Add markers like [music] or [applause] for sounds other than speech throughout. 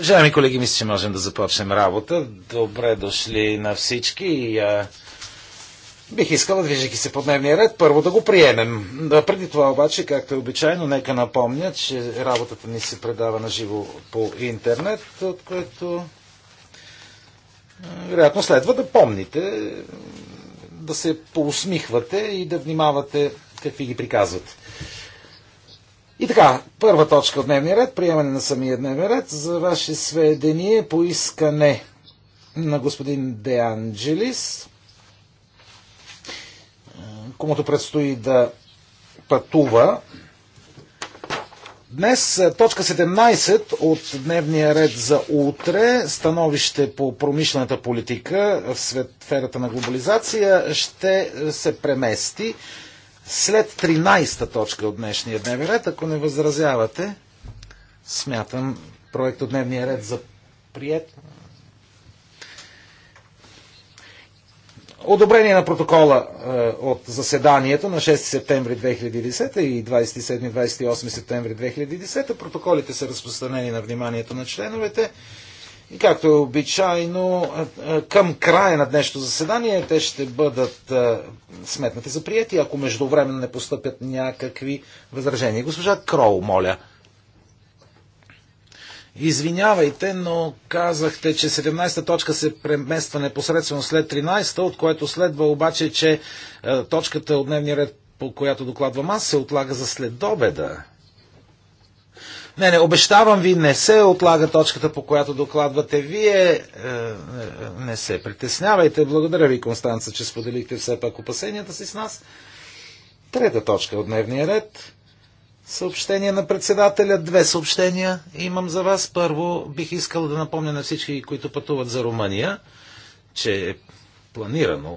Уважаеми колеги, мисля, че можем да започнем работа. Добре дошли на всички. И, а, бих искала, движейки се по дневния ред, първо да го приемем. Да, преди това обаче, както е обичайно, нека напомня, че работата ни се предава на живо по интернет, от което вероятно следва да помните, да се поусмихвате и да внимавате какви ги приказвате. И така, първа точка от дневния ред, приемане на самия дневен ред. За ваше сведение, поискане на господин Де Анджелис, комуто предстои да пътува. Днес точка 17 от дневния ред за утре, становище по промишлената политика в сферата на глобализация, ще се премести след 13-та точка от днешния дневен ред, ако не възразявате, смятам проект от дневния ред за прият. Одобрение на протокола е, от заседанието на 6 септември 2010 и 27-28 септември 2010. Протоколите са разпространени на вниманието на членовете. И както е обичайно, към края на днешното заседание те ще бъдат сметнати за прияти, ако междувременно не поступят някакви възражения. Госпожа Кроу, моля. Извинявайте, но казахте, че 17-та точка се премества непосредствено след 13-та, от което следва обаче, че точката от дневния ред, по която докладвам аз, се отлага за следобеда. Не, не, обещавам ви, не се отлага точката, по която докладвате вие. Е, е, не се притеснявайте. Благодаря ви, Констанца, че споделихте все пак опасенията си с нас. Трета точка от дневния ред. Съобщение на председателя. Две съобщения имам за вас. Първо, бих искал да напомня на всички, които пътуват за Румъния, че е планирано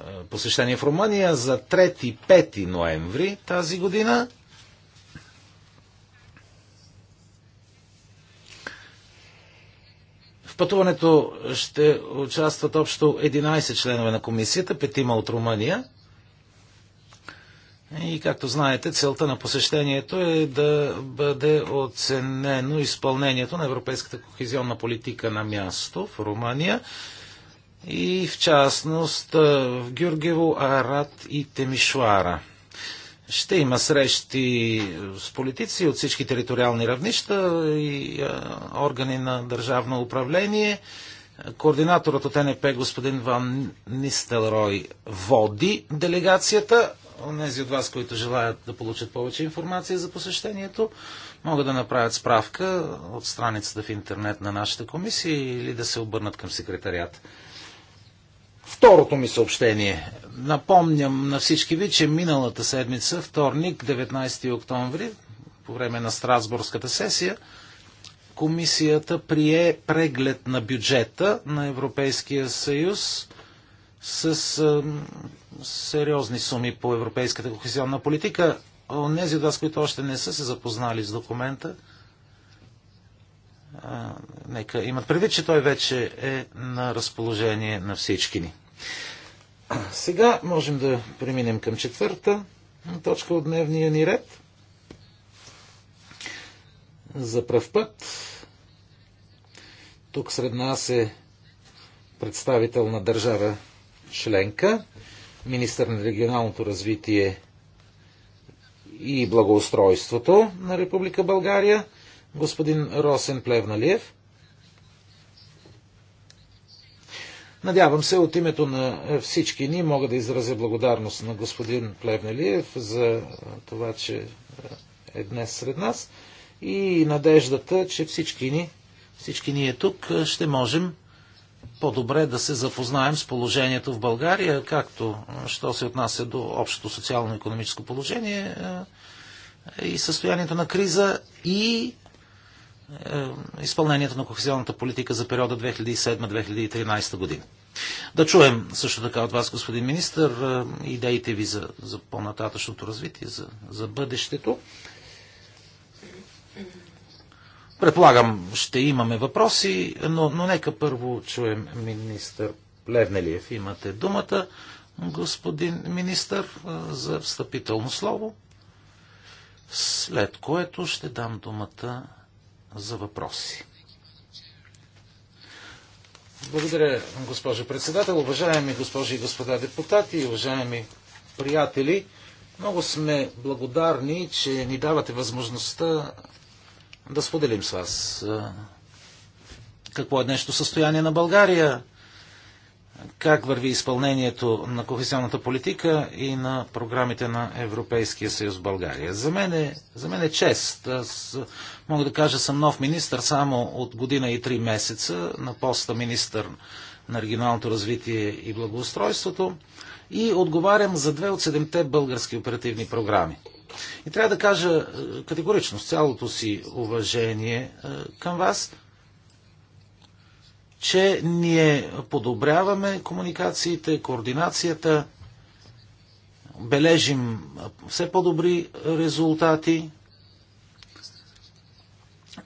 е, посещение в Румъния за 3-5 ноември тази година. пътуването ще участват общо 11 членове на комисията, петима от Румъния. И както знаете, целта на посещението е да бъде оценено изпълнението на европейската кохезионна политика на място в Румъния и в частност в Гюргево, Арат и Темишуара – ще има срещи с политици от всички териториални равнища и органи на държавно управление. Координаторът от НП, господин Ван Нистелрой, води делегацията. Онези от вас, които желаят да получат повече информация за посещението, могат да направят справка от страницата в интернет на нашата комисия или да се обърнат към секретарията. Второто ми съобщение. Напомням на всички ви, че миналата седмица, вторник, 19 октомври, по време на Страсбургската сесия, комисията прие преглед на бюджета на Европейския съюз с а, сериозни суми по европейската кохезионна политика. Онези от вас, които още не са се запознали с документа, а, нека имат предвид, че той вече е на разположение на всички ни. Сега можем да преминем към четвърта точка от дневния ни ред. За пръв път тук сред нас е представител на държава членка, министър на регионалното развитие и благоустройството на Република България, господин Росен Плевналиев. Надявам се от името на всички ни мога да изразя благодарност на господин Плевнелиев за това, че е днес сред нас и надеждата, че всички ни, всички ние тук ще можем по-добре да се запознаем с положението в България, както що се отнася до общото социално-економическо положение и състоянието на криза и изпълнението на кохезионната политика за периода 2007-2013 година. Да чуем също така от вас, господин министр, идеите ви за, за по-нататъчното развитие, за, за бъдещето. Предполагам, ще имаме въпроси, но, но нека първо чуем министър Плевнелиев. Имате думата, господин министър, за встъпително слово, след което ще дам думата за въпроси. Благодаря, госпожо председател. Уважаеми госпожи и господа депутати, уважаеми приятели, много сме благодарни, че ни давате възможността да споделим с вас какво е днешното състояние на България, как върви изпълнението на кохесионната политика и на програмите на Европейския съюз в България. За мен е, за мен е чест. Аз мога да кажа, съм нов министр само от година и три месеца на поста министр на регионалното развитие и благоустройството и отговарям за две от седемте български оперативни програми. И трябва да кажа категорично, с цялото си уважение към вас – че ние подобряваме комуникациите, координацията, бележим все по-добри резултати.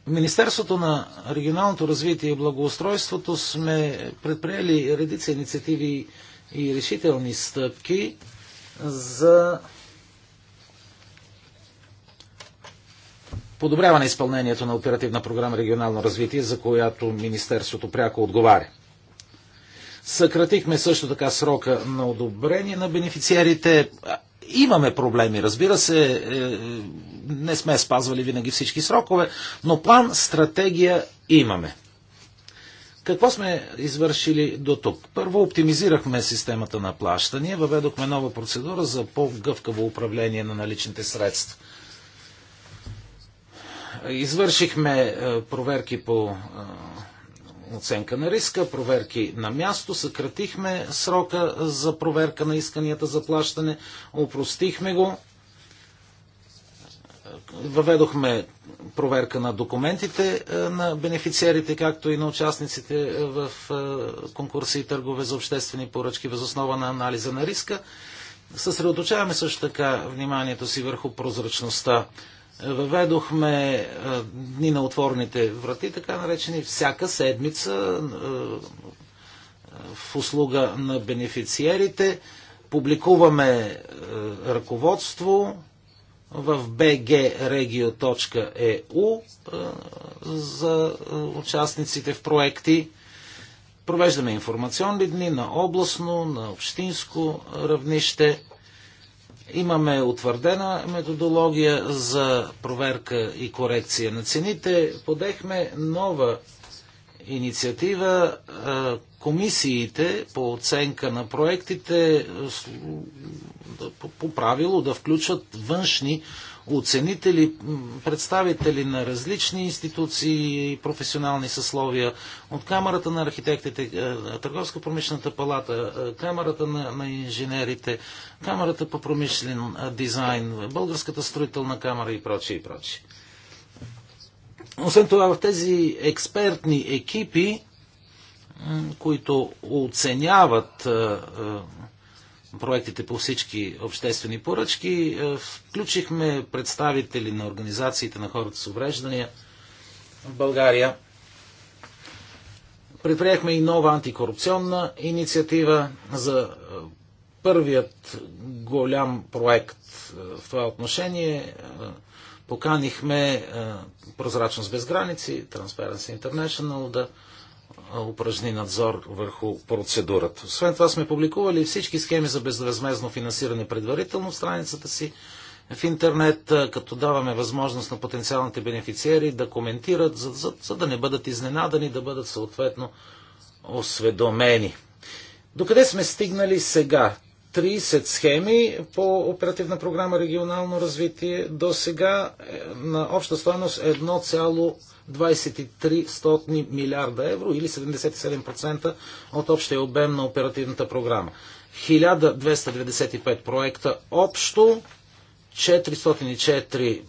Министерството на регионалното развитие и благоустройството сме предприели редица инициативи и решителни стъпки за подобряване изпълнението на оперативна програма регионално развитие, за която Министерството пряко отговаря. Съкратихме също така срока на одобрение на бенефициерите. Имаме проблеми, разбира се, е, не сме спазвали винаги всички срокове, но план, стратегия имаме. Какво сме извършили до тук? Първо оптимизирахме системата на плащания, въведохме нова процедура за по-гъвкаво управление на наличните средства. Извършихме е, проверки по е, оценка на риска, проверки на място, съкратихме срока за проверка на исканията за плащане, опростихме го, въведохме проверка на документите е, на бенефициерите, както и на участниците в конкурси и търгове за обществени поръчки, възоснова на анализа на риска. Съсредоточаваме също така вниманието си върху прозрачността въведохме дни на отворните врати, така наречени всяка седмица в услуга на бенефициерите. Публикуваме ръководство в bgregio.eu за участниците в проекти. Провеждаме информационни дни на областно, на общинско равнище – Имаме утвърдена методология за проверка и корекция на цените. Подехме нова инициатива е, комисиите по оценка на проектите е, по правило да включат външни оценители, представители на различни институции и професионални съсловия, от Камерата на архитектите, е, Търговска промишлената палата, е, Камерата на, на инженерите, Камерата по промишлен е, дизайн, Българската строителна камера и прочие и прочие. Освен това, в тези експертни екипи, които оценяват проектите по всички обществени поръчки. Е, включихме представители на организациите на хората с увреждания в България. Предприехме и нова антикорупционна инициатива за е, първият голям проект е, в това отношение. Поканихме Прозрачност без граници, Transparency International да упражни надзор върху процедурата. Освен това сме публикували всички схеми за безвъзмезно финансиране предварително в страницата си в интернет, като даваме възможност на потенциалните бенефициери да коментират, за, за, за да не бъдат изненадани, да бъдат съответно осведомени. Докъде сме стигнали сега? 30 схеми по оперативна програма регионално развитие до сега е, на обща стоеност 1,23 милиарда евро или 77% от общия обем на оперативната програма. 1295 проекта общо, 404 е,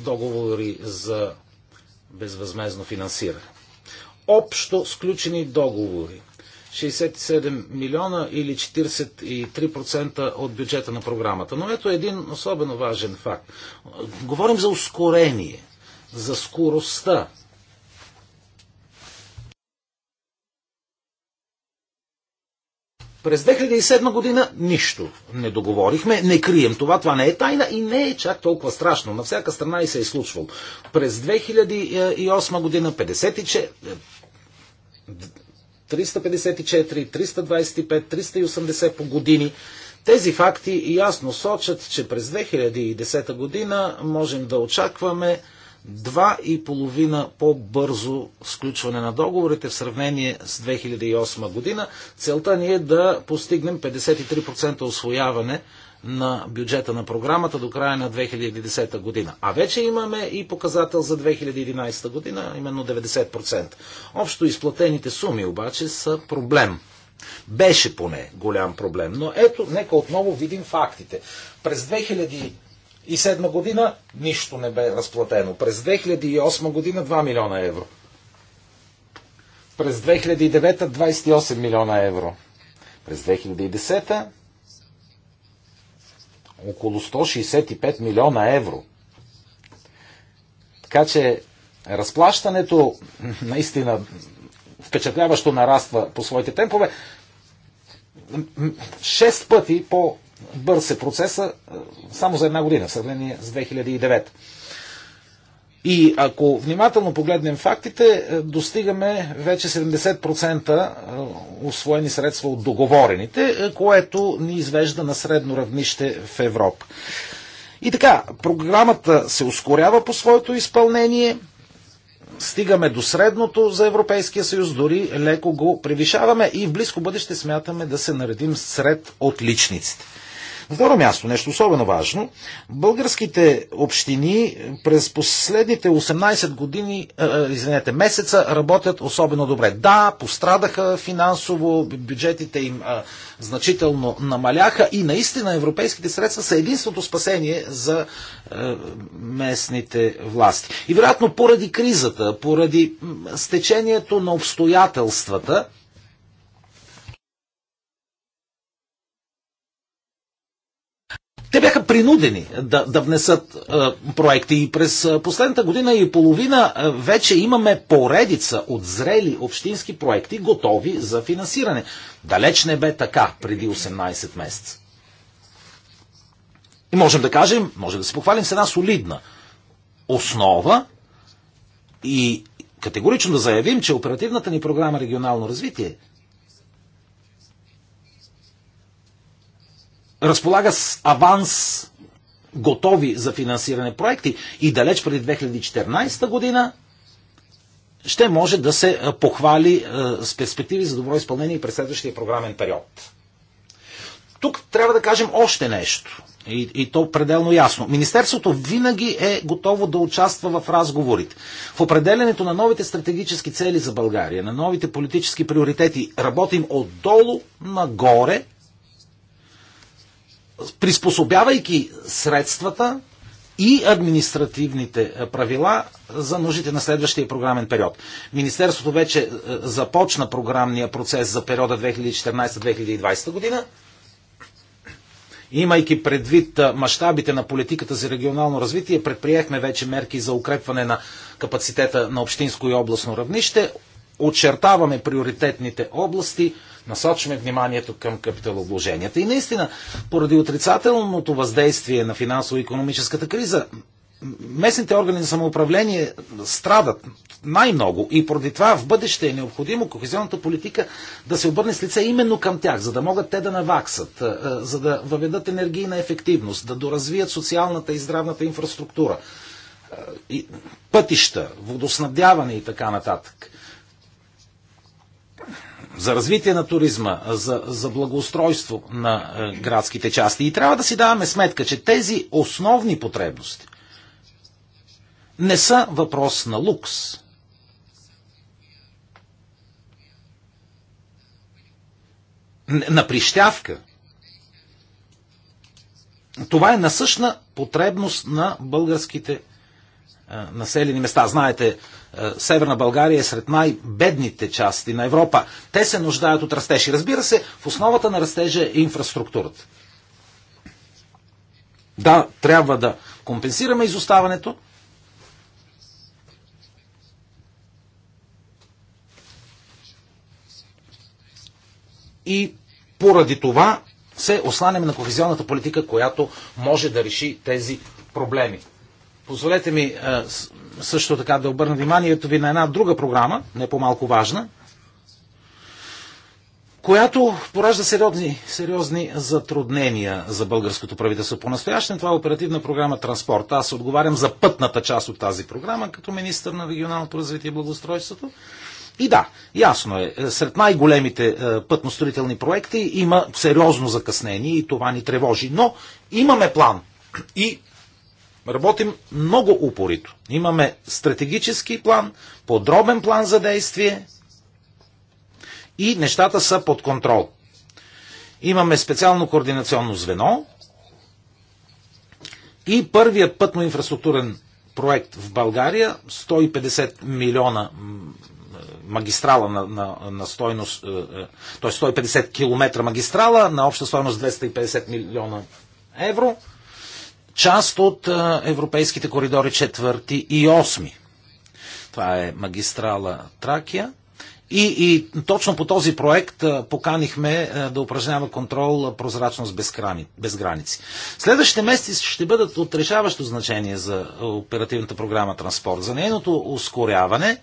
договори за безвъзмезно финансиране. Общо сключени договори 67 милиона или 43% от бюджета на програмата. Но ето един особено важен факт. Говорим за ускорение, за скоростта. През 2007 година нищо не договорихме, не крием това, това не е тайна и не е чак толкова страшно. На всяка страна и се е случвало. През 2008 година 54... 354, 325, 380 по години. Тези факти ясно сочат, че през 2010 година можем да очакваме 2,5 по-бързо сключване на договорите в сравнение с 2008 година. Целта ни е да постигнем 53% освояване на бюджета на програмата до края на 2010 година. А вече имаме и показател за 2011 година, именно 90%. Общо изплатените суми обаче са проблем. Беше поне голям проблем. Но ето, нека отново видим фактите. През 2000 и 2007 година нищо не бе разплатено. През 2008 година 2 милиона евро. През 2009 28 милиона евро. През 2010 около 165 милиона евро. Така че разплащането [laughs] наистина впечатляващо нараства по своите темпове. Шест пъти по-бърз е процеса само за една година, в сравнение с 2009. И ако внимателно погледнем фактите, е, достигаме вече 70% е, освоени средства от договорените, е, което ни извежда на средно равнище в Европа. И така, програмата се ускорява по своето изпълнение, стигаме до средното за Европейския съюз, дори леко го превишаваме и в близко бъдеще смятаме да се наредим сред отличниците. На второ място, нещо особено важно, българските общини през последните 18 години, е, е, извинете, месеца работят особено добре. Да, пострадаха финансово, бюджетите им е, значително намаляха и наистина европейските средства са единството спасение за местните власти. И вероятно поради кризата, поради стечението на обстоятелствата, Те бяха принудени да, да внесат а, е, проекти и през е, последната година и половина а, е, вече имаме поредица от зрели общински проекти, готови за финансиране. Далеч не бе така преди 18 месеца. И можем да кажем, може да се похвалим с една солидна основа и категорично да заявим, че оперативната ни програма регионално развитие разполага с аванс готови за финансиране проекти и далеч преди 2014 година ще може да се похвали с перспективи за добро изпълнение и през следващия програмен период. Тук трябва да кажем още нещо. И, и то пределно ясно. Министерството винаги е готово да участва в разговорите. В определенето на новите стратегически цели за България, на новите политически приоритети, работим отдолу нагоре, приспособявайки средствата и административните правила за нуждите на следващия програмен период. Министерството вече е, започна програмния процес за периода 2014-2020 година. Имайки предвид е, мащабите на политиката за регионално развитие, предприехме вече мерки за укрепване на капацитета на общинско и областно равнище очертаваме приоритетните области, насочваме вниманието към капиталовложенията. И наистина, поради отрицателното въздействие на финансово-економическата криза, местните органи на самоуправление страдат най-много и поради това в бъдеще е необходимо кохезионната политика да се обърне с лице именно към тях, за да могат те да наваксат, е, е, за да въведат енергийна ефективност, да доразвият социалната и здравната инфраструктура, е, пътища, водоснабдяване и така нататък за развитие на туризма, за, за благоустройство на е, градските части. И трябва да си даваме сметка, че тези основни потребности не са въпрос на лукс. На прищявка. Това е насъщна потребност на българските населени места. Знаете, Северна България е сред най-бедните части на Европа. Те се нуждаят от растеж. И разбира се, в основата на растежа е инфраструктурата. Да, трябва да компенсираме изоставането. И поради това се осланяме на кохезионната политика, която може да реши тези проблеми. Позволете ми също така да обърна вниманието ви на една друга програма, не по-малко важна, която поражда сериозни, сериозни затруднения за българското правителство. По-настоящен това е оперативна програма Транспорт. Аз отговарям за пътната част от тази програма като министър на регионалното развитие и благоустройството. И да, ясно е, е сред най-големите е, пътностроителни проекти има сериозно закъснение и това ни тревожи. Но имаме план и Работим много упорито. Имаме стратегически план, подробен план за действие и нещата са под контрол. Имаме специално координационно звено и първият пътно-инфраструктурен проект в България, 150 милиона магистрала на, на, на стойност, т.е. 150 км магистрала на обща стойност 250 милиона евро – част от европейските коридори 4 и 8. Това е магистрала Тракия. И, и точно по този проект поканихме да упражнява контрол прозрачност без, крани, без граници. Следващите месеци ще бъдат отрешаващо значение за оперативната програма Транспорт, за нейното ускоряване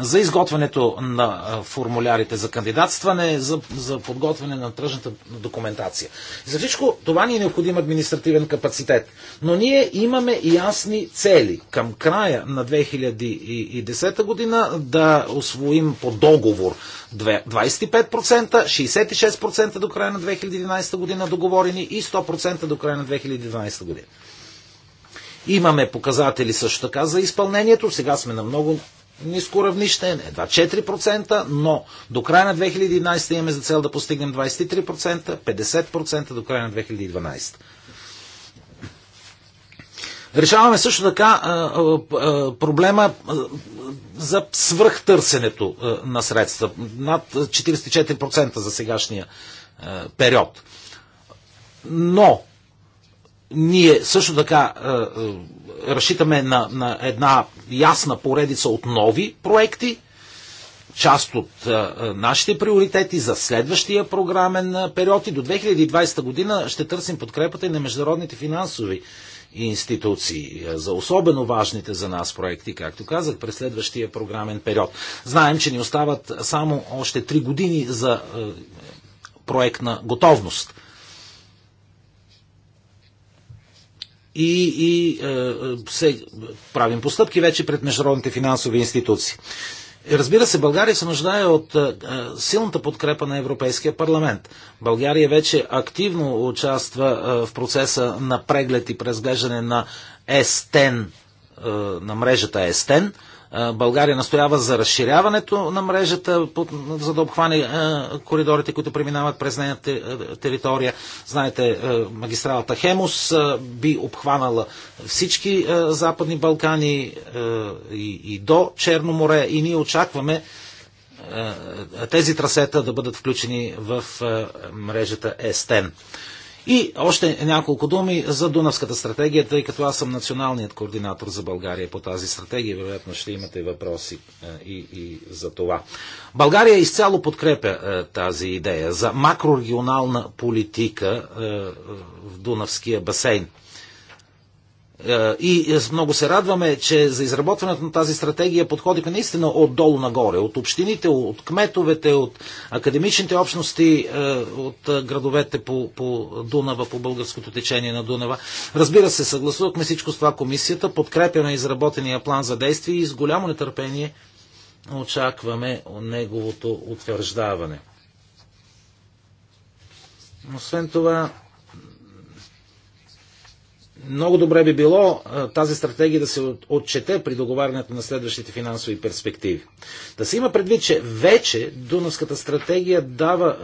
за изготвянето на формулярите за кандидатстване, за, за подготвяне на тръжната документация. За всичко това ни е необходим административен капацитет. Но ние имаме ясни цели към края на 2010 година да освоим по договор 25%, 66% до края на 2011 година договорени и 100% до края на 2012 година. Имаме показатели също така за изпълнението. Сега сме на много ниско равнище, едва 4%, но до края на 2011 имаме за цел да постигнем 23%, 50% до края на 2012. Решаваме също така проблема за свръхтърсенето на средства. Над 44% за сегашния период. Но ние също така е, е, разчитаме на, на една ясна поредица от нови проекти, част от е, нашите приоритети за следващия програмен период и до 2020 година ще търсим подкрепата и на международните финансови институции за особено важните за нас проекти, както казах, през следващия програмен период. Знаем, че ни остават само още 3 години за проектна готовност. и, и е, е, се, правим постъпки вече пред международните финансови институции. Разбира се, България се нуждае от е, е силната подкрепа на Европейския парламент. България вече активно участва е, в процеса на преглед и презглеждане на ЕСТЕН, е, на мрежата ЕСТЕН. Е, България настоява за разширяването на мрежата, за да обхване коридорите, които преминават през нейната територия. Знаете, магистралата Хемус би обхванала всички Западни Балкани и до Черно море и ние очакваме тези трасета да бъдат включени в мрежата Естен. И още няколко думи за Дунавската стратегия, тъй като аз съм националният координатор за България по тази стратегия. Вероятно ще имате въпроси е, и, и за това. България изцяло подкрепя е, тази идея за макрорегионална политика е, в Дунавския басейн. Е, и много се радваме, че за изработването на тази стратегия подходихме наистина отдолу нагоре, от общините, от кметовете, от академичните общности, е, от градовете по, по Дунава, по българското течение на Дунава. Разбира се, съгласувахме всичко с това комисията, подкрепяме изработения план за действие и с голямо нетърпение очакваме неговото утвърждаване. Освен това, много добре би било тази стратегия да се отчете при договарянето на следващите финансови перспективи. Да се има предвид, че вече Дунавската стратегия дава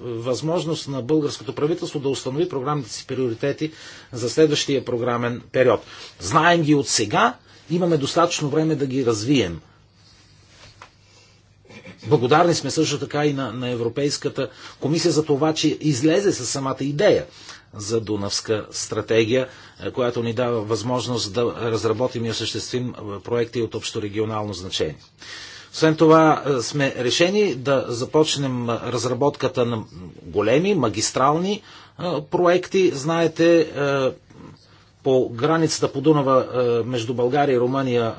възможност на българското правителство да установи програмните си приоритети за следващия програмен период. Знаем ги от сега, имаме достатъчно време да ги развием. Благодарни сме също така и на, на Европейската комисия за това, че излезе с самата идея за Дунавска стратегия, е, която ни дава възможност да разработим и осъществим е, проекти от общо регионално значение. Освен това е, сме решени да започнем разработката на големи магистрални проекти. Знаете, по границата по Дунава между България и Румъния,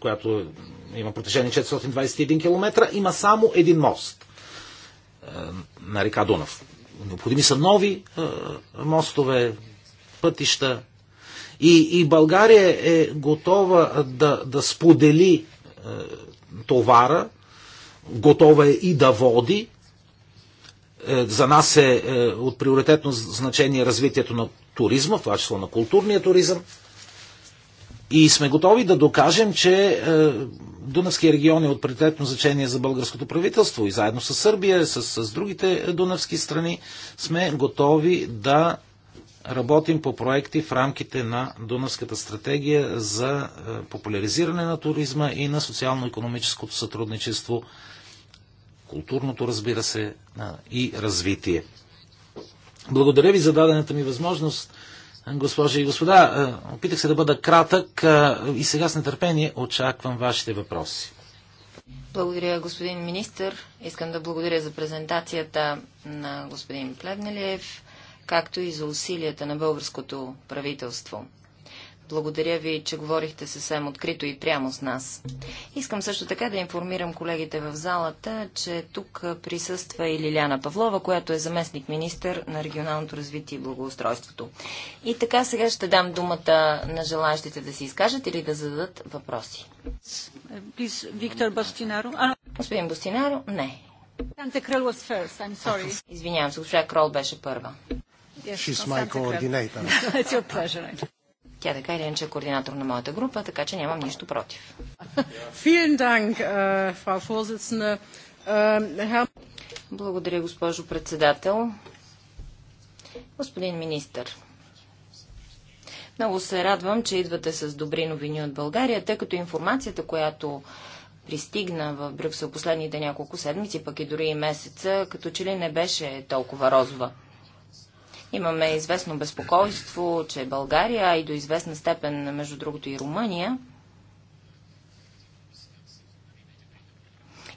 която има протежение 421 км, има само един мост на река Дунав. Необходими са нови мостове, пътища. И, и България е готова да, да сподели товара, готова е и да води. Е, за нас е, е от приоритетно значение развитието на туризма, в това число на културния туризъм. И сме готови да докажем, че е, Дунавския регион е от приоритетно значение за българското правителство и заедно с Сърбия, с, с другите дунавски страни сме готови да работим по проекти в рамките на Дунавската стратегия за е, популяризиране на туризма и на социално-економическото сътрудничество, културното, разбира се, е, и развитие. Благодаря ви за дадената ми възможност госпожи и господа. Е, опитах се да бъда кратък е, и сега с нетърпение очаквам вашите въпроси. Благодаря, господин министр. Искам да благодаря за презентацията на господин Плевнелиев, както и за усилията на българското правителство. Благодаря ви, че говорихте съвсем открито и прямо с нас. Искам също така да информирам колегите в залата, че тук присъства и Лиляна Павлова, която е заместник министър на регионалното развитие и благоустройството. И така сега ще дам думата на желаящите да се изкажат или да зададат въпроси. Виктор Бастинаро. Господин Бастинаро, не. Санте first, I'm sorry. Извинявам се, госпожа Крол беше първа. Yes, She's my coordinator. [laughs] It's your pleasure. Тя така или иначе е координатор на моята група, така че нямам нищо против. Е, е, Благодаря, госпожо председател. Господин министър, много се радвам, че идвате с добри новини от България, тъй като информацията, която пристигна в Брюксел последните няколко седмици, пък и дори и месеца, като че ли не беше толкова розова. Имаме известно безпокойство, че България, и до известна степен, между другото, и Румъния,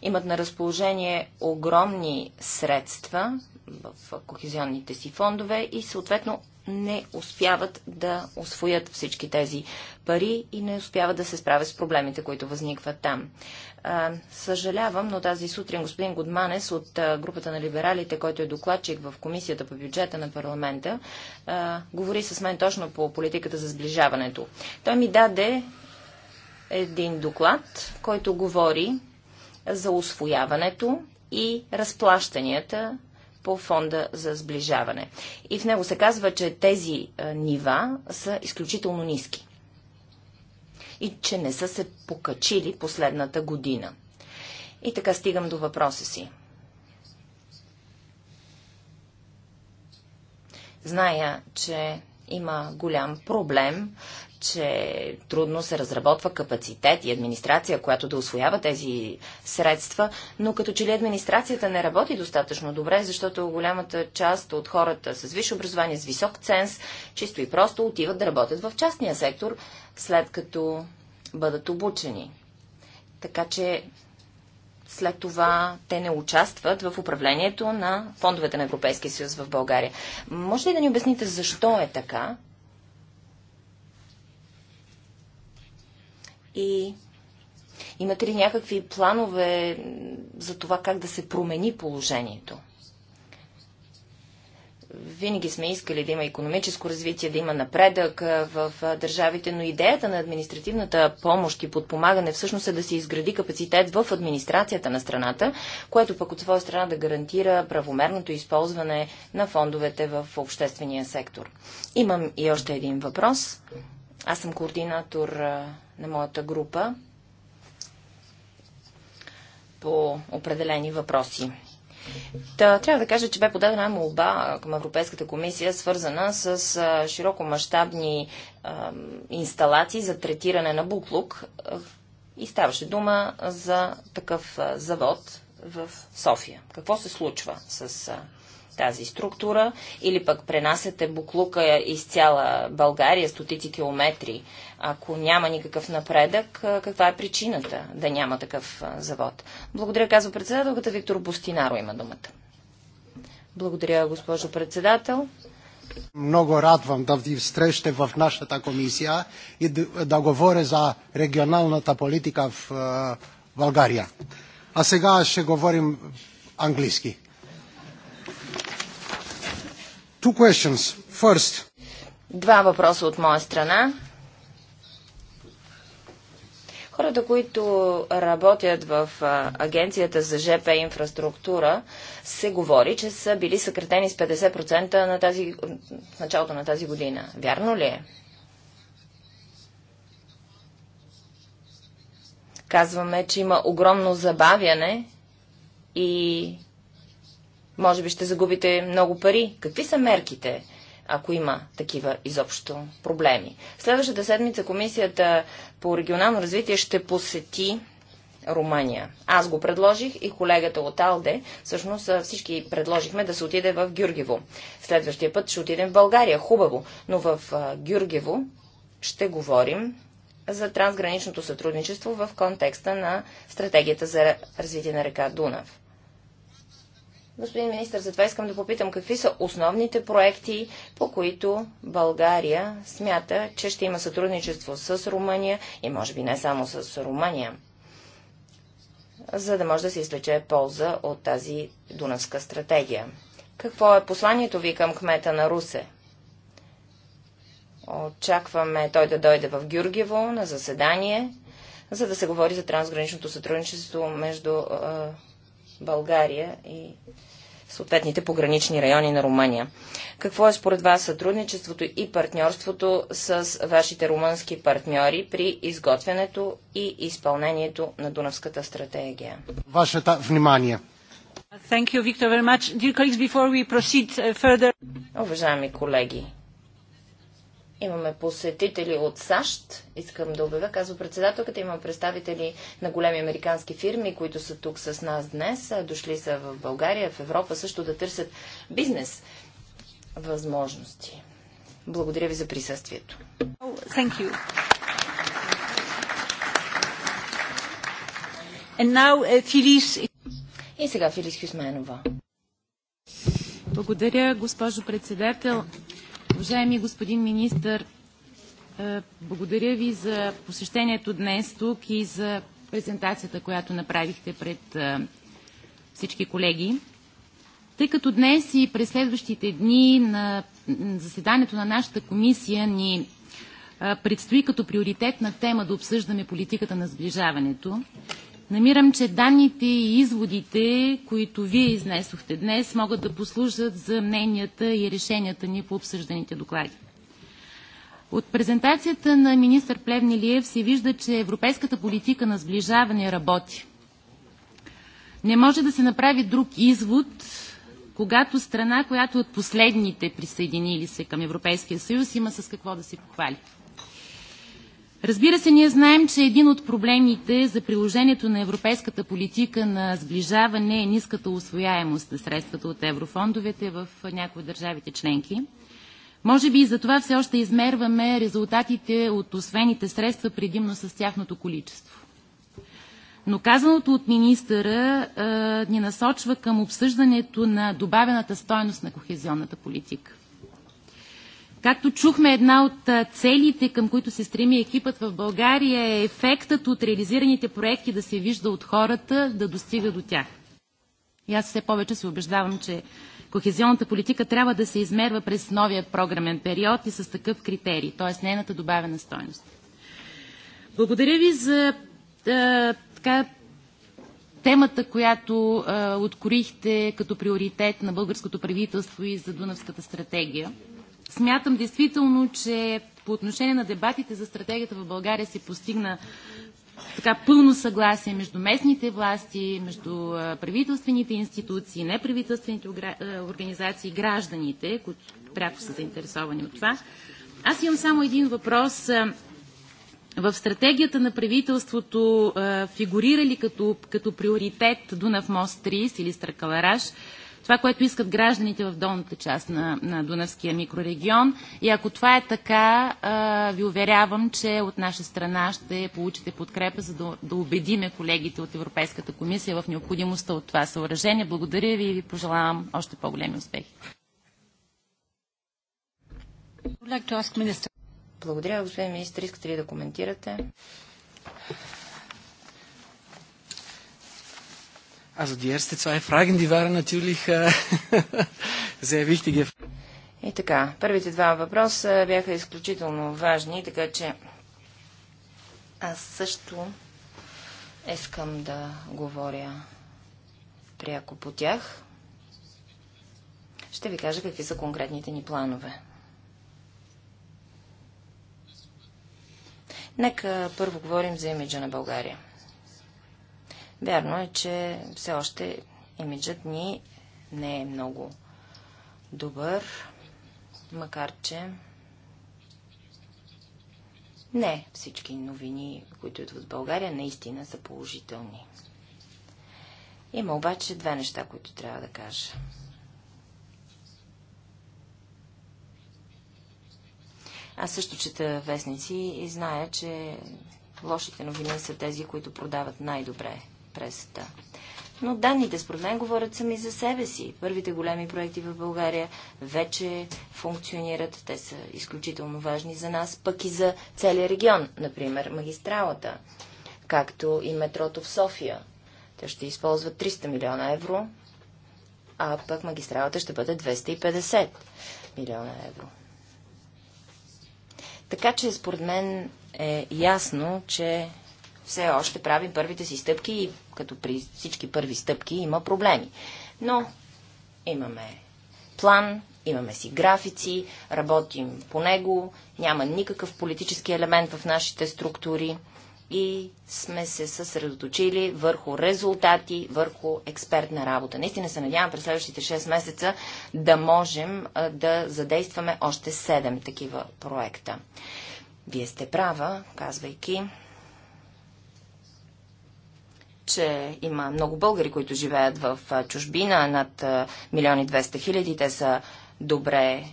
имат на разположение огромни средства в кохезионните си фондове и съответно не успяват да освоят всички тези пари и не успяват да се справят с проблемите, които възникват там. съжалявам, но тази сутрин господин Годманес от групата на либералите, който е докладчик в Комисията по бюджета на парламента, говори с мен точно по политиката за сближаването. Той ми даде един доклад, който говори за освояването и разплащанията по фонда за сближаване. И в него се казва, че тези нива са изключително ниски и че не са се покачили последната година. И така стигам до въпроса си. Зная, че има голям проблем че трудно се разработва капацитет и администрация, която да освоява тези средства, но като че ли администрацията не работи достатъчно добре, защото голямата част от хората с висше образование, с висок ценз, чисто и просто отиват да работят в частния сектор, след като бъдат обучени. Така че след това те не участват в управлението на фондовете на Европейския съюз в България. Може ли да ни обясните защо е така? И имате ли някакви планове за това как да се промени положението? винаги сме искали да има економическо развитие, да има напредък в държавите, но идеята на административната помощ и подпомагане всъщност е да се изгради капацитет в администрацията на страната, което пък от своя страна да гарантира правомерното използване на фондовете в обществения сектор. Имам и още един въпрос. Аз съм координатор на моята група по определени въпроси. Та, трябва да кажа, че бе подадена молба към Европейската комисия, свързана с широко широкомащабни инсталации за третиране на буклук. и ставаше дума за такъв завод в София. Какво се случва с тази структура или пък пренасяте буклука из цяла България стотици километри, ако няма никакъв напредък, каква е причината да няма такъв завод? Благодаря, казва председателката. Виктор Бостинаро има думата. Благодаря, госпожо председател. Много радвам да ви встрещате в нашата комисия и да говоря за регионалната политика в България. А сега ще говорим английски. Two questions. First. Два въпроса от моя страна. Хората, които работят в Агенцията за ЖП инфраструктура, се говори, че са били съкратени с 50% на тази, в началото на тази година. Вярно ли е? Казваме, че има огромно забавяне и може би ще загубите много пари. Какви са мерките, ако има такива изобщо проблеми? Следващата седмица Комисията по регионално развитие ще посети Румъния. Аз го предложих и колегата от Алде, всъщност всички предложихме да се отиде в Гюргево. Следващия път ще отидем в България, хубаво, но в Гюргево ще говорим за трансграничното сътрудничество в контекста на стратегията за развитие на река Дунав. Господин министр, затова искам да попитам какви са основните проекти, по които България смята, че ще има сътрудничество с Румъния и може би не само с Румъния, за да може да се излече полза от тази Дунавска стратегия. Какво е посланието ви към кмета на Русе? Очакваме той да дойде в Гюргево на заседание, за да се говори за трансграничното сътрудничество между България и съответните погранични райони на Румъния. Какво е според вас сътрудничеството и партньорството с вашите румънски партньори при изготвянето и изпълнението на Дунавската стратегия? Вашето внимание. Thank you, Victor, very much. Dear colleagues, before we proceed uh, further... Уважаеми колеги, Имаме посетители от САЩ, искам да обявя, казва председателката, Има представители на големи американски фирми, които са тук с нас днес, дошли са в България, в Европа също да търсят бизнес възможности. Благодаря ви за присъствието. Oh, And now, Филис... Uh, И сега Филис Хюсменова. Благодаря, госпожо председател. Уважаеми господин министр, е, благодаря ви за посещението днес тук и за презентацията, която направихте пред е, всички колеги. Тъй като днес и през следващите дни на заседанието на нашата комисия ни е, предстои като приоритетна тема да обсъждаме политиката на сближаването Намирам, че данните и изводите, които вие изнесохте днес, могат да послужат за мненията и решенията ни по обсъжданите доклади. От презентацията на министър Плевнилиев се вижда, че европейската политика на сближаване работи. Не може да се направи друг извод, когато страна, която от последните присъединили се към Европейския съюз, има с какво да се похвали. Разбира се, ние знаем, че един от проблемите за приложението на европейската политика на сближаване е ниската освояемост на средствата от еврофондовете в някои от държавите членки. Може би и за това все още измерваме резултатите от освените средства предимно с тяхното количество. Но казаното от министъра ни насочва към обсъждането на добавената стойност на кохезионната политика. Както чухме, една от целите, към които се стреми екипът в България е ефектът от реализираните проекти да се вижда от хората, да достига до тях. И аз все повече се убеждавам, че Кохезионната политика трябва да се измерва през новия програмен период и с такъв критерий, т.е. нейната добавена стойност. Благодаря ви за а, така, темата, която а, откорихте като приоритет на българското правителство и за Дунавската стратегия. Смятам действително, че по отношение на дебатите за стратегията в България се постигна така пълно съгласие между местните власти, между правителствените институции, неправителствените организации гражданите, които пряко са заинтересовани от това. Аз имам само един въпрос. В стратегията на правителството фигурира ли като, като приоритет Дунав мост 30 или Стракалараш? това, което искат гражданите в долната част на, на Дунавския микрорегион. И ако това е така, а, ви уверявам, че от наша страна ще получите подкрепа, за да, да убедиме колегите от Европейската комисия в необходимостта от това съоръжение. Благодаря ви и ви пожелавам още по-големи успехи. Благодаря, господин министр. Искате ли да коментирате? Also die ersten zwei Fragen, die waren natürlich äh, [laughs] sehr wichtige. И така, първите два въпроса бяха изключително важни, така че аз също искам да говоря пряко по тях. Ще ви кажа какви са конкретните ни планове. Нека първо говорим за имиджа на България. Вярно е, че все още имиджът ни не е много добър, макар че не всички новини, които идват от България, наистина са положителни. Има обаче две неща, които трябва да кажа. Аз също чета вестници и зная, че лошите новини са тези, които продават най-добре пресата. Но данните, според мен, говорят сами за себе си. Първите големи проекти в България вече функционират. Те са изключително важни за нас, пък и за целия регион. Например, магистралата, както и метрото в София. Те ще използват 300 милиона евро, а пък магистралата ще бъде 250 милиона евро. Така че, според мен, е ясно, че все още правим първите си стъпки и като при всички първи стъпки има проблеми. Но имаме план, имаме си графици, работим по него, няма никакъв политически елемент в нашите структури и сме се съсредоточили върху резултати, върху експертна работа. Наистина се надявам през следващите 6 месеца да можем да задействаме още 7 такива проекта. Вие сте права, казвайки, че има много българи, които живеят в чужбина, над милиони 200 хиляди. Те са добре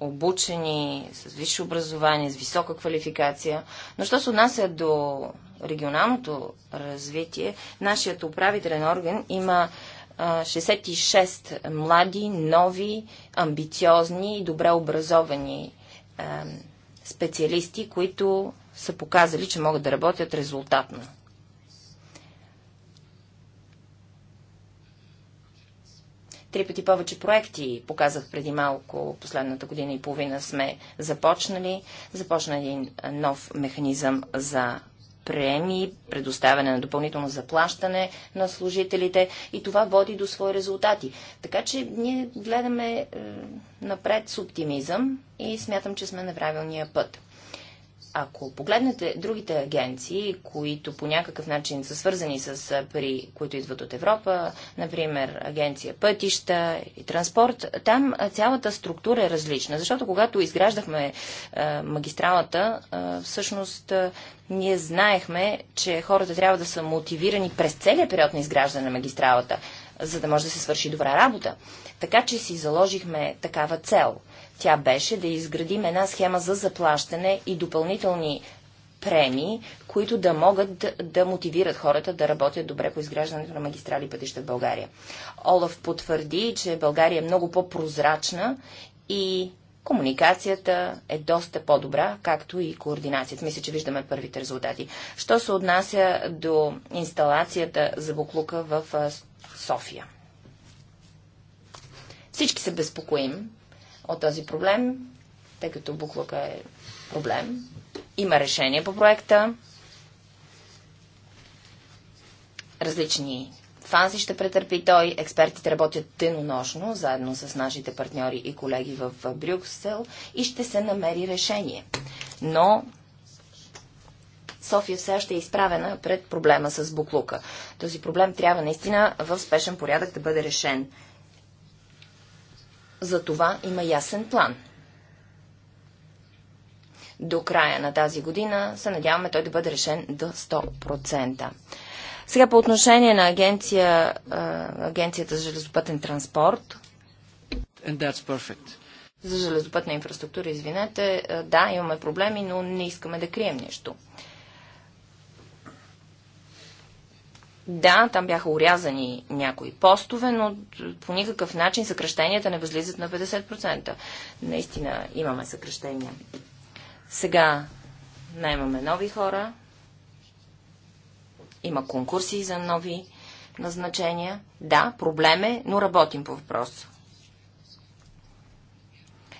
обучени, с висше образование, с висока квалификация. Но що се отнася до регионалното развитие, нашият управителен орган има 66 млади, нови, амбициозни и добре образовани специалисти, които са показали, че могат да работят резултатно. Три пъти повече проекти показах преди малко, последната година и половина сме започнали. Започна един нов механизъм за премии, предоставяне на допълнително заплащане на служителите и това води до свои резултати. Така че ние гледаме е, напред с оптимизъм и смятам, че сме на правилния път. Ако погледнете другите агенции, които по някакъв начин са свързани с пари, които идват от Европа, например агенция пътища и транспорт, там цялата структура е различна. Защото когато изграждахме магистралата, всъщност ние знаехме, че хората трябва да са мотивирани през целия период на изграждане на магистралата, за да може да се свърши добра работа. Така че си заложихме такава цел – тя беше да изградим една схема за заплащане и допълнителни премии, които да могат да, да мотивират хората да работят добре по изграждането на магистрали и пътища в България. Олаф потвърди, че България е много по-прозрачна и комуникацията е доста по-добра, както и координацията. Мисля, че виждаме първите резултати. Що се отнася до инсталацията за буклука в София? Всички се безпокоим от този проблем, тъй като буклука е проблем. Има решение по проекта. Различни фази ще претърпи той. Експертите работят денонощно, заедно с нашите партньори и колеги в Брюксел и ще се намери решение. Но София все още е изправена пред проблема с буклука. Този проблем трябва наистина в спешен порядък да бъде решен. За това има ясен план. До края на тази година се надяваме той да бъде решен до 100%. Сега по отношение на агенция, агенцията за железопътен транспорт. And that's perfect. За железопътна инфраструктура, извинете, да, имаме проблеми, но не искаме да крием нещо. Да, там бяха урязани някои постове, но по никакъв начин съкръщенията не възлизат на 50%. Наистина имаме съкръщения. Сега наймаме нови хора, има конкурси за нови назначения. Да, проблем е, но работим по въпроса.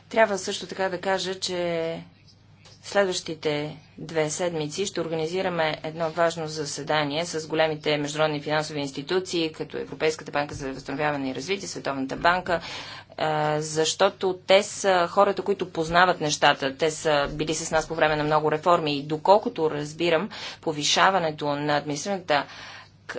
Трябва също така да кажа, че Следващите две седмици ще организираме едно важно заседание с големите международни финансови институции, като Европейската банка за възстановяване и развитие, Световната банка, защото те са хората, които познават нещата. Те са били с нас по време на много реформи и доколкото разбирам, повишаването на административната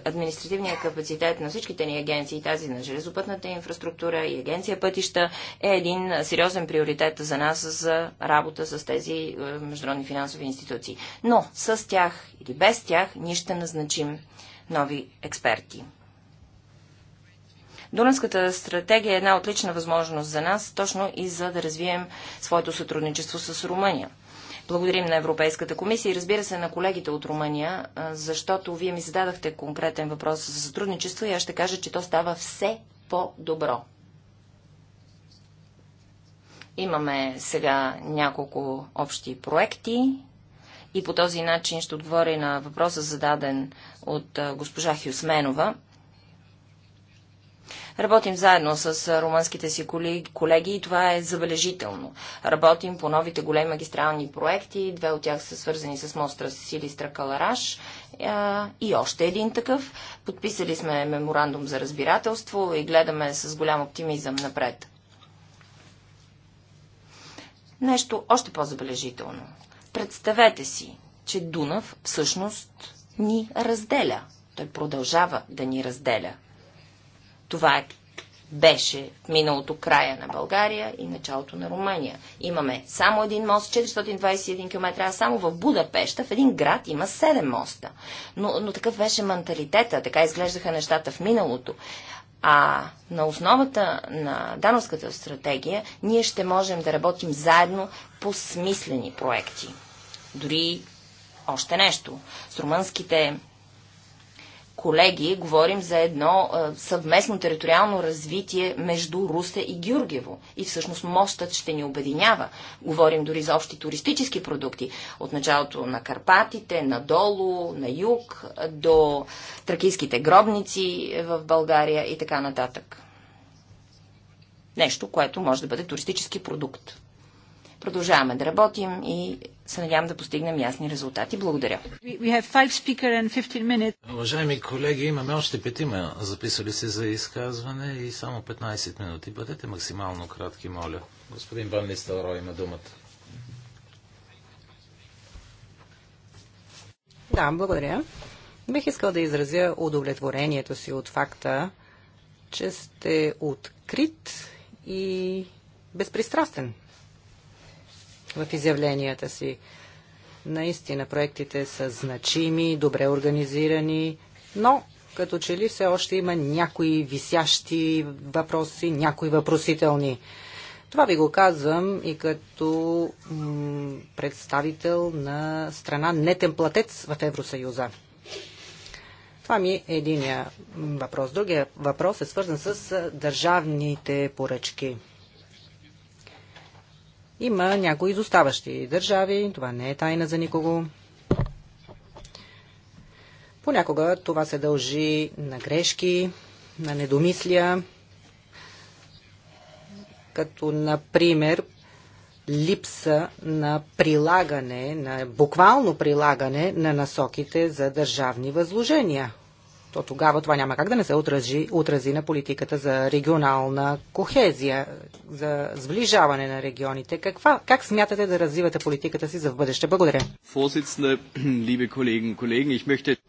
административният капацитет на всичките ни агенции, тази на железопътната инфраструктура и агенция пътища, е един сериозен приоритет за нас за работа с тези е, международни финансови институции. Но с тях или без тях ние ще назначим нови експерти. Дунавската стратегия е една отлична възможност за нас, точно и за да развием своето сътрудничество с Румъния. Благодарим на Европейската комисия и разбира се на колегите от Румъния, защото вие ми зададахте конкретен въпрос за сътрудничество и аз ще кажа, че то става все по-добро. Имаме сега няколко общи проекти и по този начин ще отговоря на въпроса зададен от госпожа Хюсменова. Работим заедно с румънските си колеги и това е забележително. Работим по новите големи магистрални проекти, две от тях са свързани с мостра Силистра Калараш и още един такъв. Подписали сме меморандум за разбирателство и гледаме с голям оптимизъм напред. Нещо още по-забележително. Представете си, че Дунав всъщност ни разделя. Той продължава да ни разделя. Това беше в миналото края на България и началото на Румъния. Имаме само един мост, 421 км, а само в Будапешта, в един град има 7 моста. Но, но такъв беше менталитета, така изглеждаха нещата в миналото. А на основата на дановската стратегия ние ще можем да работим заедно по смислени проекти. Дори още нещо. С румънските колеги говорим за едно а, съвместно териториално развитие между Русе и Гюргево. И всъщност мостът ще ни обединява. Говорим дори за общи туристически продукти. От началото на Карпатите, надолу, на юг, до тракийските гробници е, в България и така нататък. Нещо, което може да бъде туристически продукт. Продължаваме да работим и се надявам да постигнем ясни резултати. Благодаря. Уважаеми колеги, имаме още петима записали се за изказване и само 15 минути. Бъдете максимално кратки, моля. Господин Ван Листалро има думата. Да, благодаря. Бих искал да изразя удовлетворението си от факта, че сте открит и безпристрастен в изявленията си. Наистина проектите са значими, добре организирани, но като че ли все още има някои висящи въпроси, някои въпросителни. Това ви го казвам и като представител на страна нетен платец в Евросъюза. Това ми е единия въпрос. Другия въпрос е свързан с държавните поръчки. Има някои изоставащи държави, това не е тайна за никого. Понякога това се дължи на грешки, на недомислия, като например липса на прилагане, на буквално прилагане на насоките за държавни възложения то тогава това няма как да не се отрази, отрази на политиката за регионална кохезия, за сближаване на регионите. Каква, как смятате да развивате политиката си за в бъдеще? Благодаря. [clears throat]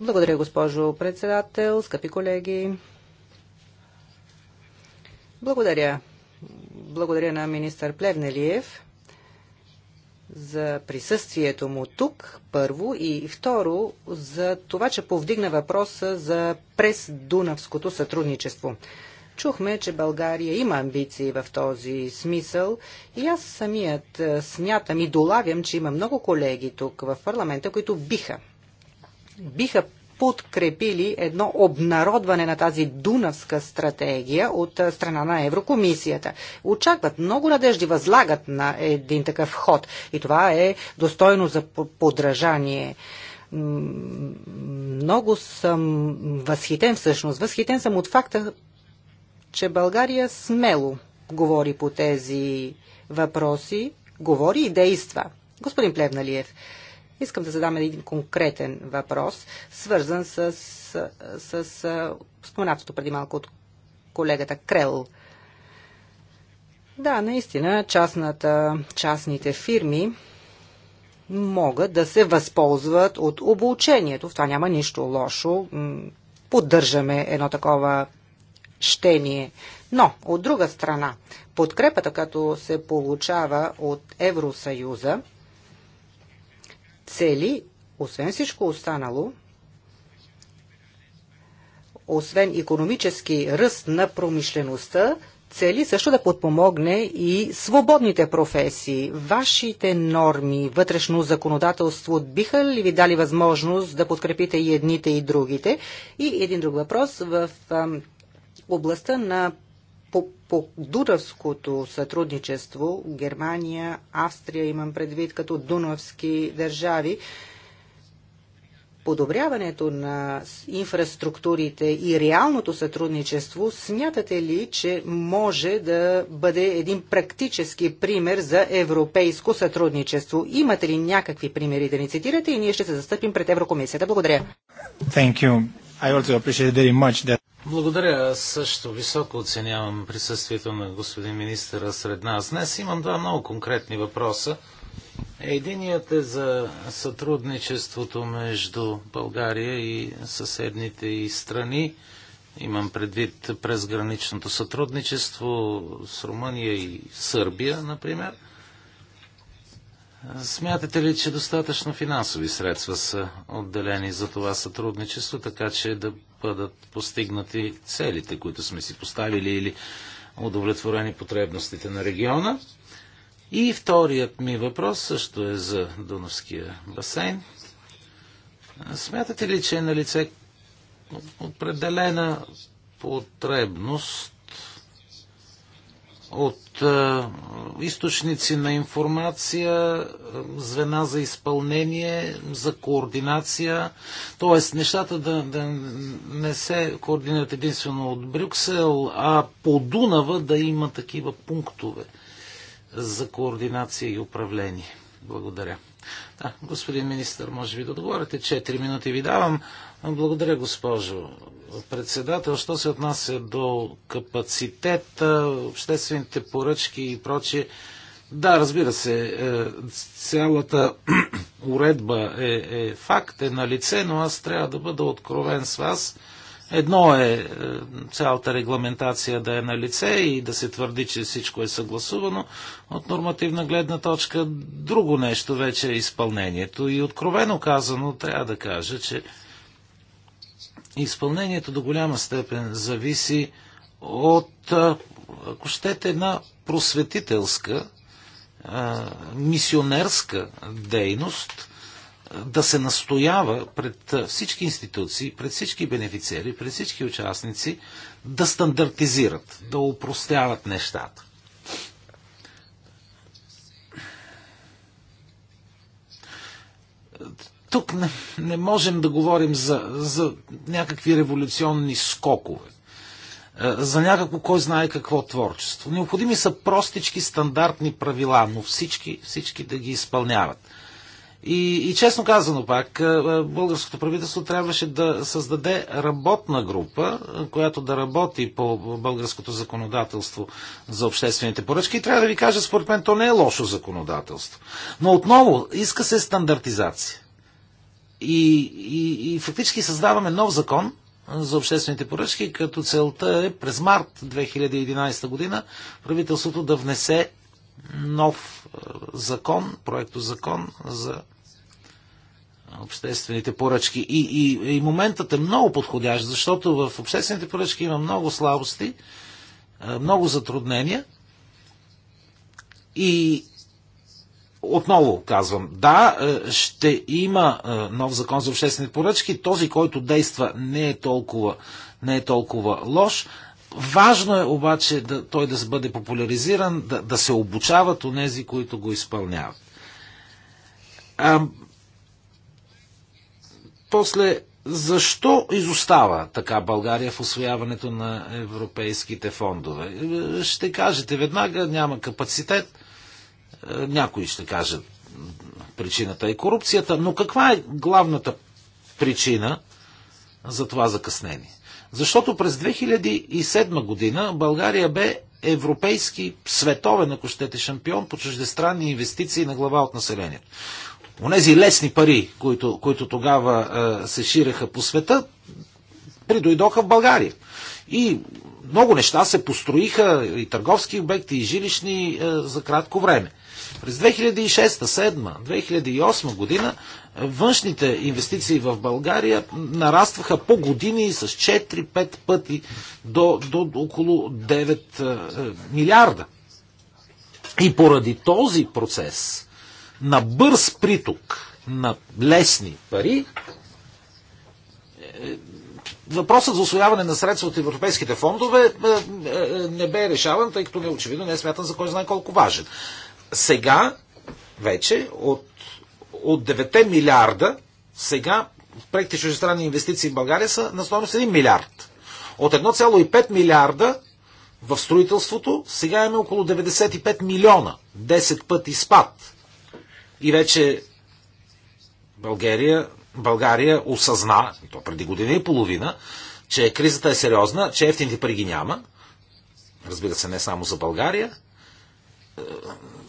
Благодаря, госпожо председател, скъпи колеги. Благодаря. Благодаря на министър Плевнелиев за присъствието му тук, първо, и второ, за това, че повдигна въпроса за прес Дунавското сътрудничество. Чухме, че България има амбиции в този смисъл и аз самият е, смятам и долавям, че има много колеги тук в парламента, които биха биха подкрепили едно обнародване на тази Дунавска стратегия от страна на Еврокомисията. Очакват много надежди, възлагат на един такъв ход и това е достойно за подражание много съм възхитен всъщност. Възхитен съм от факта, че България смело говори по тези въпроси, говори и действа. Господин Плевналиев, Искам да задам един конкретен въпрос, свързан с, с, с, споменатото преди малко от колегата Крел. Да, наистина, частната, частните фирми могат да се възползват от обучението. В това няма нищо лошо. Поддържаме едно такова щение. Но, от друга страна, подкрепата, като се получава от Евросъюза, цели, освен всичко останало, освен економически ръст на промишлеността, цели също да подпомогне и свободните професии. Вашите норми, вътрешно законодателство, биха ли ви дали възможност да подкрепите и едните и другите? И един друг въпрос в областта на по, по Дунавското сътрудничество, Германия, Австрия имам предвид като дунавски държави, подобряването на инфраструктурите и реалното сътрудничество, смятате ли, че може да бъде един практически пример за европейско сътрудничество? Имате ли някакви примери да ни цитирате и ние ще се застъпим пред Еврокомисията? Благодаря. Thank you. I also appreciate very much that благодаря. Също високо оценявам присъствието на господин министъра сред нас. Днес имам два много конкретни въпроса. Единият е за сътрудничеството между България и съседните и страни. Имам предвид презграничното сътрудничество с Румъния и Сърбия, например – Смятате ли, че достатъчно финансови средства са отделени за това сътрудничество, така че да бъдат постигнати целите, които сме си поставили или удовлетворени потребностите на региона? И вторият ми въпрос също е за Дуновския басейн. Смятате ли, че е на лице определена потребност от източници на информация, звена за изпълнение, за координация. Тоест, нещата да, да не се координират единствено от Брюксел, а по Дунава да има такива пунктове за координация и управление. Благодаря. Да, господин министър, може би да отговорите. Четири минути ви давам. Благодаря, госпожо председател. Що се отнася до капацитета, обществените поръчки и прочие, да, разбира се, е, цялата [clears throat] уредба е, е факт, е на лице, но аз трябва да бъда откровен с вас. Едно е, е цялата регламентация да е на лице и да се твърди, че всичко е съгласувано от нормативна гледна точка. Друго нещо вече е изпълнението. И откровено казано трябва да кажа, че изпълнението до голяма степен зависи от, ако щете, една просветителска, мисионерска дейност да се настоява пред всички институции, пред всички бенефициери, пред всички участници да стандартизират, да упростяват нещата. тук не, не можем да говорим за, за някакви революционни скокове, е, за някакво кой знае какво творчество. Необходими са простички стандартни правила, но всички, всички да ги изпълняват. И, и честно казано пак, е, е, българското правителство трябваше да създаде работна група, която да работи по българското законодателство за обществените поръчки. И трябва да ви кажа, според мен, то не е лошо законодателство. Но отново, иска се стандартизация. И, и, и фактически създаваме нов закон за обществените поръчки, като целта е през март 2011 година правителството да внесе нов закон, проекто закон за обществените поръчки. И, и, и моментът е много подходящ, защото в обществените поръчки има много слабости, много затруднения и отново казвам, да, е, ще има е, нов закон за обществени поръчки. Този, който действа, не е толкова, не е толкова лош. Важно е обаче да, той да бъде популяризиран, да, да се обучават у нези, които го изпълняват. А, после, защо изостава така България в освояването на европейските фондове? Е, ще кажете веднага, няма капацитет някои ще кажат, причината е корупцията, но каква е главната причина за това закъснение? Защото през 2007 година България бе европейски, световен, ако щете, шампион по чуждестранни инвестиции на глава от населението. Онези лесни пари, които, които тогава а, е, се ширеха по света, придойдоха в България. И много неща се построиха, и търговски обекти, и жилищни а, е, за кратко време. През 2006, 2007, 2008 година е, външните инвестиции в България нарастваха по години с 4-5 пъти до, до около 9 е, е, милиарда. И поради този процес на бърз приток на лесни пари, въпросът за освояване на средства от европейските фондове не бе решаван, тъй като не очевидно не е смятан за кой знае колко важен сега вече от, от 9 милиарда, сега проекти чуждестранни инвестиции в България са на стоеност 1 милиард. От 1,5 милиарда в строителството сега имаме около 95 милиона. 10 пъти спад. И вече България, България осъзна, и то преди година и половина, че кризата е сериозна, че ефтините пари ги няма. Разбира се, не само за България,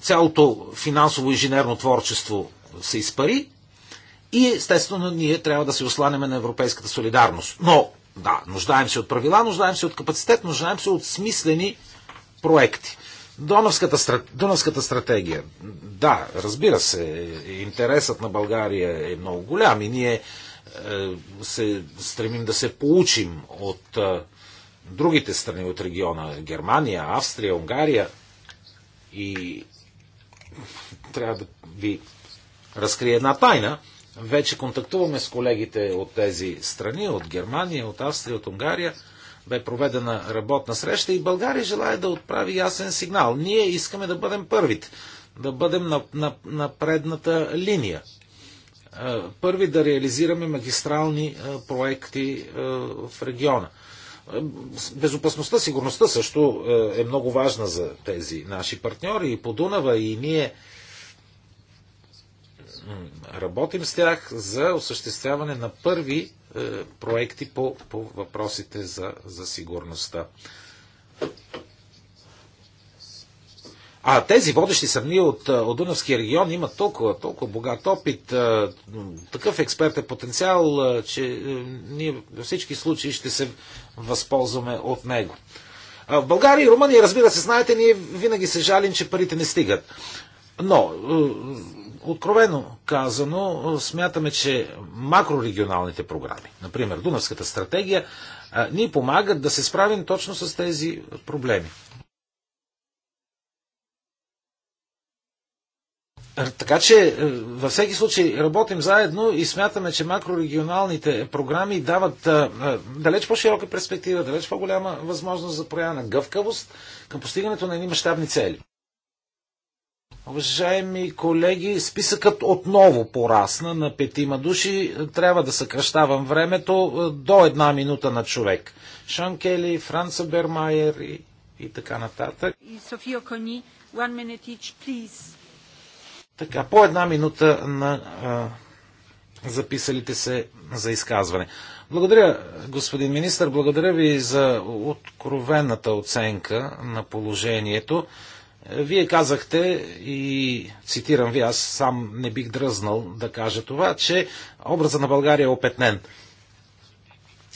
цялото финансово инженерно творчество се изпари и естествено ние трябва да се осланеме на европейската солидарност. Но, да, нуждаем се от правила, нуждаем се от капацитет, нуждаем се от смислени проекти. Дунавската, Дунавската стратегия. Да, разбира се, интересът на България е много голям и ние е, се стремим да се получим от е, другите страни от региона Германия, Австрия, Унгария – и трябва да ви разкрия една тайна. Вече контактуваме с колегите от тези страни, от Германия, от Австрия, от Унгария. Бе проведена работна среща и България желая да отправи ясен сигнал. Ние искаме да бъдем първите, да бъдем на, на, на предната линия. Е, първи да реализираме магистрални е, проекти е, в региона. Е, безопасността, сигурността също е, е много важна за тези наши партньори и по Дунава и ние работим с тях за осъществяване на първи е, проекти по, по въпросите за, за сигурността. А тези водещи съмни от, от Дунавския регион имат толкова, толкова богат опит, такъв експертен потенциал, че ние във всички случаи ще се възползваме от него. В България и Румъния, разбира се, знаете, ние винаги се жалим, че парите не стигат. Но, е, откровено казано, е, смятаме, че макрорегионалните програми, например Дунавската стратегия, е, ни помагат да се справим точно с тези проблеми. Така че е, във всеки случай работим заедно и смятаме, че макрорегионалните програми дават е, е, далеч по-широка перспектива, далеч по-голяма възможност за проява на гъвкавост към постигането на едни мащабни цели. Уважаеми колеги, списъкът отново порасна на петима души. Трябва да съкръщавам времето до една минута на човек. Шан Кели, Франца Бермайер и, и така нататък. И София Кони, one minute each, please. Така, по една минута на а, записалите се за изказване. Благодаря, господин министр, благодаря ви за откровената оценка на положението. Вие казахте и цитирам ви, аз сам не бих дръзнал да кажа това, че образа на България е опетнен.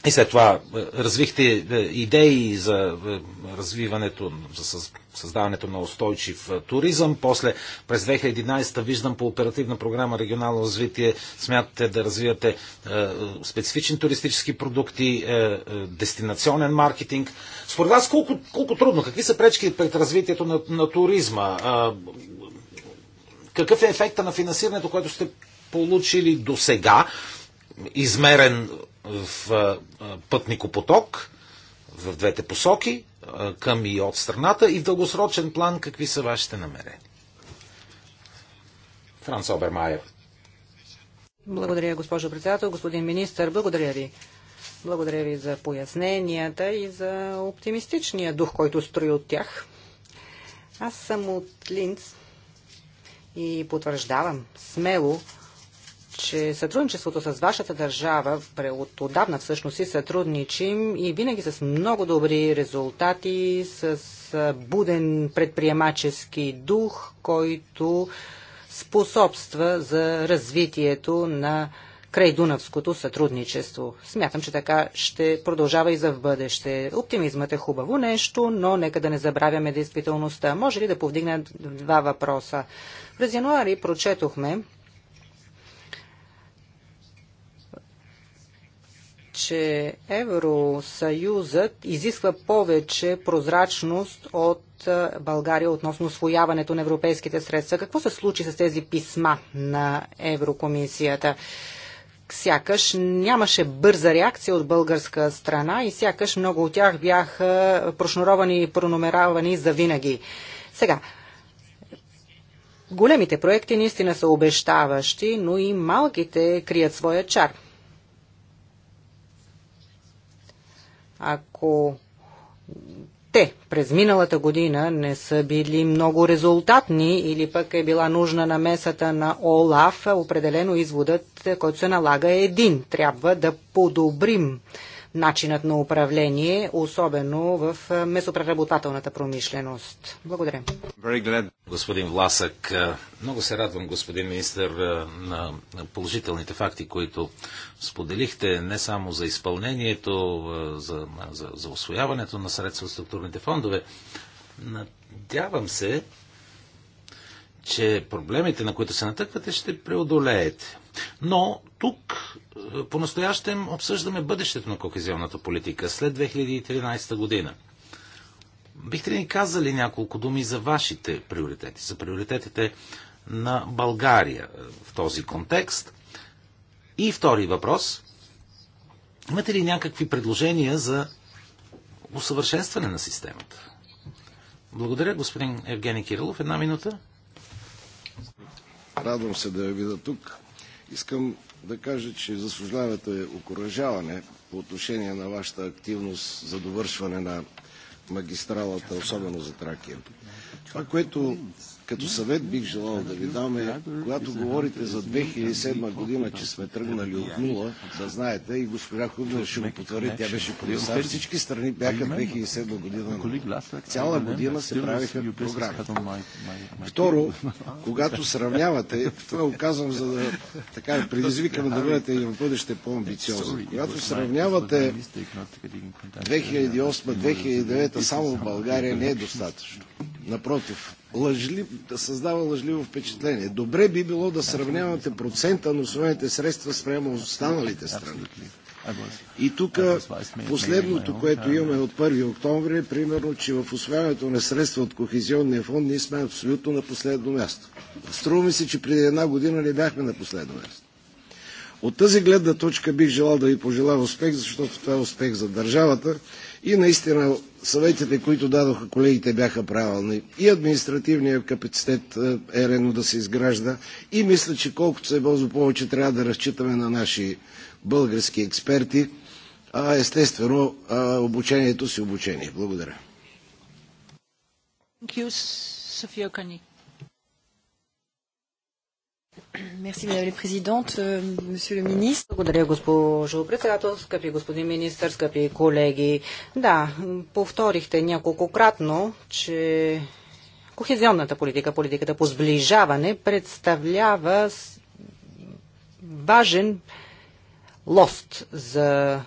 И след това е, развихте е, идеи за е, развиването, за създаването на устойчив туризъм. После през 2011 виждам по оперативна програма регионално развитие смятате да развивате специфични туристически продукти, дестинационен маркетинг. Според вас колко, колко трудно? Какви са пречки пред развитието на, на туризма? Какъв е ефекта на финансирането, което сте получили до сега, измерен в пътникопоток в двете посоки, към и от страната и в дългосрочен план какви са вашите намерения? Франц Обермайер. Благодаря, госпожо председател, господин министр. Благодаря ви. Благодаря ви за поясненията и за оптимистичния дух, който строи от тях. Аз съм от Линц и потвърждавам смело, че сътрудничеството с вашата държава, от отдавна всъщност си сътрудничим и винаги с много добри резултати, с буден предприемачески дух, който способства за развитието на край Дунавското сътрудничество. Смятам, че така ще продължава и за в бъдеще. Оптимизмът е хубаво нещо, но нека да не забравяме действителността. Може ли да повдигна два въпроса? През януари прочетохме че Евросъюзът изисква повече прозрачност от България относно освояването на европейските средства. Какво се случи с тези писма на Еврокомисията? сякаш нямаше бърза реакция от българска страна и сякаш много от тях бяха прошнуровани и прономеравани за винаги. Сега, големите проекти наистина са обещаващи, но и малките крият своя чар. ако те през миналата година не са били много резултатни или пък е била нужна намесата на ОЛАФ, определено изводът, който се налага е един. Трябва да подобрим начинът на управление, особено в месопреработателната промишленост. Благодаря. Господин Власък, много се радвам, господин министр, на положителните факти, които споделихте не само за изпълнението, за, за, за освояването на средства от структурните фондове. Надявам се, че проблемите, на които се натъквате, ще преодолеете. Но тук е, по-настоящем обсъждаме бъдещето на кохезионната политика след 2013 година. Бихте ли ни казали няколко думи за вашите приоритети, за приоритетите на България е, в този контекст? И втори въпрос. Имате ли някакви предложения за усъвършенстване на системата? Благодаря, господин Евгений Кирилов. Една минута. Радвам се да я видя тук. Искам да кажа, че заслужавате окоръжаване по отношение на вашата активност за довършване на магистралата, особено за Тракия. Това, което като съвет бих желал да ви даме, когато говорите за 2007 година, че сме тръгнали от нула, да знаете, и госпожа Худна ще го потвърди, тя беше комисар, всички страни бяха 2007 година. Цяла година се правиха програми. Второ, когато сравнявате, това го казвам, за да така предизвикаме да бъдете и в бъдеще по-амбициозни. Когато сравнявате 2008-2009 само в България не е достатъчно. Напротив, лъжлив, да създава лъжливо впечатление. Добре би било да сравнявате процента на освоените средства спрямо останалите страни. И тук последното, което имаме от 1 октомври е примерно, че в освояването на средства от Кохезионния фонд ние сме абсолютно на последно място. Струва ми се, че преди една година не бяхме на последно място. От тази гледна точка бих желал да ви пожелая успех, защото това е успех за държавата и наистина съветите, които дадоха колегите, бяха правилни. И административният капацитет е редно да се изгражда. И мисля, че колкото се бълзо е повече трябва да разчитаме на наши български експерти. А естествено, обучението си обучение. Благодаря. София Kanik. Euh, Благодаря, госпожо председател, скъпи господин министър, скъпи колеги. Да, повторихте няколкократно, че кохезионната политика, политиката по сближаване представлява важен лост за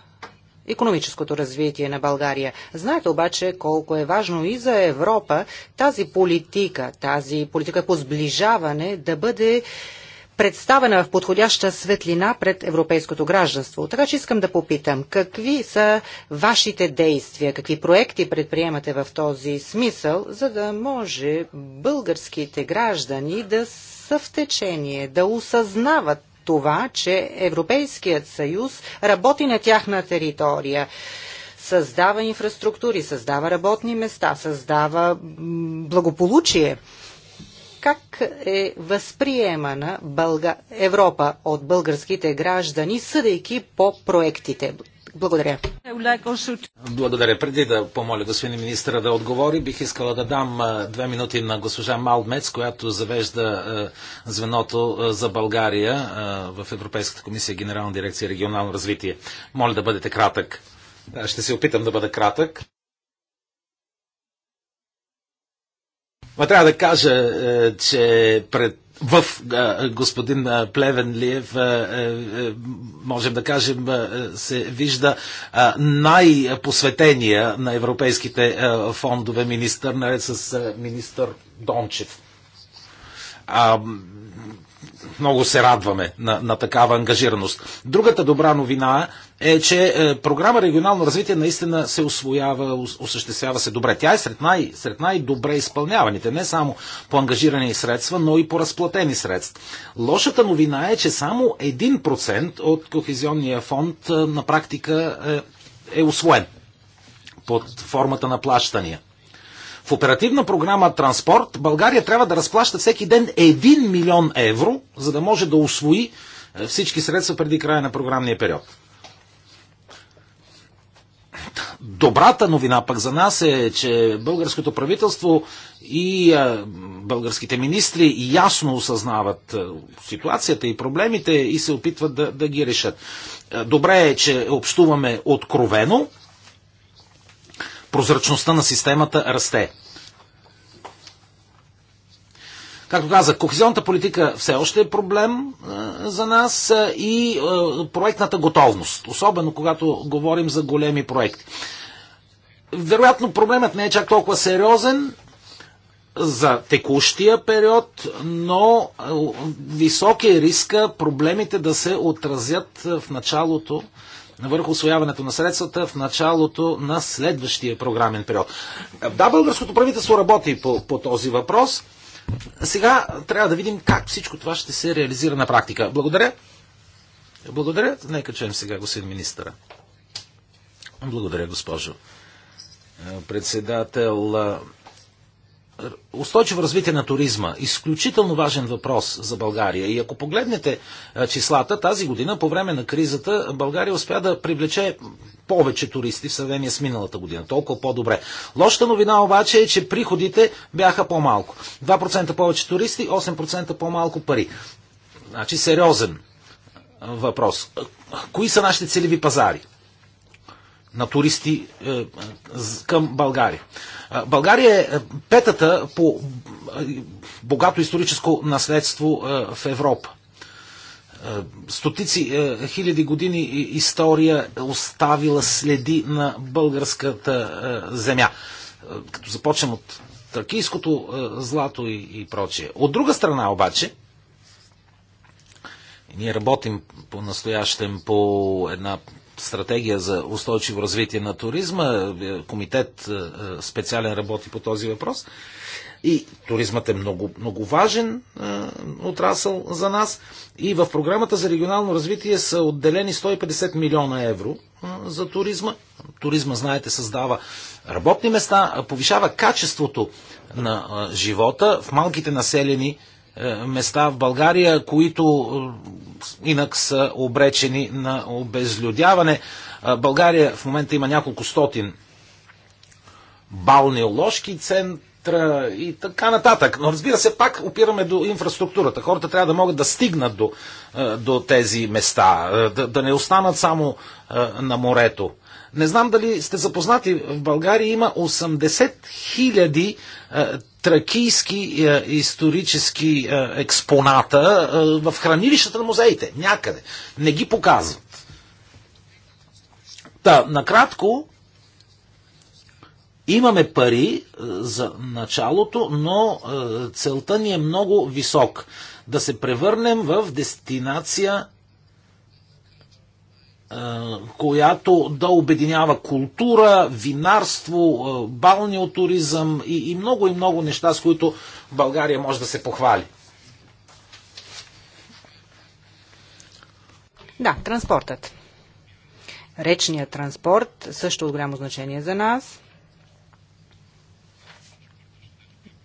економическото развитие на България. Знаете обаче колко е важно и за Европа тази политика, тази политика по сближаване да бъде представена в подходяща светлина пред европейското гражданство. Така че искам да попитам, какви са вашите действия, какви проекти предприемате в този смисъл, за да може българските граждани да са в течение, да осъзнават това, че Европейският съюз работи на тяхна територия създава инфраструктури, създава работни места, създава благополучие как е възприемана Бълга... Европа от българските граждани, съдейки по проектите. Благодаря. Благодаря. Преди да помоля господин министра да отговори, бих искала да дам две минути на госпожа Малмец, която завежда звеното за България в Европейската комисия Генерална дирекция регионално развитие. Моля да бъдете кратък. Ще се опитам да бъда кратък. Ма трябва да кажа, е, че пред в е, господин е, Плевенлиев, можем да кажем, се вижда най-посветения на европейските фондове министър, наред с министър Дончев много се радваме на, на такава ангажираност. Другата добра новина е, че е, програма регионално развитие наистина се освоява, осъществява се добре. Тя е сред, най, сред най-добре изпълняваните, не само по ангажирани средства, но и по разплатени средства. Лошата новина е, че само 1% от кохезионния фонд е, на практика е, е освоен под формата на плащания в оперативна програма Транспорт България трябва да разплаща всеки ден 1 милион евро, за да може да освои е, всички средства преди края на програмния период. Добрата новина пък за нас е, че българското правителство и е, българските министри ясно осъзнават е, ситуацията и проблемите и се опитват да, да ги решат. Добре е, че общуваме откровено, прозрачността на системата расте. Както казах, кохезионната политика все още е проблем за нас и проектната готовност, особено когато говорим за големи проекти. Вероятно проблемът не е чак толкова сериозен за текущия период, но висок е риска проблемите да се отразят в началото върху освояването на средствата в началото на следващия програмен период. Да, българското правителство работи по, по този въпрос. Сега трябва да видим как всичко това ще се реализира на практика. Благодаря. Благодаря. Нека чуем сега господин министъра. Благодаря, госпожо председател. Устойчиво развитие на туризма. Изключително важен въпрос за България. И ако погледнете числата, тази година по време на кризата България успя да привлече повече туристи в сравнение с миналата година. Толкова по-добре. Лошата новина обаче е, че приходите бяха по-малко. 2% повече туристи, 8% по-малко пари. Значи сериозен въпрос. Кои са нашите целеви пазари? на туристи е, към България. Е, България е петата по е, богато историческо наследство в Европа. Стотици хиляди години история оставила следи на българската земя. Като започнем от тракийското злато и, прочие. От друга страна обаче, ние работим по настоящем по една стратегия за устойчиво развитие на туризма. Комитет е, е, специален работи по този въпрос. И туризмът е много, много важен е, отрасъл за нас. И в програмата за регионално развитие са отделени 150 милиона евро е, за туризма. Туризма, знаете, създава работни места, повишава качеството на е, живота в малките населени е, места в България, които е, инак са обречени на обезлюдяване. Е, България в момента има няколко стотин балнеоложки центра и така нататък. Но разбира се, пак опираме до инфраструктурата. Хората трябва да могат да стигнат до, до тези места, да, да не останат само на морето. Не знам дали сте запознати, в България има 80 хиляди е, тракийски е, исторически е, експоната е, в хранилищата на музеите, някъде. Не ги показват. Та, накратко, имаме пари е, за началото, но е, целта ни е много висок. Да се превърнем в дестинация която да обединява култура, винарство, балнеотуризъм и, и много и много неща, с които България може да се похвали. Да, транспортът. Речният транспорт също от голямо значение за нас.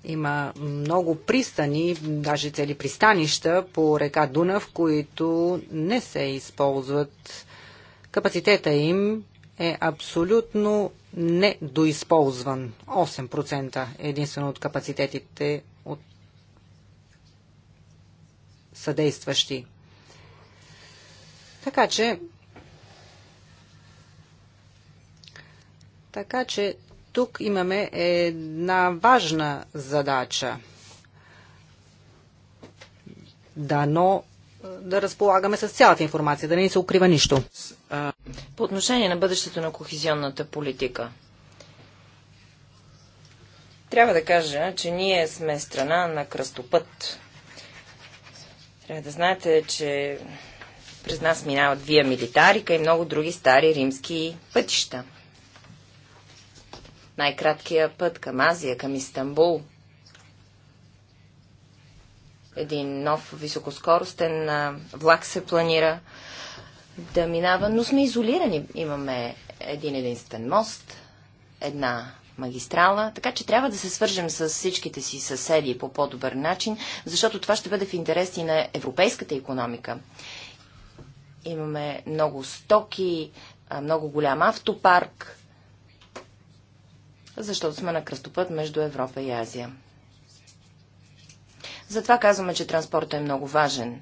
Има много пристани, даже цели пристанища по река Дунав, които не се използват Капацитета им е абсолютно недоизползван. 8% единствено от капацитетите от съдействащи. Така че Така че тук имаме една важна задача. Дано да разполагаме с цялата информация, да не ни се укрива нищо. По отношение на бъдещето на кохезионната политика, трябва да кажа, че ние сме страна на кръстопът. Трябва да знаете, че през нас минават Вия Милитарика и много други стари римски пътища. Най-краткият път към Азия, към Истанбул – един нов високоскоростен влак се планира да минава, но сме изолирани. Имаме един единствен мост, една магистрала, така че трябва да се свържем с всичките си съседи по по-добър начин, защото това ще бъде в интерес и на европейската економика. Имаме много стоки, много голям автопарк, защото сме на кръстопът между Европа и Азия. Затова казваме, че транспортът е много важен.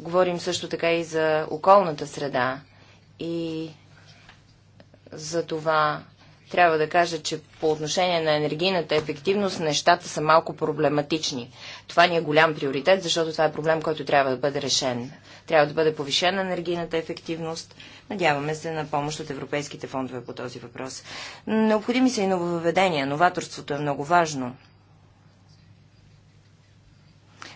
Говорим също така и за околната среда и за това трябва да кажа, че по отношение на енергийната ефективност нещата са малко проблематични. Това ни е голям приоритет, защото това е проблем, който трябва да бъде решен. Трябва да бъде повишена енергийната ефективност. Надяваме се на помощ от европейските фондове по този въпрос. Необходими са и нововведения. Новаторството е много важно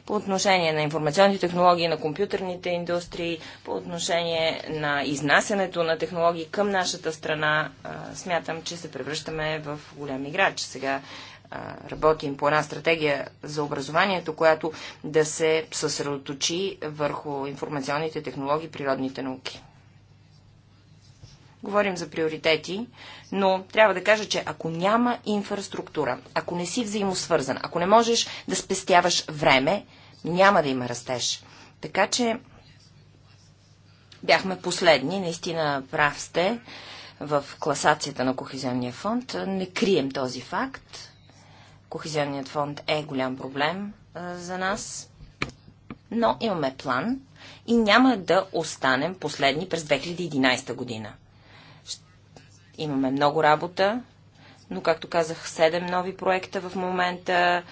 по отношение на информационните технологии, на компютърните индустрии, по отношение на изнасянето на технологии към нашата страна. смятам, че се превръщаме в голям играч. Сега работим по една стратегия за образованието, която да се съсредоточи върху информационните технологии, природните науки. Говорим за приоритети, но трябва да кажа, че ако няма инфраструктура, ако не си взаимосвързан, ако не можеш да спестяваш време, няма да има растеж. Така че бяхме последни, наистина прав сте в класацията на Кохезионния фонд. Не крием този факт. Кохезионният фонд е голям проблем за нас, но имаме план и няма да останем последни през 2011 година. Имаме много работа, но както казах, 7 нови проекта в момента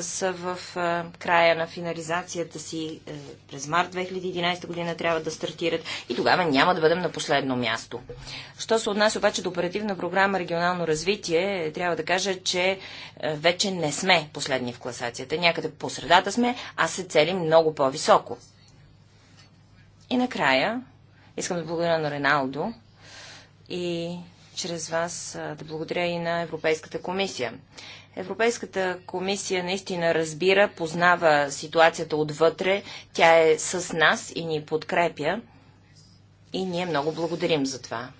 са в края на финализацията си. Е, през март 2011 година трябва да стартират и тогава няма да бъдем на последно място. Що се отнася обаче до оперативна програма регионално развитие, трябва да кажа, че е, вече не сме последни в класацията. Някъде по средата сме, а се целим много по-високо. И накрая искам да благодаря на Реналдо и чрез вас да благодаря и на Европейската комисия. Европейската комисия наистина разбира, познава ситуацията отвътре, тя е с нас и ни подкрепя и ние много благодарим за това.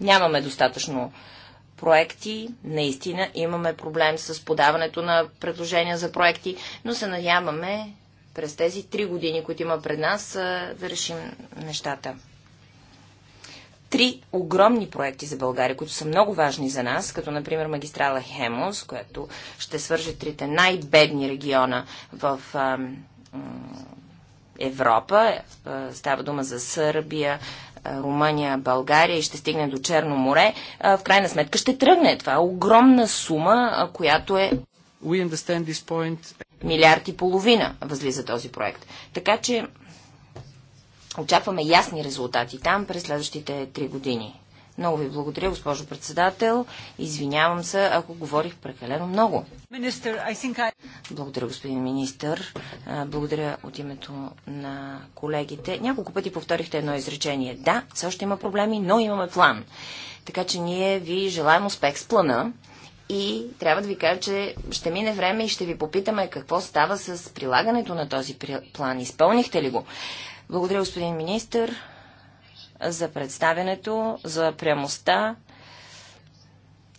Нямаме достатъчно проекти, наистина имаме проблем с подаването на предложения за проекти, но се надяваме през тези три години, които има пред нас, да решим нещата три огромни проекти за България, които са много важни за нас, като например магистрала Хемос, която ще свърже трите най-бедни региона в а, Европа. Е, става дума за Сърбия, Румъния, България и ще стигне до Черно море. В крайна сметка ще тръгне. Това е огромна сума, която е милиард и половина възлиза този проект. Така че Очакваме ясни резултати там през следващите три години. Много ви благодаря, госпожо председател. Извинявам се, ако говорих прекалено много. Minister, I I... Благодаря, господин министр. Благодаря от името на колегите. Няколко пъти повторихте едно изречение. Да, все още има проблеми, но имаме план. Така че ние ви желаем успех с плана. И трябва да ви кажа, че ще мине време и ще ви попитаме какво става с прилагането на този план. Изпълнихте ли го? Благодаря, господин министр, за представянето, за прямостта,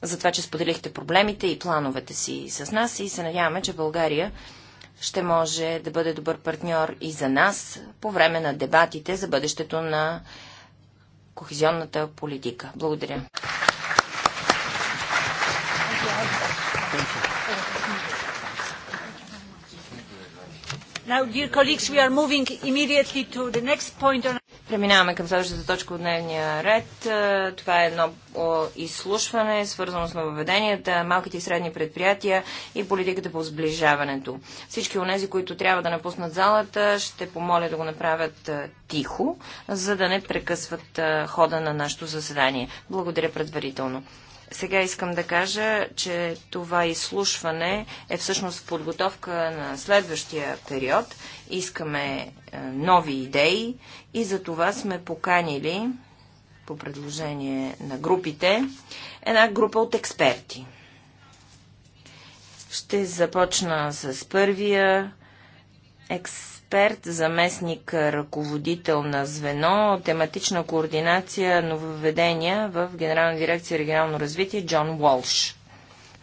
за това, че споделихте проблемите и плановете си с нас и се надяваме, че България ще може да бъде добър партньор и за нас по време на дебатите за бъдещето на кохезионната политика. Благодаря. Преминаваме към следващата точка от дневния ред. Е, това е едно изслушване, свързано с нововведенията, малките и средни предприятия и политиката по сближаването. Всички тези, които трябва да напуснат залата, ще помоля да го направят е, тихо, за да не прекъсват е, хода на нашето заседание. Благодаря предварително. Сега искам да кажа, че това изслушване е всъщност подготовка на следващия период. Искаме е, нови идеи и за това сме поканили по предложение на групите една група от експерти. Ще започна с първия екс експерт, заместник ръководител на звено, тематична координация, нововведения в Генерална дирекция регионално развитие Джон Уолш.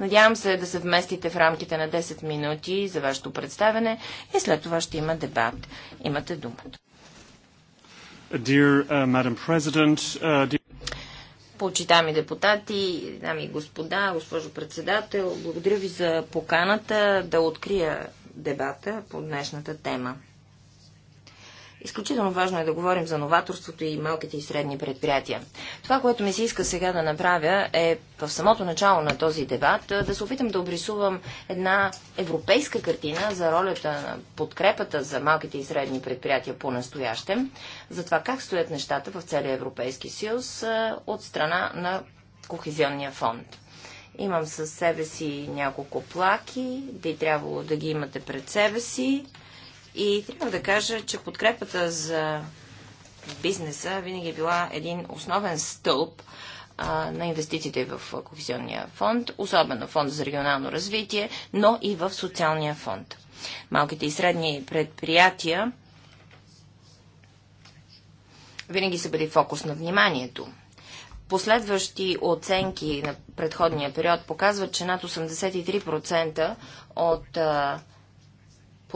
Надявам се да се вместите в рамките на 10 минути за вашето представене и след това ще има дебат. Имате думата. Dear, uh, uh Почитами депутати, дами и господа, госпожо председател, благодаря ви за поканата да открия дебата по днешната тема. Изключително важно е да говорим за новаторството и малките и средни предприятия. Това, което ми се иска сега да направя е в самото начало на този дебат да се опитам да обрисувам една европейска картина за ролята на подкрепата за малките и средни предприятия по-настоящем, за това как стоят нещата в целия Европейски съюз от страна на Кохезионния фонд. Имам със себе си няколко плаки, би трябвало да ги имате пред себе си. И трябва да кажа, че подкрепата за бизнеса винаги е била един основен стълб а, на инвестициите в Кохезионния фонд, особено фонд за регионално развитие, но и в социалния фонд. Малките и средни предприятия винаги са били фокус на вниманието. Последващи оценки на предходния период показват, че над 83% от а,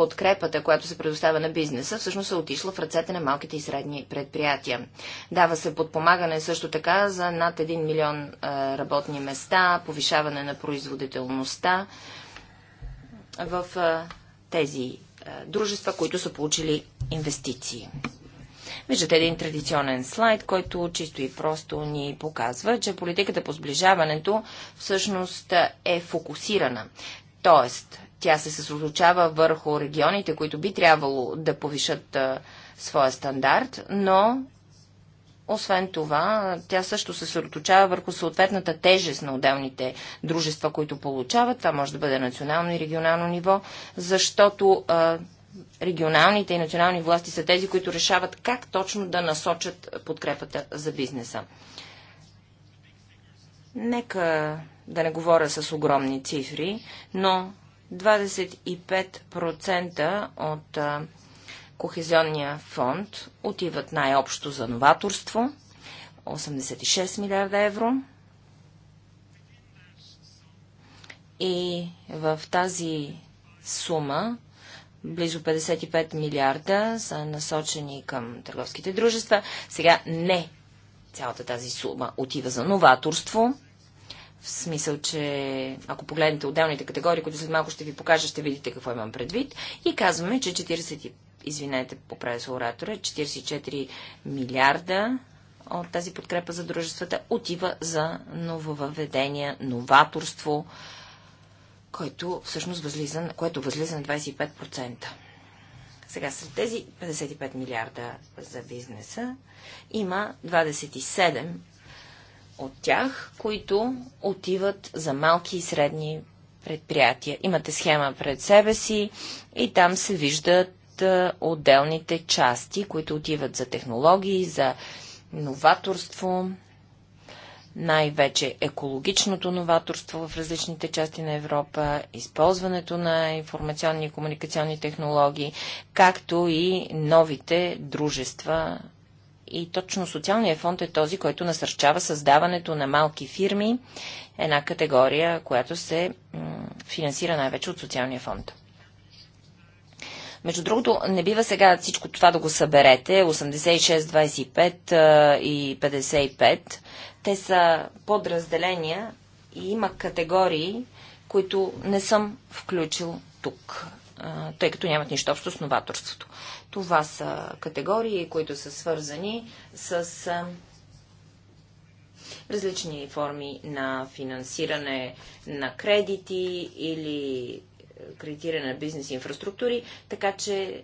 подкрепата, която се предоставя на бизнеса, всъщност е отишла в ръцете на малките и средни предприятия. Дава се подпомагане също така за над 1 милион работни места, повишаване на производителността в тези дружества, които са получили инвестиции. Виждате един традиционен слайд, който чисто и просто ни показва, че политиката по сближаването всъщност е фокусирана. Тоест, тя се съсредоточава върху регионите, които би трябвало да повишат а, своя стандарт, но освен това, тя също се съсредоточава върху съответната тежест на отделните дружества, които получават. Това може да бъде национално и регионално ниво, защото а, регионалните и национални власти са тези, които решават как точно да насочат подкрепата за бизнеса. Нека да не говоря с огромни цифри, но 25% от а, Кохезионния фонд отиват най-общо за новаторство 86 милиарда евро. И в тази сума близо 55 милиарда са насочени към търговските дружества. Сега не цялата тази сума отива за новаторство в смисъл, че ако погледнете отделните категории, които след малко ще ви покажа, ще видите какво имам предвид. И казваме, че 40, извинете, поправя се оратора, 44 милиарда от тази подкрепа за дружествата отива за нововъведения, новаторство, което всъщност възлиза, което възлиза на 25%. Сега сред тези 55 милиарда за бизнеса има 27 от тях, които отиват за малки и средни предприятия. Имате схема пред себе си и там се виждат отделните части, които отиват за технологии, за новаторство, най-вече екологичното новаторство в различните части на Европа, използването на информационни и комуникационни технологии, както и новите дружества и точно социалният фонд е този, който насърчава създаването на малки фирми, една категория, която се финансира най-вече от социалния фонд. Между другото, не бива сега всичко това да го съберете, 86, 25 и 55. Те са подразделения и има категории, които не съм включил тук, тъй като нямат нищо общо с новаторството. Това са категории, които са свързани с различни форми на финансиране на кредити или кредитиране на бизнес инфраструктури, така че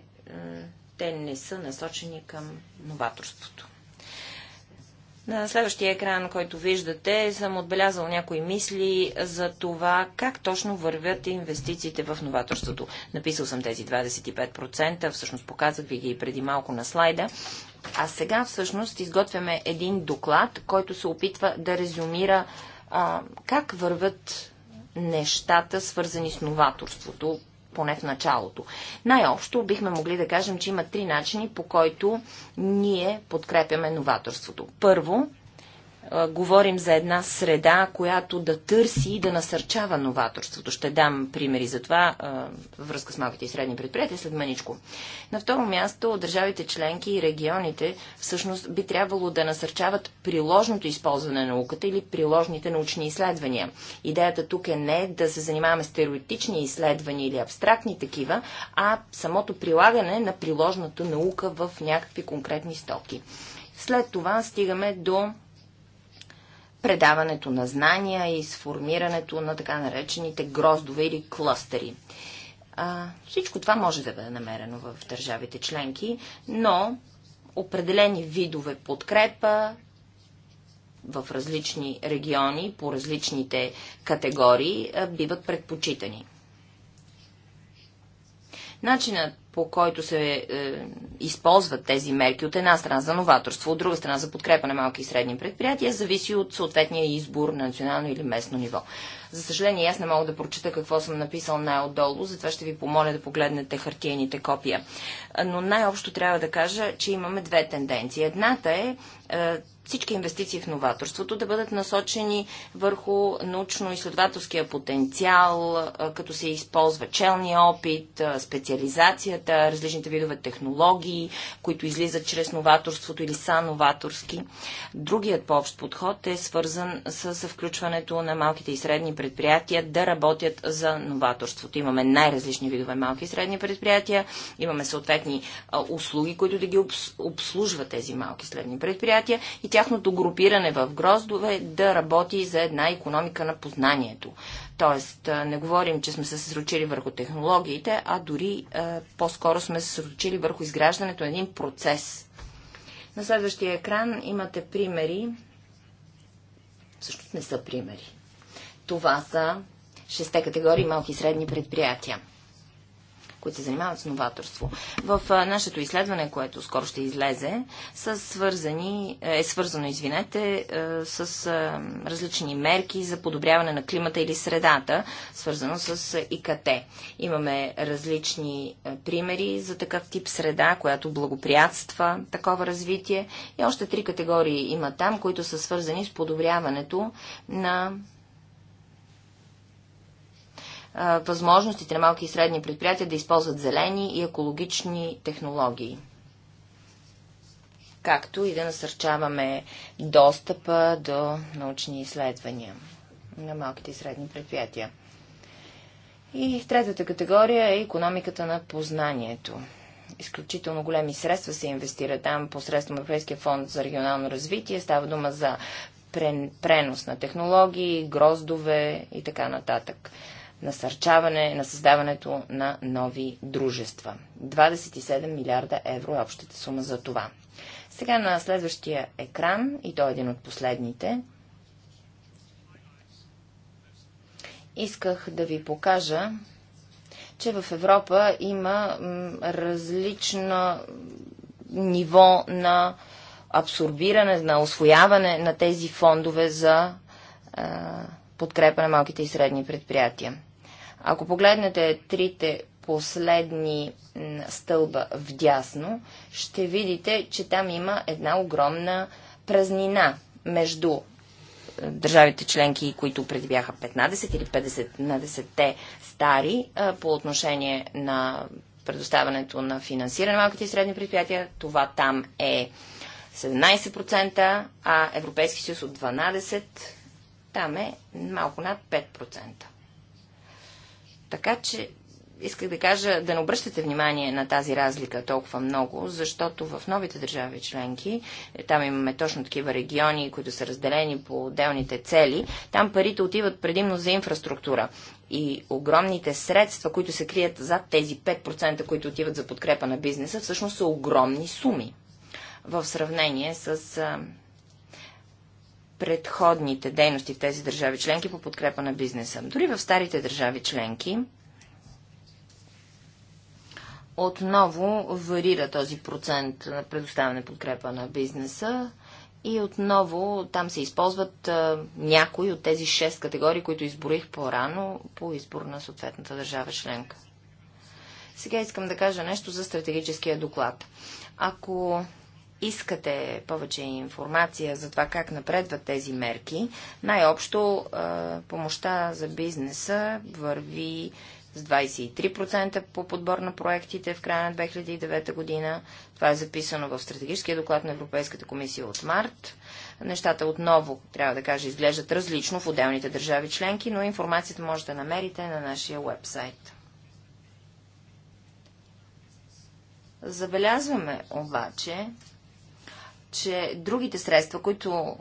те не са насочени към новаторството. На следващия екран, който виждате, съм отбелязал някои мисли за това как точно вървят инвестициите в новаторството. Написал съм тези 25%, всъщност показах ви ги и преди малко на слайда. А сега всъщност изготвяме един доклад, който се опитва да резюмира а, как върват нещата, свързани с новаторството поне в началото. Най-общо бихме могли да кажем, че има три начини, по който ние подкрепяме новаторството. Първо, говорим за една среда, която да търси и да насърчава новаторството. Ще дам примери за това във връзка с малките и средни предприятия след маничко. На второ място, държавите членки и регионите всъщност би трябвало да насърчават приложното използване на науката или приложните научни изследвания. Идеята тук е не да се занимаваме с теоретични изследвания или абстрактни такива, а самото прилагане на приложната наука в някакви конкретни стоки. След това стигаме до предаването на знания и сформирането на така наречените гроздове или клъстери. А, всичко това може да бъде намерено в държавите членки, но определени видове подкрепа в различни региони по различните категории биват предпочитани. Начинът по който се е, използват тези мерки от една страна за новаторство, от друга страна за подкрепа на малки и средни предприятия, зависи от съответния избор на национално или местно ниво. За съжаление, аз не мога да прочета какво съм написал най-отдолу, затова ще ви помоля да погледнете хартиените копия. Но най-общо трябва да кажа, че имаме две тенденции. Едната е, е всички инвестиции в новаторството да бъдат насочени върху научно-изследователския потенциал, е, като се използва челния опит, е, специализацията, различните видове технологии, които излизат чрез новаторството или са новаторски. Другият по-общ подход е свързан с включването на малките и средни предприятия предприятия да работят за новаторството. Имаме най-различни видове малки и средни предприятия, имаме съответни а, услуги, които да ги обс, обслужват тези малки и средни предприятия и тяхното групиране в гроздове да работи за една економика на познанието. Тоест, не говорим, че сме се съсредоточили върху технологиите, а дори по-скоро сме се съсредоточили върху изграждането на един процес. На следващия екран имате примери. Всъщност не са примери. Това са шесте категории малки и средни предприятия които се занимават с новаторство. В нашето изследване, което скоро ще излезе, са свързани, е, е свързано, извинете, е, с е, различни мерки за подобряване на климата или средата, свързано с ИКТ. Имаме различни примери за такъв тип среда, която благоприятства такова развитие и още три категории има там, които са свързани с подобряването на възможностите на малки и средни предприятия да използват зелени и екологични технологии. Както и да насърчаваме достъпа до научни изследвания на малките и средни предприятия. И третата категория е економиката на познанието. Изключително големи средства се инвестират там посредством Европейския фонд за регионално развитие. Става дума за пренос на технологии, гроздове и така нататък насърчаване на създаването на нови дружества. 27 милиарда евро е общата сума за това. Сега на следващия екран, и то е един от последните, исках да ви покажа, че в Европа има различно ниво на абсорбиране, на освояване на тези фондове за подкрепа на малките и средни предприятия. Ако погледнете трите последни стълба вдясно, ще видите, че там има една огромна празнина между е, държавите членки, които преди бяха 15 или 50-те стари е, по отношение на предоставянето на финансиране на малките и средни предприятия. Това там е 17%, а Европейски съюз от 12% там е малко над 5%. Така че исках да кажа да не обръщате внимание на тази разлика толкова много, защото в новите държави членки, е, там имаме точно такива региони, които са разделени по отделните цели, там парите отиват предимно за инфраструктура. И огромните средства, които се крият зад тези 5%, които отиват за подкрепа на бизнеса, всъщност са огромни суми в сравнение с предходните дейности в тези държави членки по подкрепа на бизнеса. Дори в старите държави членки отново варира този процент на предоставяне подкрепа на бизнеса и отново там се използват а, някои от тези шест категории, които изборих по-рано по избор на съответната държава членка. Сега искам да кажа нещо за стратегическия доклад. Ако искате повече информация за това как напредват тези мерки, най-общо помощта за бизнеса върви с 23% по подбор на проектите в края на 2009 година. Това е записано в стратегическия доклад на Европейската комисия от март. Нещата отново, трябва да кажа, изглеждат различно в отделните държави членки, но информацията може да намерите на нашия вебсайт. Забелязваме обаче, че другите средства, които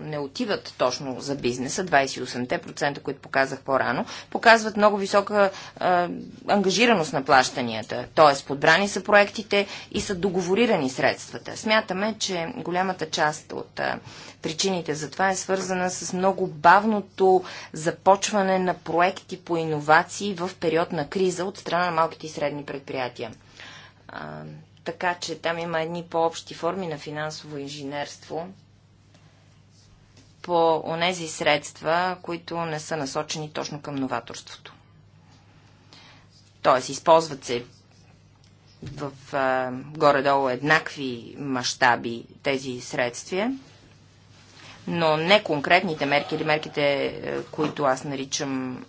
не отиват точно за бизнеса, 28%, които показах по-рано, показват много висока а, ангажираност на плащанията. Тоест, подбрани са проектите и са договорирани средствата. Смятаме, че голямата част от а, причините за това е свързана с много бавното започване на проекти по иновации в период на криза от страна на малките и средни предприятия. А, така че там има едни по-общи форми на финансово инженерство по онези средства, които не са насочени точно към новаторството. Тоест, използват се в горе-долу еднакви мащаби тези средства, но не конкретните мерки или мерките, е, които аз наричам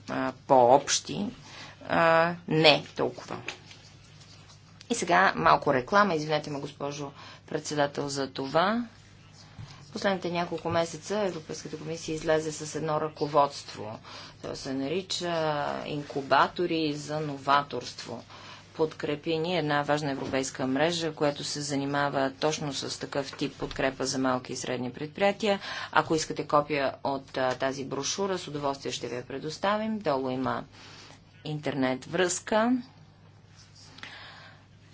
по-общи, не толкова. И сега малко реклама, извинете ме, госпожо председател, за това. Последните няколко месеца Европейската комисия излезе с едно ръководство. То се нарича инкубатори за новаторство. Подкрепи ни една важна европейска мрежа, която се занимава точно с такъв тип подкрепа за малки и средни предприятия. Ако искате копия от тази брошура, с удоволствие ще ви я предоставим. Долу има интернет връзка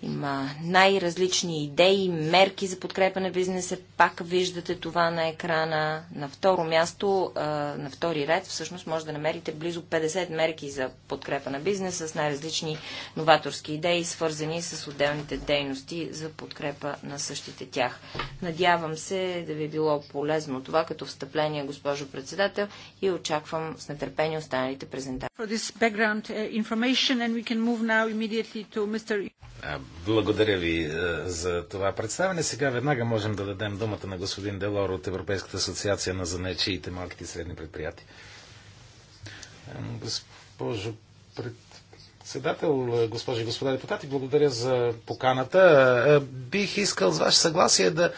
има най-различни идеи, мерки за подкрепа на бизнеса. Пак виждате това на екрана. На второ място, на втори ред, всъщност може да намерите близо 50 мерки за подкрепа на бизнеса с най-различни новаторски идеи, свързани с отделните дейности за подкрепа на същите тях. Надявам се да ви е било полезно това като встъпление, госпожо председател, и очаквам с нетърпение останалите презентации. Благодаря ви е, за това представяне. Сега веднага можем да дадем думата на господин Делор от Европейската асоциация на занечиите малките и средни предприятия. Е, госпожо председател, е, госпожи и господа депутати, благодаря за поканата. Бих искал с ваше съгласие да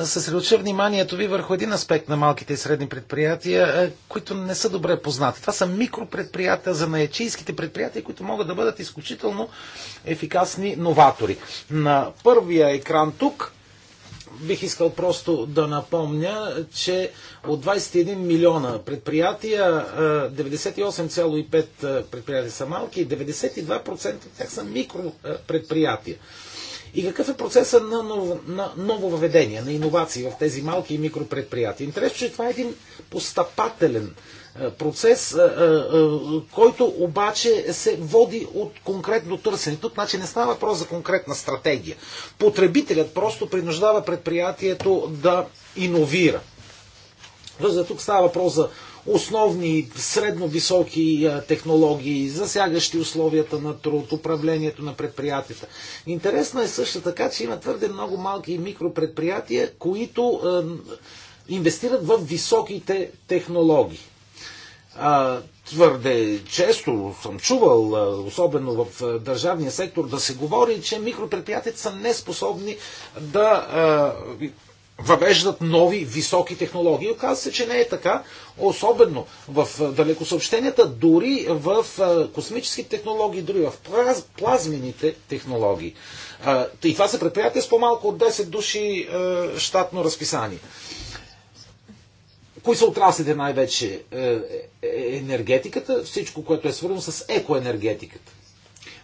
е, съсредоточа вниманието ви върху един аспект на малките и средни предприятия, е, които не са добре познати. Това са микропредприятия за наечийските предприятия, които могат да бъдат изключително ефикасни новатори. На първия екран тук бих искал просто да напомня, че от 21 милиона предприятия, 98,5 е, предприятия са малки и 92% от тях са микропредприятия. И какъв е процеса на, ново, на въведение, на иновации в тези малки и микропредприятия? Интересно, че това е един постъпателен е, процес, е, е, който обаче се води от конкретно търсене. Тук значи не става въпрос за конкретна стратегия. Потребителят просто принуждава предприятието да иновира. За тук става въпрос за основни средно-високи технологии, засягащи условията на труд, управлението на предприятията. Интересно е също така, че има твърде много малки и микропредприятия, които инвестират в високите технологии. твърде често съм чувал, особено в държавния сектор, да се говори, че микропредприятията са неспособни да въвеждат нови високи технологии. Оказва се, че не е така, особено в далекосъобщенията, дори в космически технологии, дори в плаз, плазмените технологии. И това са предприятия с по-малко от 10 души щатно разписание. Кои са отраслите най-вече? Е, е, е, енергетиката, всичко, което е свързано с екоенергетиката.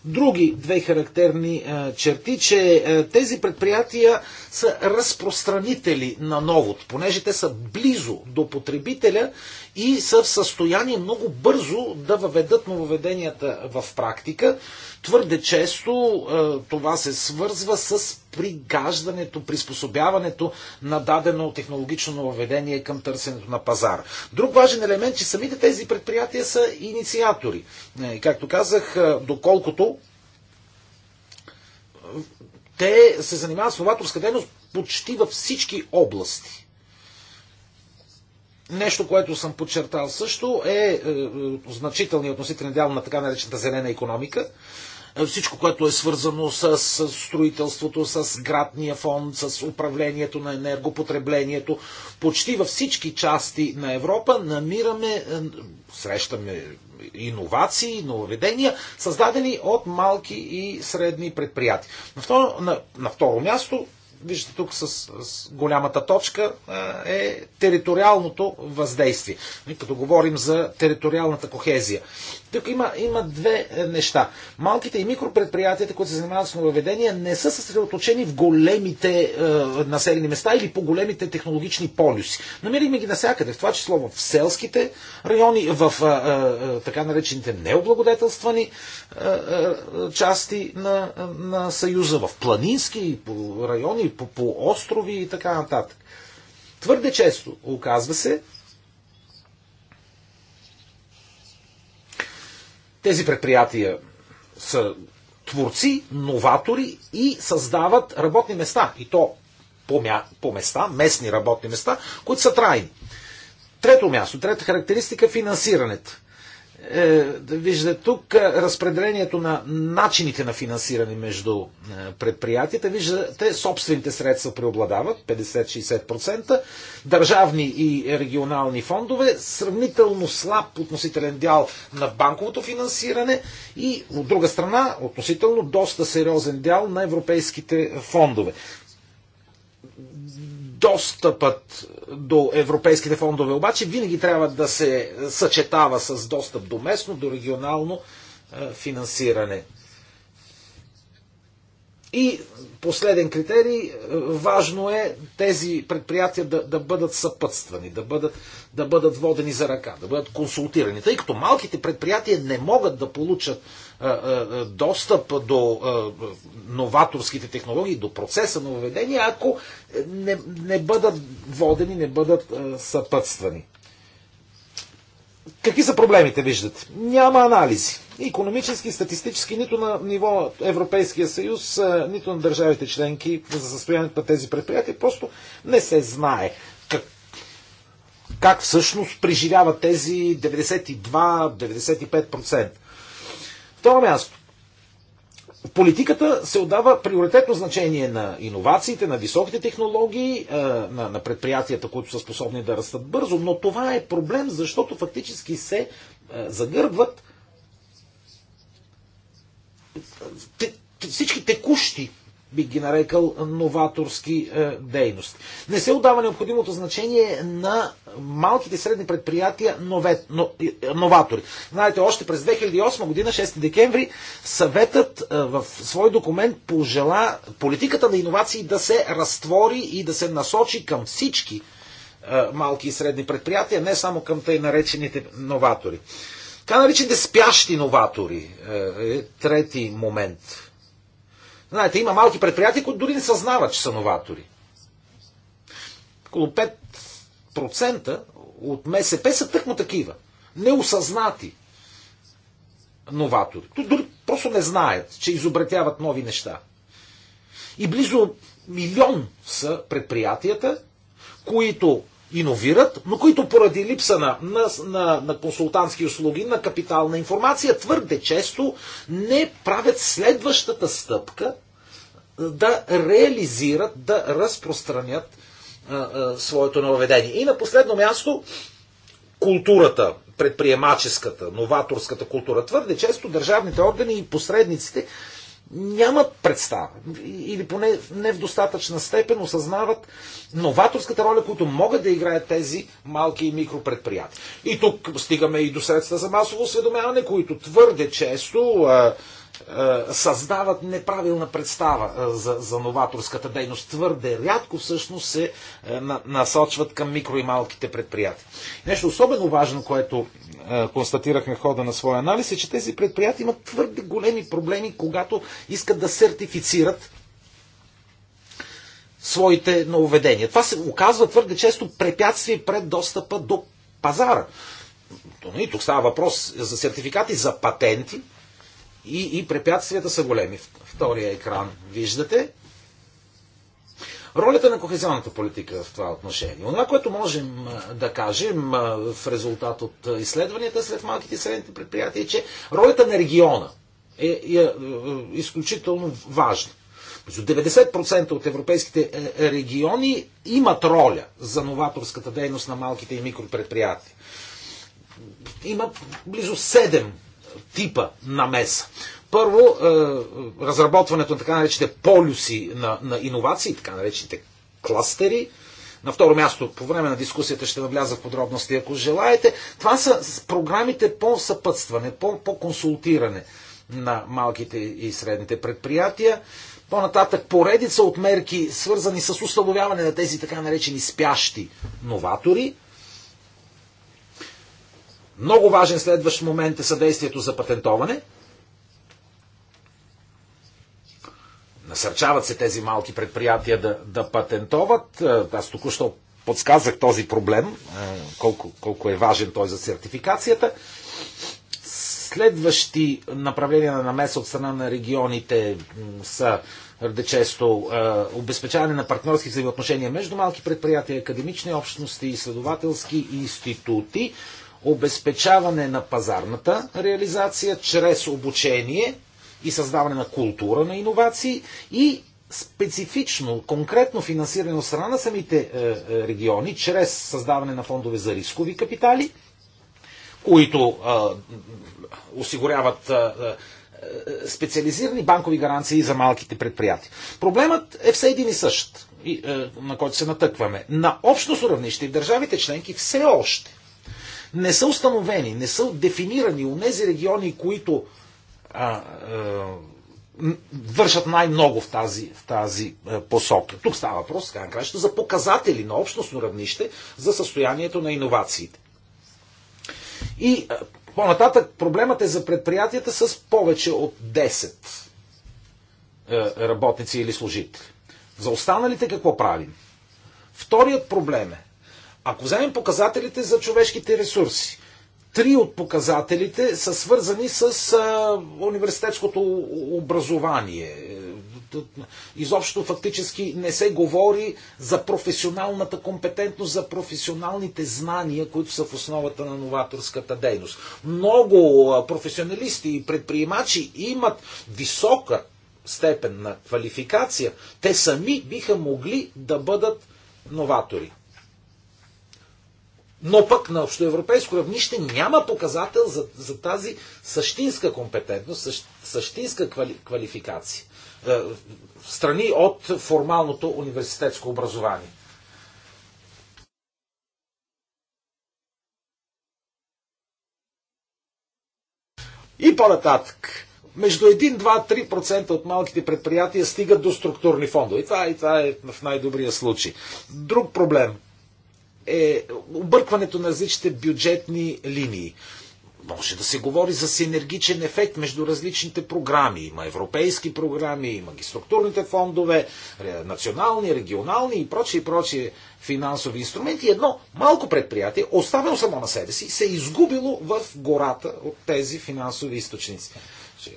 Други две характерни черти, че тези предприятия са разпространители на новото, понеже те са близо до потребителя и са в състояние много бързо да въведат нововеденията в практика. Твърде често е, това се свързва с пригаждането, приспособяването на дадено технологично нововведение към търсенето на пазара. Друг важен елемент, че самите тези предприятия са инициатори. Е, както казах, е, доколкото те се занимават с новаторска дейност почти във всички области. Нещо, което съм подчертал също е, е, е значителният относителен дял на така наречената зелена економика. Е, всичко, което е свързано с, с строителството, с градния фонд, с управлението на енергопотреблението, почти във всички части на Европа намираме, е, срещаме иновации, нововедения, създадени от малки и средни предприятия. На второ, на, на второ място, виждате тук с, с голямата точка, е, е териториалното въздействие. И нали, като говорим за териториалната кохезия. Тук има, има две е, неща. Малките и микропредприятията, които се занимават с нововведения, не са съсредоточени в големите е, населени места или по големите технологични полюси. Намираме ги навсякъде, в това число в селските райони, в е, е, е така наречените необлагодетелствани е, е, части на, на Съюза, в планински райони, по, по острови и така нататък. Твърде често оказва се, Тези предприятия са творци, новатори и създават работни места. И то по, мя... по места, местни работни места, които са трайни. Трето място, трета характеристика е финансирането. Е, виждате тук е, разпределението на начините на финансиране между е, предприятията. Виждате, собствените средства преобладават 50-60%, държавни и регионални фондове, сравнително слаб относителен дял на банковото финансиране и от друга страна относително доста сериозен дял на европейските фондове. Достъпът до европейските фондове обаче винаги трябва да се съчетава с достъп до местно, до регионално е, финансиране. И последен критерий, важно е тези предприятия да, да бъдат съпътствани, да бъдат, да бъдат водени за ръка, да бъдат консултирани. Тъй като малките предприятия не могат да получат достъп до новаторските технологии, до процеса на въведение, ако не, не бъдат водени, не бъдат съпътствани. Какви са проблемите, виждате? Няма анализи. Економически, статистически, нито на ниво Европейския съюз, нито на държавите членки за състоянието на тези предприятия. Просто не се знае как, как всъщност преживяват тези 92-95%. Второ място политиката се отдава приоритетно значение на иновациите, на високите технологии, е, на, на предприятията, които са способни да растат бързо, но това е проблем, защото фактически се е, загърбват е, всички текущи бих ги нарекал, новаторски е, дейности. Не се отдава необходимото значение на малките и средни предприятия нове, но, е, новатори. Знаете, още през 2008 година, 6 декември, съветът е, в свой документ пожела политиката на иновации да се разтвори и да се насочи към всички е, малки и средни предприятия, не само към тъй наречените новатори. Така наречените спящи новатори е, е трети момент – Знаете, има малки предприятия, които дори не съзнават, че са новатори. Около 5% от МСП са тъкмо такива. Неосъзнати новатори. Дори просто не знаят, че изобретяват нови неща. И близо милион са предприятията, които иновират, но които поради липса на, на, на, на консултантски услуги, на капитална информация, твърде често не правят следващата стъпка да реализират, да разпространят а, а, своето нововедение. И на последно място, културата, предприемаческата, новаторската култура. Твърде често държавните органи и посредниците нямат представа или поне не в достатъчна степен осъзнават новаторската роля, които могат да играят тези малки и микропредприятия. И тук стигаме и до средства за масово осведомяване, които твърде често а, е, създават неправилна представа е, за, за новаторската дейност. Твърде рядко всъщност се е, насочват към микро и малките предприятия. Нещо особено важно, което констатирахме в хода на своя анализ е, че тези предприятия имат твърде големи проблеми, когато искат да сертифицират своите нововедения. Това се оказва твърде често препятствие пред достъпа до пазара. И ами, тук става въпрос за сертификати, за патенти, и, и препятствията са големи. Втория екран виждате. Ролята на кохезионната политика в това отношение. Онова, което можем да кажем в резултат от изследванията след малките и средните предприятия, е, че ролята на региона е, е, е, е изключително важна. 90% от европейските е, е, региони имат роля за новаторската дейност на малките и микропредприятия. Има близо 7 типа на меса. Първо, е, разработването на така наречените полюси на, на иновации, така наречените кластери. На второ място, по време на дискусията ще навляза в подробности, ако желаете. Това са програмите по съпътстване, по, по консултиране на малките и средните предприятия. По-нататък поредица от мерки, свързани с установяване на тези така наречени спящи новатори – много важен следващ момент е съдействието за патентоване. Насърчават се тези малки предприятия да, да патентоват. Е, аз току-що подсказах този проблем, е, колко, колко е важен той за сертификацията. Следващи направления на намеса от страна на регионите са твърде често е, обезпечаване на партньорски взаимоотношения между малки предприятия, академични общности, изследователски институти обезпечаване на пазарната реализация чрез обучение и създаване на култура на иновации и специфично, конкретно финансиране от страна на самите е, е, региони, чрез създаване на фондове за рискови капитали, които а, е, осигуряват а, а, специализирани банкови гаранции за малките предприятия. Проблемът е все един и същ, и, а, на който се натъкваме. На общо равнище и в държавите членки все още не са установени, не са дефинирани у нези региони, които а, а, вършат най-много в тази, в тази посока. Тук става въпрос, така за показатели на общностно равнище за състоянието на иновациите. И по-нататък проблемът е за предприятията с повече от 10 работници или служители. За останалите какво правим? Вторият проблем е ако вземем показателите за човешките ресурси, три от показателите са свързани с а, университетското образование. Изобщо фактически не се говори за професионалната компетентност, за професионалните знания, които са в основата на новаторската дейност. Много професионалисти и предприемачи имат висока степен на квалификация. Те сами биха могли да бъдат новатори. Но пък на общоевропейско равнище няма показател за, за тази същинска компетентност, същ, същинска квали, квалификация. Е, страни от формалното университетско образование. И по-нататък. Между 1, 2, 3% от малките предприятия стигат до структурни фондове. И това, и това е в най-добрия случай. Друг проблем – е объркването на различните бюджетни линии. Може да се говори за синергичен ефект между различните програми. Има европейски програми, има ги структурните фондове, национални, регионални и прочие, прочие финансови инструменти. Едно малко предприятие, оставено само на себе си, се е изгубило в гората от тези финансови източници.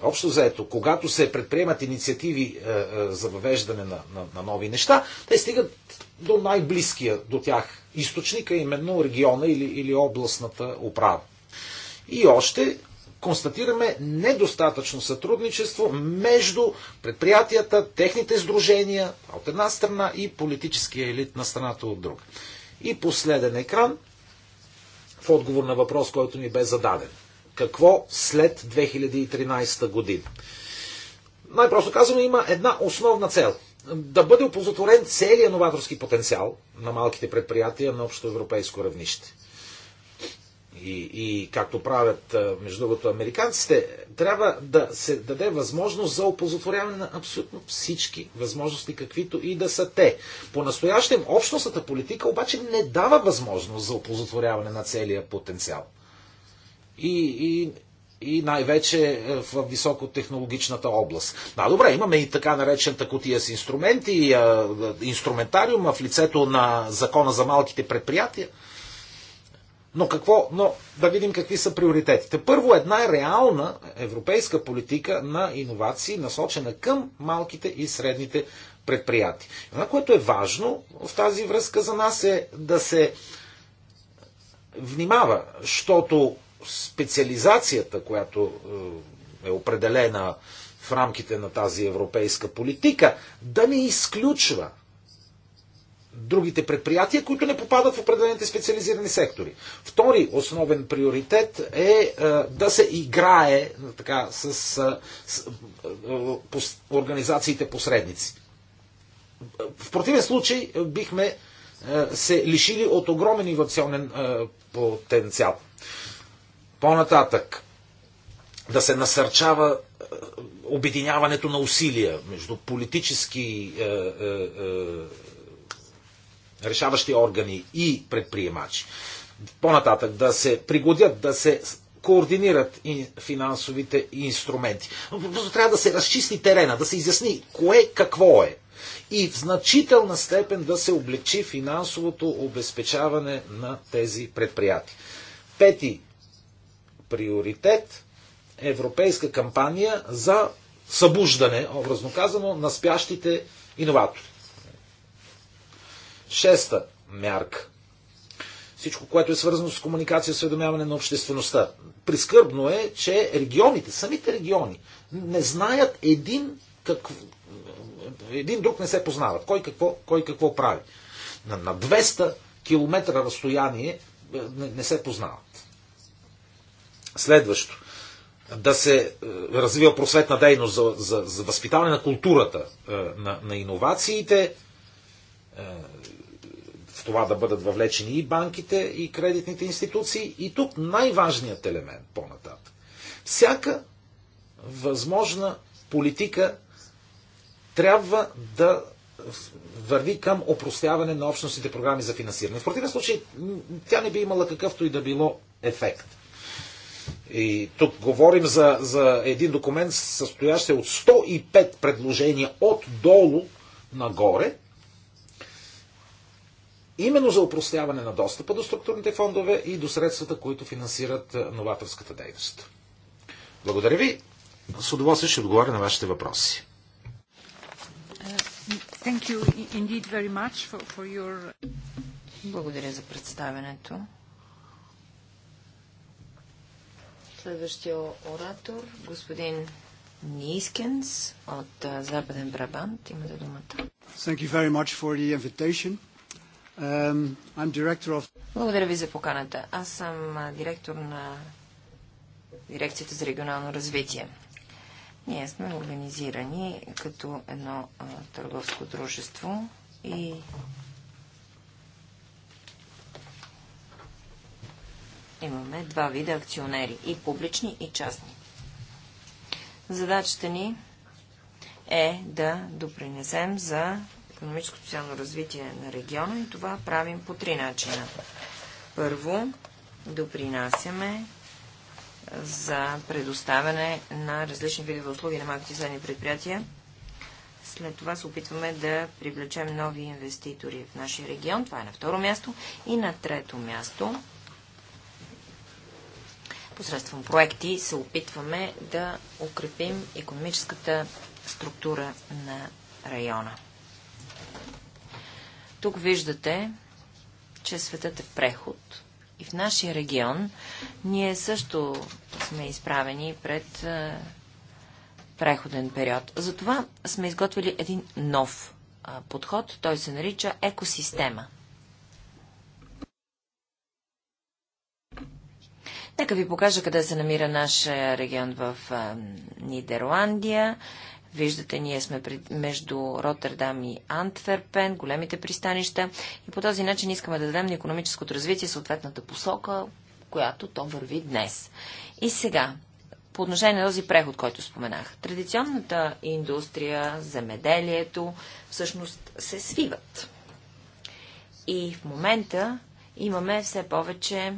Общо заето, когато се предприемат инициативи е, е, за въвеждане на, на, на нови неща, те стигат до най-близкия до тях източника, именно региона или, или областната управа. И още констатираме недостатъчно сътрудничество между предприятията, техните сдружения от една страна и политическия елит на страната от друга. И последен екран в отговор на въпрос, който ни бе зададен. Какво след 2013 година? Най-просто казваме, има една основна цел – да бъде опозотворен целият новаторски потенциал на малките предприятия на общо европейско равнище. И, и както правят, между другото, американците, трябва да се даде възможност за опозотворяване на абсолютно всички възможности, каквито и да са те. По-настоящем общностната политика обаче не дава възможност за опозотворяване на целия потенциал. И, и и най-вече е, в високотехнологичната област. Да, добре, имаме и така наречената котия с инструменти, е, е, инструментариума в лицето на закона за малките предприятия. Но какво, но да видим какви са приоритетите. Първо, една реална европейска политика на иновации, насочена към малките и средните предприятия. Това, което е важно в тази връзка за нас е да се внимава, защото специализацията, която е, е определена в рамките на тази европейска политика, да не изключва другите предприятия, които не попадат в определените специализирани сектори. Втори основен приоритет е, е да се играе така, с, е, с, с организациите посредници. В противен случай бихме се лишили от огромен инновационен потенциал. По-нататък, да се насърчава е, обединяването на усилия между политически е, е, е, решаващи органи и предприемачи. По-нататък да се пригодят, да се координират финансовите инструменти. Просто трябва да се разчисти терена, да се изясни кое какво е. И в значителна степен да се облегчи финансовото обезпечаване на тези предприятия. Пети приоритет европейска кампания за събуждане, образно казано, на спящите иноватори. Шеста мярка. Всичко, което е свързано с комуникация и осведомяване на обществеността. Прискърбно е, че регионите, самите региони, не знаят един, как... един друг не се познават. Кой какво, кой какво прави. На, 200 км разстояние е, не, не се познават. Следващо. Да се е, развива просветна дейност за, за, за възпитаване на културата е, на, на иновациите, е, в това да бъдат въвлечени и банките, и кредитните институции. И тук най-важният елемент по-нататък. Всяка възможна политика трябва да върви към опростяване на общностните програми за финансиране. В противен случай тя не би имала какъвто и да било ефект. И тук говорим за, за един документ, състоящ се от 105 предложения от долу нагоре, именно за упростяване на достъпа до структурните фондове и до средствата, които финансират новаторската дейност. Благодаря ви. С удоволствие ще отговоря на вашите въпроси. Uh, Благодаря за представенето. Следващия оратор, господин Нискенс от Западен Брабант. Имате думата. Um, of... Благодаря ви за поканата. Аз съм директор на Дирекцията за регионално развитие. Ние сме организирани като едно а, търговско дружество и Имаме два вида акционери и публични, и частни. Задачата ни е да допринесем за економическо социално развитие на региона и това правим по три начина. Първо, допринасяме за предоставяне на различни видове услуги на малките и средни предприятия. След това се опитваме да привлечем нови инвеститори в нашия регион. Това е на второ място. И на трето място посредством проекти се опитваме да укрепим економическата структура на района. Тук виждате, че светът е преход и в нашия регион ние също сме изправени пред е, преходен период. Затова сме изготвили един нов е, подход. Той се нарича екосистема. Нека ви покажа къде се намира нашия регион в Нидерландия. Виждате, ние сме между Роттердам и Антверпен, големите пристанища. И по този начин искаме да дадем на економическото развитие съответната посока, която то върви днес. И сега, по отношение на този преход, който споменах. Традиционната индустрия, земеделието, всъщност се свиват. И в момента имаме все повече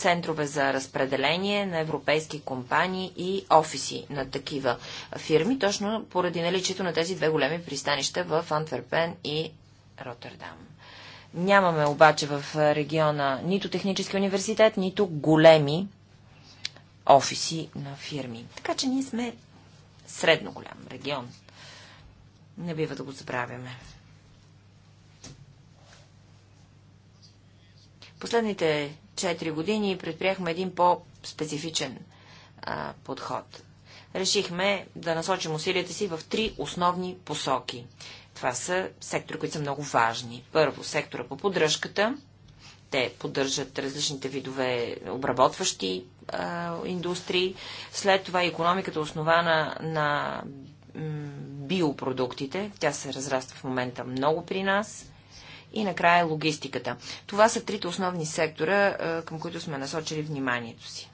центрове за разпределение на европейски компании и офиси на такива фирми, точно поради наличието на тези две големи пристанища в Антверпен и Роттердам. Нямаме обаче в региона нито технически университет, нито големи офиси на фирми. Така че ние сме средно голям регион. Не бива да го забравяме. Последните 4 години предприехме един по-специфичен подход. Решихме да насочим усилията си в три основни посоки. Това са сектори, които са много важни. Първо, сектора по поддръжката. Те поддържат различните видове обработващи а, индустрии. След това економиката основана на биопродуктите. Тя се разраства в момента много при нас и накрая логистиката. Това са трите основни сектора, към които сме насочили вниманието си.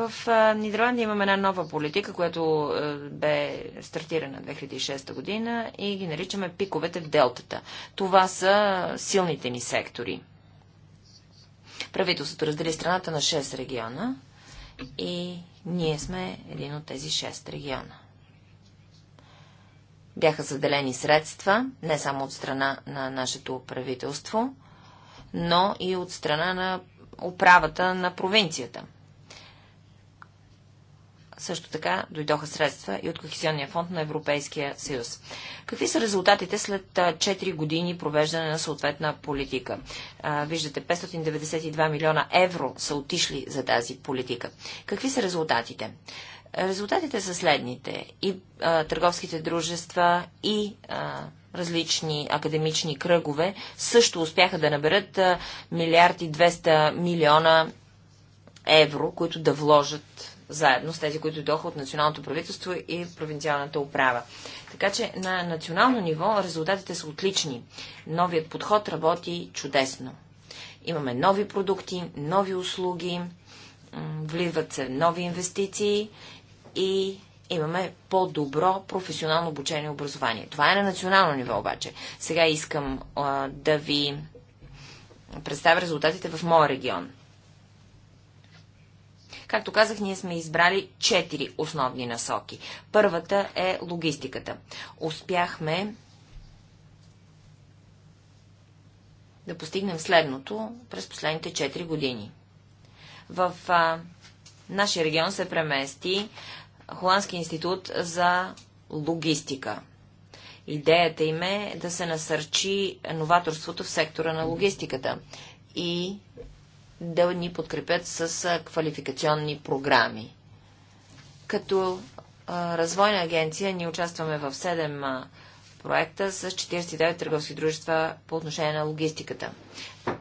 В Нидерландия имаме една нова политика, която бе стартирана 2006 година и ги наричаме пиковете в делтата. Това са силните ни сектори. Правителството раздели страната на 6 региона и ние сме един от тези 6 региона. Бяха заделени средства, не само от страна на нашето правителство, но и от страна на управата на провинцията. Също така дойдоха средства и от Кохизионния фонд на Европейския съюз. Какви са резултатите след 4 години провеждане на съответна политика? виждате, 592 милиона евро са отишли за тази политика. Какви са резултатите? Резултатите са следните. И а, търговските дружества, и а, различни академични кръгове също успяха да наберат милиарди 200 милиона евро, които да вложат заедно с тези, които дойдоха от националното правителство и провинциалната управа. Така че на национално ниво резултатите са отлични. Новият подход работи чудесно. Имаме нови продукти, нови услуги, вливат се нови инвестиции и имаме по-добро професионално обучение и образование. Това е на национално ниво обаче. Сега искам а, да ви представя резултатите в моя регион. Както казах, ние сме избрали четири основни насоки. Първата е логистиката. Успяхме да постигнем следното през последните 4 години. В а, нашия регион се премести Холандски институт за логистика. Идеята им е да се насърчи новаторството в сектора на логистиката и да ни подкрепят с квалификационни програми. Като развойна агенция ние участваме в 7 проекта с 49 търговски дружества по отношение на логистиката.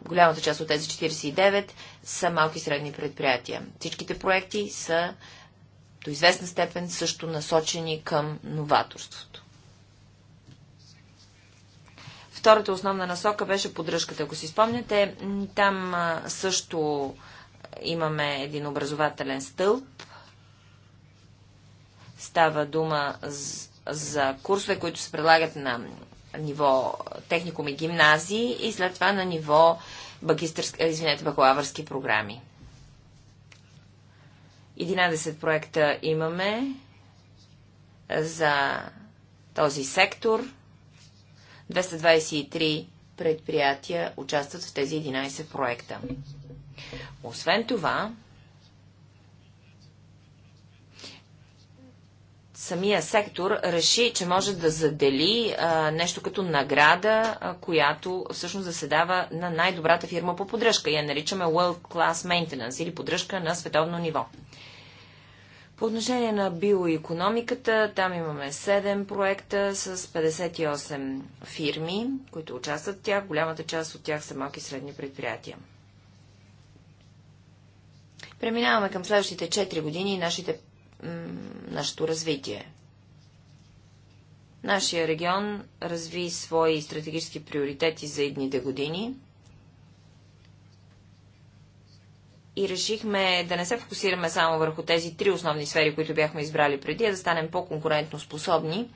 Голямата част от тези 49 са малки и средни предприятия. Всичките проекти са до известна степен също насочени към новаторството. Втората основна насока беше поддръжката. Ако си спомняте, там също имаме един образователен стълб. Става дума за курсове, които се предлагат на ниво техникум и гимназии и след това на ниво извинете, бакалавърски програми. 11 проекта имаме за този сектор. 223 предприятия участват в тези 11 проекта. Освен това, самия сектор реши, че може да задели а, нещо като награда, а, която всъщност заседава на най-добрата фирма по поддръжка. Я наричаме World Class Maintenance или поддръжка на световно ниво. По отношение на биоекономиката, там имаме 7 проекта с 58 фирми, които участват в тях. Голямата част от тях са малки и средни предприятия. Преминаваме към следващите 4 години и нашите, нашето развитие. Нашия регион разви свои стратегически приоритети за едните години. и решихме да не се фокусираме само върху тези три основни сфери, които бяхме избрали преди, а да станем по-конкурентно способни.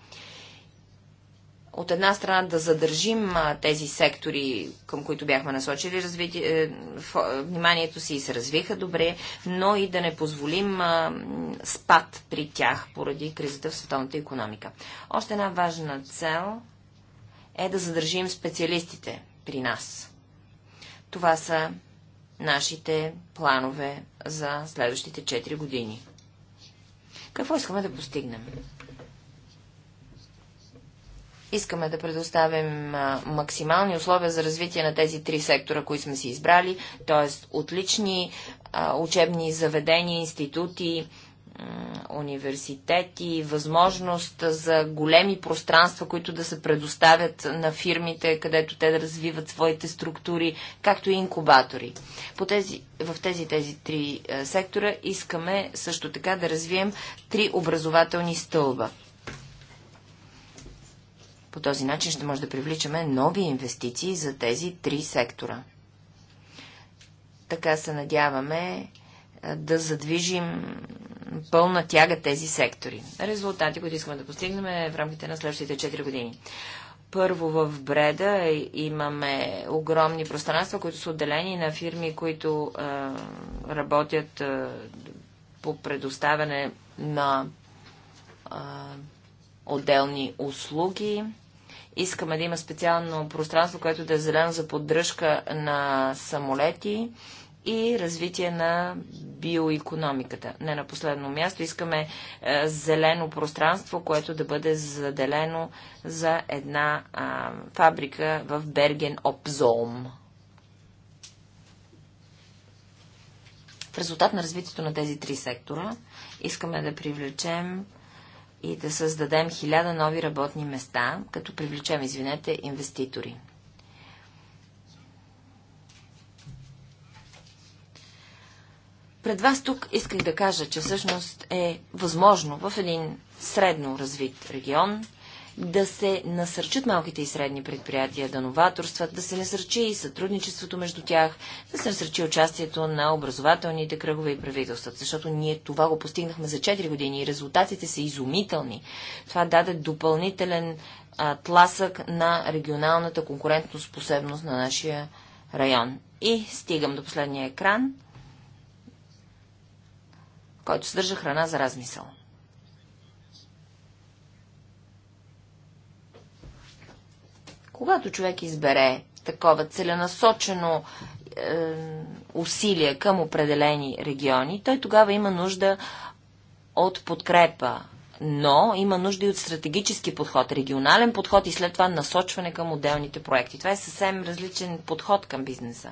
От една страна да задържим тези сектори, към които бяхме насочили развити... Е, е, вниманието си и се развиха добре, но и да не позволим спад при тях поради кризата в световната економика. Още една важна цел е да задържим специалистите при нас. Това са нашите планове за следващите 4 години. Какво искаме да постигнем? Искаме да предоставим максимални условия за развитие на тези три сектора, които сме си избрали, т.е. отлични учебни заведения, институти, университети, възможност за големи пространства, които да се предоставят на фирмите, където те да развиват своите структури, както и инкубатори. По тези, в тези, тези три е, сектора искаме също така да развием три образователни стълба. По този начин ще може да привличаме нови инвестиции за тези три сектора. Така се надяваме е, да задвижим пълна тяга тези сектори. Резултати, които искаме да постигнем е в рамките на следващите 4 години. Първо в Бреда е, имаме огромни пространства, които са отделени на фирми, които е, работят е, по предоставяне на е, отделни услуги. Искаме да има специално пространство, което да е зелено за поддръжка на самолети. Е, и развитие на биоекономиката. Не на последно място искаме е, зелено пространство, което да бъде заделено за една е, фабрика в Берген Обзоум. В резултат на развитието на тези три сектора искаме да привлечем и да създадем хиляда нови работни места, като привлечем, извинете, инвеститори. Пред вас тук исках да кажа, че всъщност е възможно в един средно развит регион да се насърчат малките и средни предприятия да новаторстват, да се насърчи и сътрудничеството между тях, да се насърчи участието на образователните кръгове и правителствата, защото ние това го постигнахме за 4 години и резултатите са изумителни. Това даде допълнителен а, тласък на регионалната конкурентоспособност на нашия район. И стигам до последния екран който съдържа храна за размисъл. Когато човек избере такова целенасочено е, усилие към определени региони, той тогава има нужда от подкрепа, но има нужда и от стратегически подход, регионален подход и след това насочване към отделните проекти. Това е съвсем различен подход към бизнеса.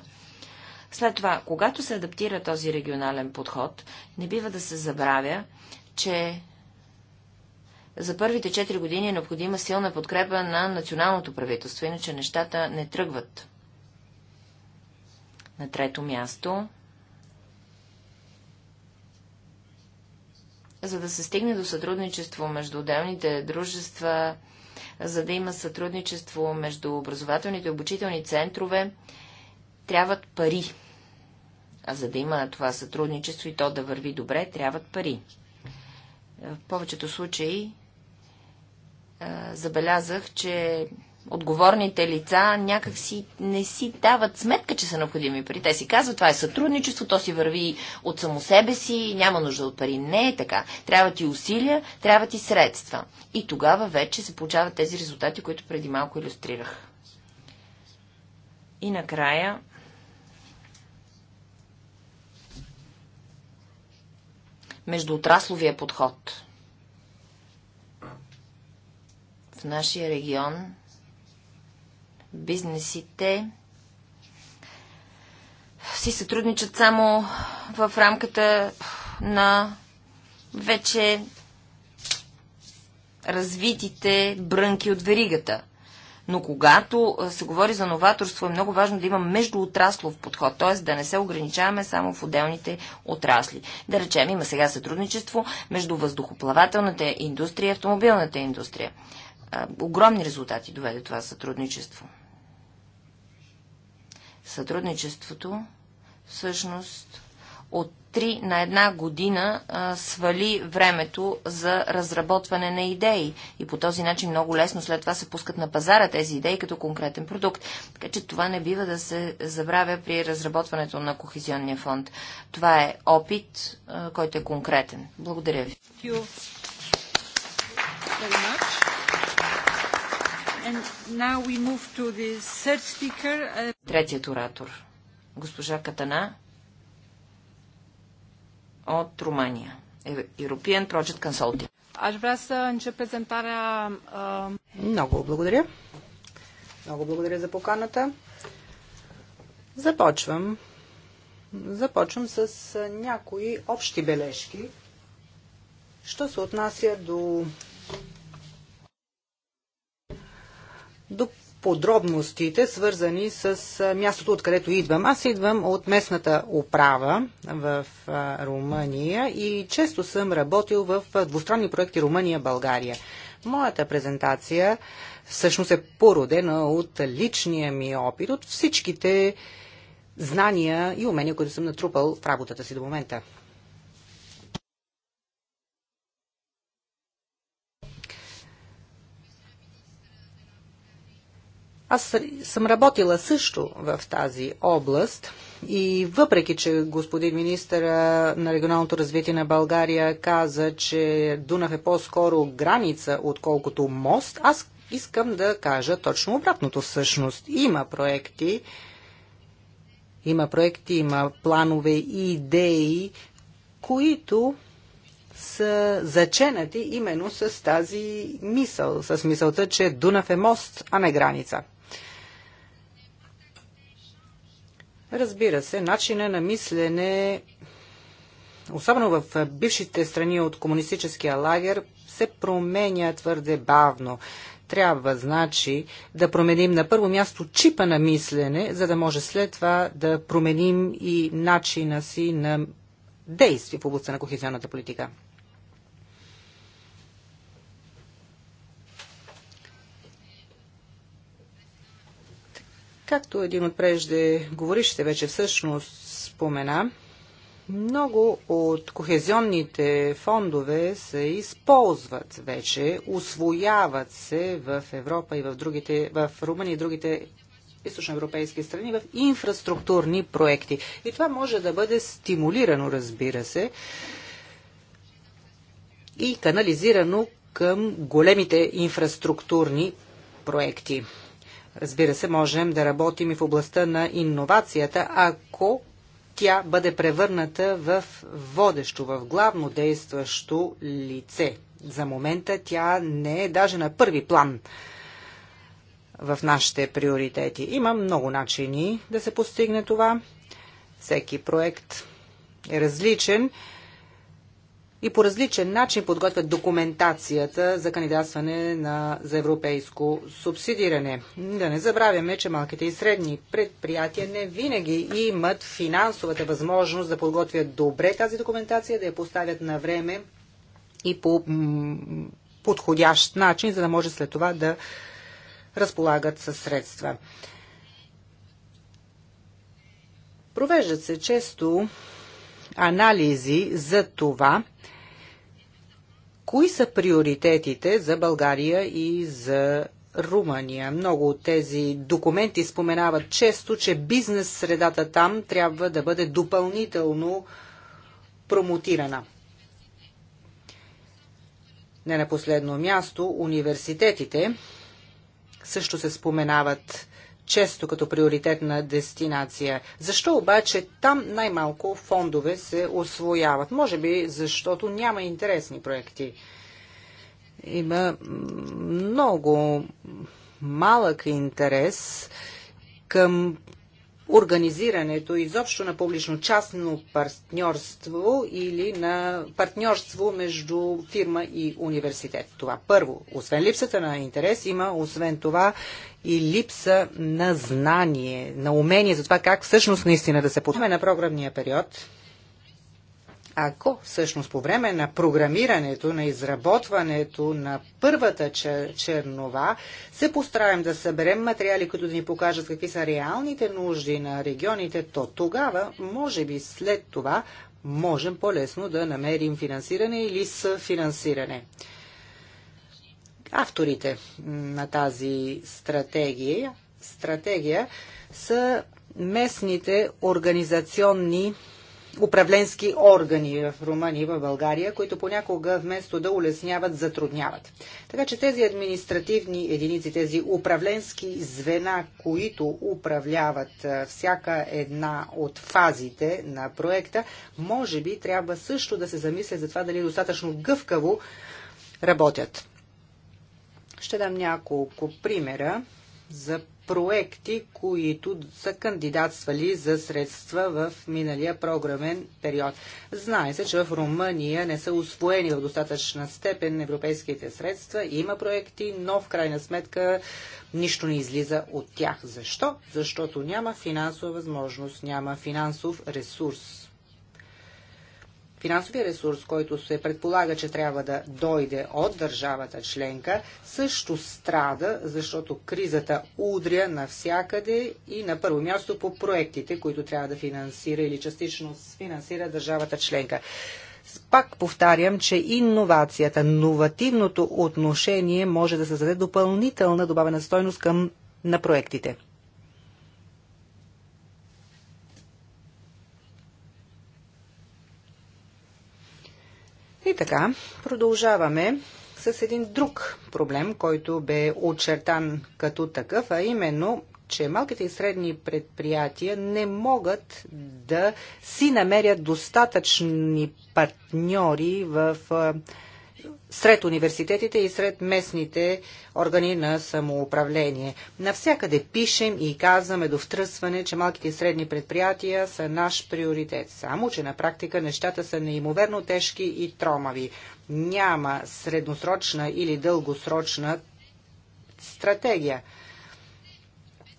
След това, когато се адаптира този регионален подход, не бива да се забравя, че за първите 4 години е необходима силна подкрепа на националното правителство, иначе нещата не тръгват. На трето място, за да се стигне до сътрудничество между отделните дружества, за да има сътрудничество между образователните и обучителни центрове, трябват пари. А за да има това сътрудничество и то да върви добре, трябват пари. В повечето случаи забелязах, че отговорните лица някакси не си дават сметка, че са необходими пари. Те си казват, това е сътрудничество, то си върви от само себе си, няма нужда от пари. Не е така. Трябва ти усилия, трябва ти средства. И тогава вече се получават тези резултати, които преди малко иллюстрирах. И накрая междуотрасловия подход. В нашия регион бизнесите си сътрудничат само в рамката на вече развитите брънки от веригата – но когато се говори за новаторство, е много важно да има междуотраслов подход, т.е. да не се ограничаваме само в отделните отрасли. Да речем, има сега сътрудничество между въздухоплавателната индустрия и автомобилната индустрия. Огромни резултати доведе това сътрудничество. Сътрудничеството всъщност от 3 на една година а, свали времето за разработване на идеи. И по този начин много лесно след това се пускат на пазара тези идеи като конкретен продукт. Така че това не бива да се забравя при разработването на Кохезионния фонд. Това е опит, а, който е конкретен. Благодаря ви. Uh, Третият оратор. Госпожа Катана от Румъния. Е, European Project Consulting. Аз вря să încep prezentarea... Много благодаря. Много благодаря за поканата. Започвам. Започвам с някои общи бележки, що се отнася до до подробностите, свързани с мястото, откъдето идвам. Аз идвам от местната управа в Румъния и често съм работил в двустранни проекти Румъния-България. Моята презентация всъщност е породена от личния ми опит, от всичките знания и умения, които съм натрупал в работата си до момента. Аз съм работила също в тази област и въпреки, че господин министър на регионалното развитие на България каза, че Дунав е по-скоро граница, отколкото мост, аз искам да кажа точно обратното всъщност. Има проекти, има проекти, има планове и идеи, които са заченати именно с тази мисъл, с мисълта, че Дунав е мост, а не граница. Разбира се, начина на мислене, особено в бившите страни от комунистическия лагер, се променя твърде бавно. Трябва, значи, да променим на първо място чипа на мислене, за да може след това да променим и начина си на действие в областта на кохезионната политика. Както един от прежде говорищите вече всъщност спомена, много от кохезионните фондове се използват вече, освояват се в Европа и в, другите, в Румъния и другите източноевропейски страни в инфраструктурни проекти. И това може да бъде стимулирано, разбира се, и канализирано към големите инфраструктурни проекти. Разбира се, можем да работим и в областта на иновацията, ако тя бъде превърната в водещо, в главно действащо лице. За момента тя не е даже на първи план в нашите приоритети. Има много начини да се постигне това. Всеки проект е различен и по различен начин подготвят документацията за кандидатстване на, за европейско субсидиране. Да не забравяме, че малките и средни предприятия не винаги имат финансовата възможност да подготвят добре тази документация, да я поставят на време и по подходящ начин, за да може след това да разполагат със средства. Провеждат се често анализи за това, кои са приоритетите за България и за Румъния. Много от тези документи споменават често, че бизнес средата там трябва да бъде допълнително промотирана. Не на последно място, университетите също се споменават често като приоритетна дестинация. Защо обаче там най-малко фондове се освояват? Може би защото няма интересни проекти. Има много малък интерес към организирането изобщо на публично-частно партньорство или на партньорство между фирма и университет. Това първо. Освен липсата на интерес, има освен това и липса на знание, на умение за това как всъщност наистина да се подхваме на програмния период ако всъщност по време на програмирането, на изработването на първата чер, чернова, се постараем да съберем материали, които да ни покажат какви са реалните нужди на регионите, то тогава, може би след това, можем по-лесно да намерим финансиране или съфинансиране. Авторите на тази стратегия, стратегия са местните организационни управленски органи в Румъния и в България, които понякога вместо да улесняват, затрудняват. Така че тези административни единици, тези управленски звена, които управляват всяка една от фазите на проекта, може би трябва също да се замисля за това дали достатъчно гъвкаво работят. Ще дам няколко примера за проекти, които са кандидатствали за средства в миналия програмен период. Знае се, че в Румъния не са освоени в достатъчна степен европейските средства. Има проекти, но в крайна сметка нищо не излиза от тях. Защо? Защото няма финансова възможност, няма финансов ресурс финансовия ресурс, който се предполага, че трябва да дойде от държавата членка, също страда, защото кризата удря навсякъде и на първо място по проектите, които трябва да финансира или частично финансира държавата членка. Пак повтарям, че иновацията, новативното отношение може да създаде допълнителна добавена стойност към на проектите. И така, продължаваме с един друг проблем, който бе очертан като такъв, а именно, че малките и средни предприятия не могат да си намерят достатъчни партньори в сред университетите и сред местните органи на самоуправление. Навсякъде пишем и казваме до втръсване, че малките и средни предприятия са наш приоритет. Само, че на практика нещата са неимоверно тежки и тромави. Няма средносрочна или дългосрочна стратегия.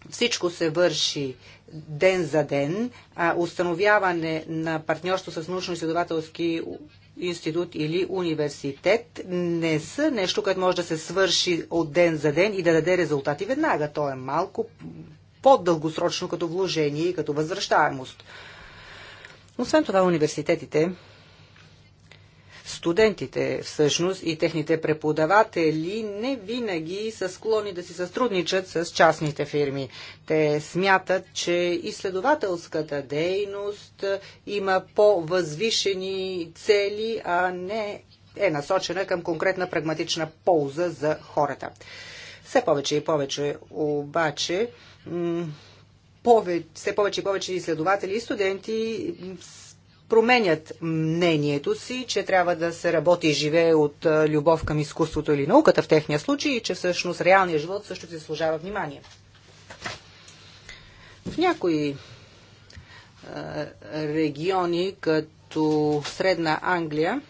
Всичко се върши ден за ден. А установяване на партньорство с научно-изследователски институт или университет не са нещо, което може да се свърши от ден за ден и да даде резултати веднага. То е малко по-дългосрочно като вложение и като възвръщаемост. Освен това, университетите студентите всъщност и техните преподаватели не винаги са склонни да си сътрудничат с частните фирми. Те смятат, че изследователската дейност е, има по-възвишени цели, а не е насочена към конкретна прагматична полза за хората. Все повече и повече обаче повече, все повече и повече изследователи и студенти променят мнението си, че трябва да се работи и живее от любов към изкуството или науката в техния случай и че всъщност реалният живот също се служава внимание. В някои региони, като Средна Англия,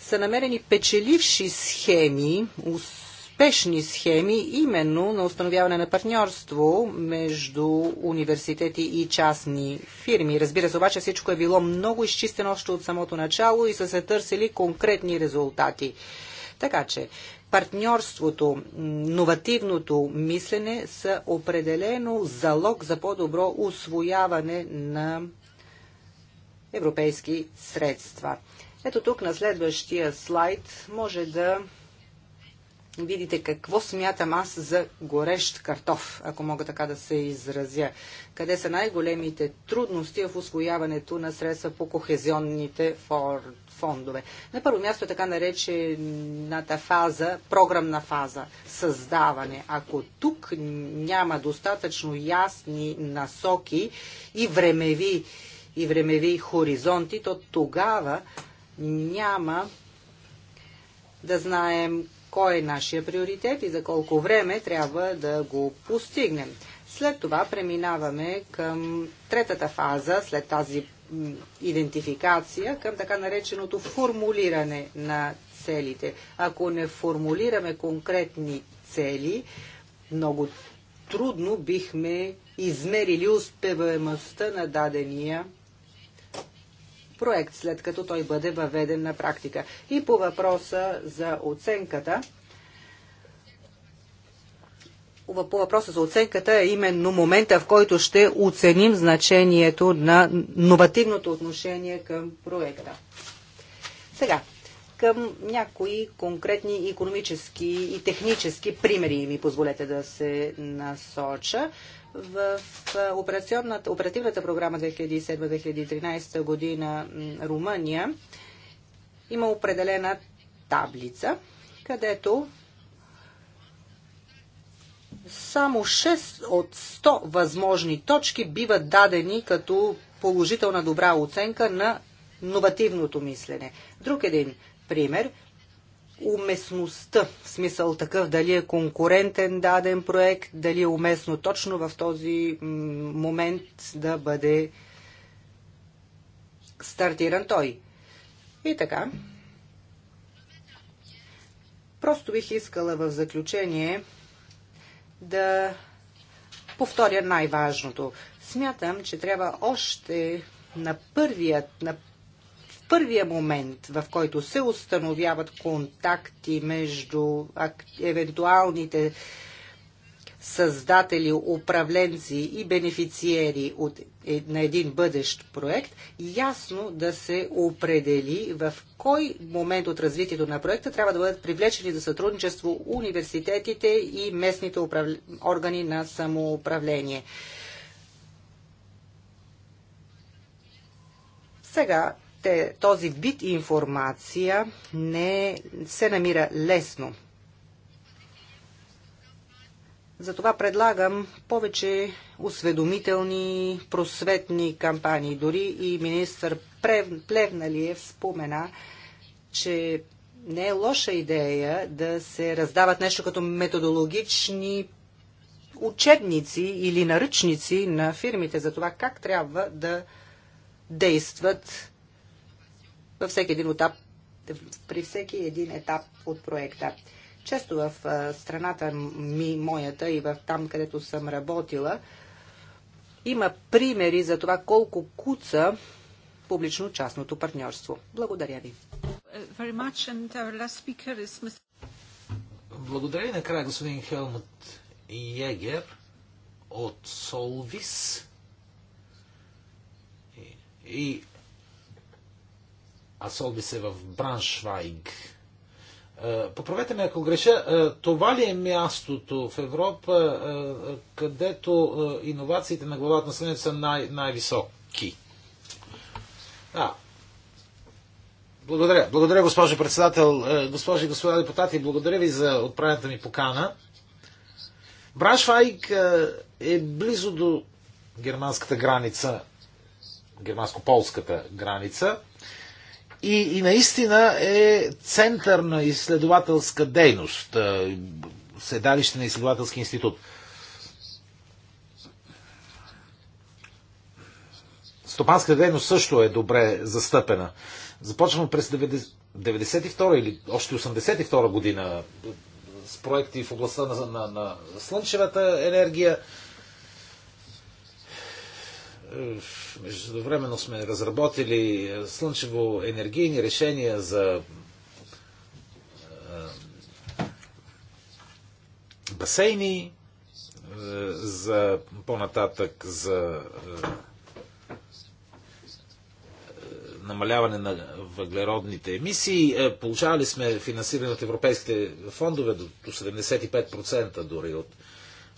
са намерени печеливши схеми, успешни схеми именно на установяване на партньорство между университети и частни фирми. Разбира се, обаче всичко е било много изчистено още от самото начало и са се търсили конкретни резултати. Така че, партньорството, новативното мислене са определено залог за по-добро освояване на европейски средства. Ето тук на следващия слайд може да видите какво смятам аз за горещ картоф, ако мога така да се изразя. Къде са най-големите трудности в освояването на средства по кохезионните фондове. На първо място е така наречената фаза, програмна фаза, създаване. Ако тук няма достатъчно ясни насоки и времеви, и времеви хоризонти, то тогава няма да знаем кой е нашия приоритет и за колко време трябва да го постигнем. След това преминаваме към третата фаза, след тази идентификация, към така нареченото формулиране на целите. Ако не формулираме конкретни цели, много трудно бихме измерили успеваемостта на дадения проект, след като той бъде въведен на практика. И по въпроса за оценката, по въпроса за оценката е именно момента, в който ще оценим значението на новативното отношение към проекта. Сега, към някои конкретни економически и технически примери ми позволете да се насоча. В оперативната програма 2007-2013 година Румъния има определена таблица, където само 6 от 100 възможни точки биват дадени като положителна добра оценка на новативното мислене. Друг един пример – уместността, в смисъл такъв дали е конкурентен даден проект, дали е уместно точно в този момент да бъде стартиран той. И така. Просто бих искала в заключение да повторя най-важното. Смятам, че трябва още на, първият, на първия момент, в който се установяват контакти между евентуалните създатели, управленци и бенефициери от, е, на един бъдещ проект, ясно да се определи в кой момент от развитието на проекта трябва да бъдат привлечени за сътрудничество университетите и местните управ... органи на самоуправление. Сега те, този вид информация не се намира лесно. Затова предлагам повече осведомителни, просветни кампании. Дори и министър Плевналиев спомена, че не е лоша идея да се раздават нещо като методологични учебници или наръчници на фирмите за това как трябва да действат във всеки един етап, при всеки един етап от проекта. Често в страната ми, моята и в там, където съм работила, има примери за това колко куца публично-частното партньорство. Благодаря ви. Благодаря и накрая господин Хелмут Йегер от Солвис. и а солби се в Браншвайг. Е, поправете ме ако греша, е, това ли е мястото в Европа, е, където иновациите на главата на населението са най- най-високи? Да. Благодаря. Благодаря, госпожо председател, госпожи и господа депутати, благодаря ви за отправената ми покана. Браншвайк е близо до германската граница, германско-полската граница и, и наистина е център на изследователска дейност, седалище на изследователски институт. Стопанска дейност също е добре застъпена. Започваме през 92 или още 82 година с проекти в областта на, на, на слънчевата енергия, е, междувременно сме разработили е, слънчево енергийни решения за е, басейни, за по-нататък за намаляване на въглеродните емисии. Получавали сме финансиране от европейските фондове до 75% дори от,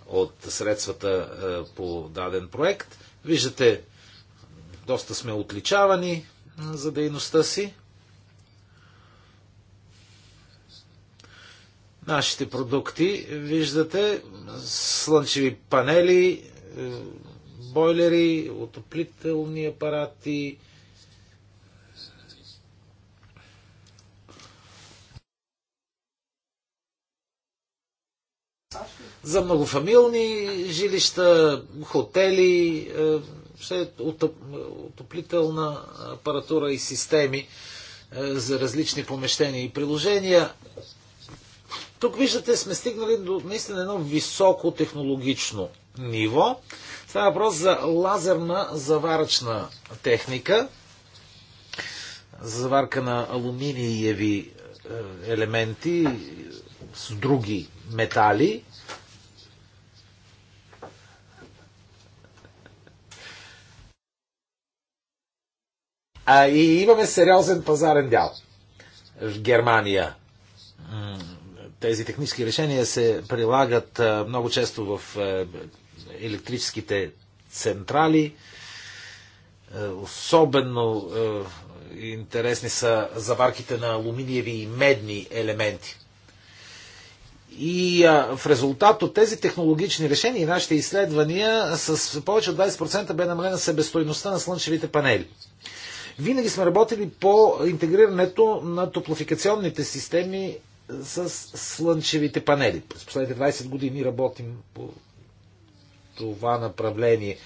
от средствата по даден проект. Виждате, доста сме отличавани за дейността си. Нашите продукти, виждате, слънчеви панели, е, бойлери, отоплителни апарати, за многофамилни жилища, хотели, е, отоплителна апаратура и системи е, за различни помещения и приложения. Тук виждате, сме стигнали до наистина едно високо технологично ниво. Става въпрос за лазерна заварачна техника, заварка на алуминиеви е, елементи с други метали, А, и имаме сериозен пазарен дял в Германия. Тези технически решения се прилагат много често в електрическите централи. Особено интересни са заварките на алуминиеви и медни елементи. И а, в резултат от тези технологични решения и нашите изследвания с повече от 20% бе намалена себестойността на слънчевите панели. Винаги сме работили по интегрирането на топлофикационните системи е, с слънчевите панели. През последните 20 години работим по това направление.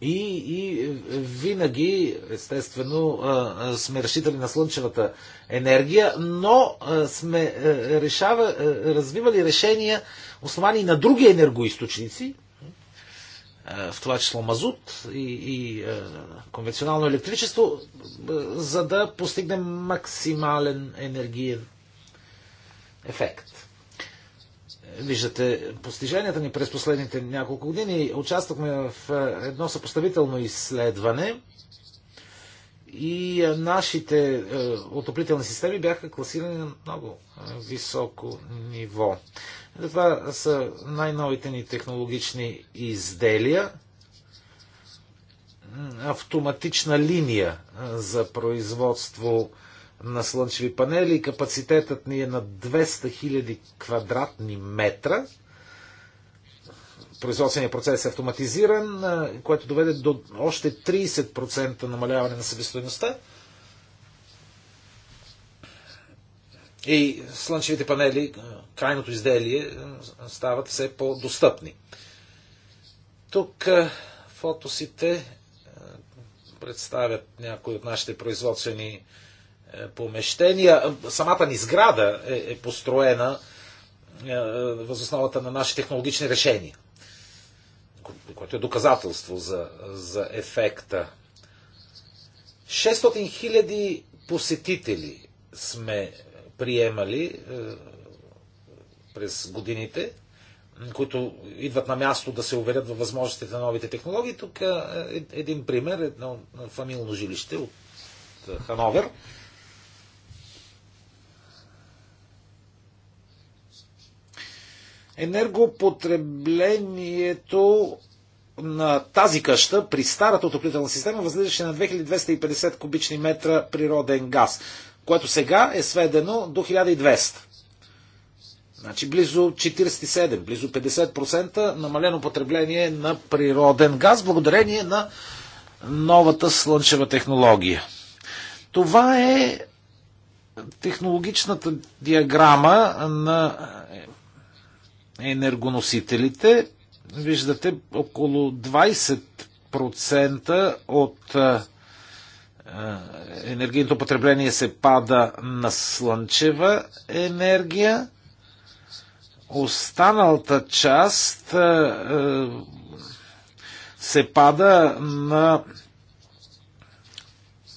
И, и винаги, естествено, е, е, сме решители на слънчевата енергия, но сме решава, развивали решения, основани на други енергоисточници, е, в това число мазут и, и е, конвенционално електричество, е, за да постигнем максимален енергиен ефект. Виждате, постиженията ни през последните няколко години участвахме в едно съпоставително изследване и нашите отоплителни системи бяха класирани на много високо ниво. Това са най-новите ни технологични изделия. Автоматична линия за производство на слънчеви панели. Капацитетът ни е на 200 000 квадратни метра. Производственият процес е автоматизиран, което доведе до още 30% намаляване на събестоеността. И слънчевите панели, крайното изделие, стават все по-достъпни. Тук фотосите представят някои от нашите производствени помещения. Самата ни сграда е, е построена основата на наши технологични решения, което е доказателство за, за ефекта. 600 000 посетители сме приемали е, през годините, които идват на място да се уверят във възможностите на новите технологии. Тук е един пример, едно фамилно жилище от е, Хановер. Енергопотреблението на тази къща при старата отоплителна система възлизаше на 2250 кубични метра природен газ което сега е сведено до 1200. Значи близо 47, близо 50% намалено потребление на природен газ, благодарение на новата слънчева технология. Това е технологичната диаграма на енергоносителите. Виждате, около 20% от е, енергийното потребление се пада на слънчева енергия. Останалата част е, е, се пада на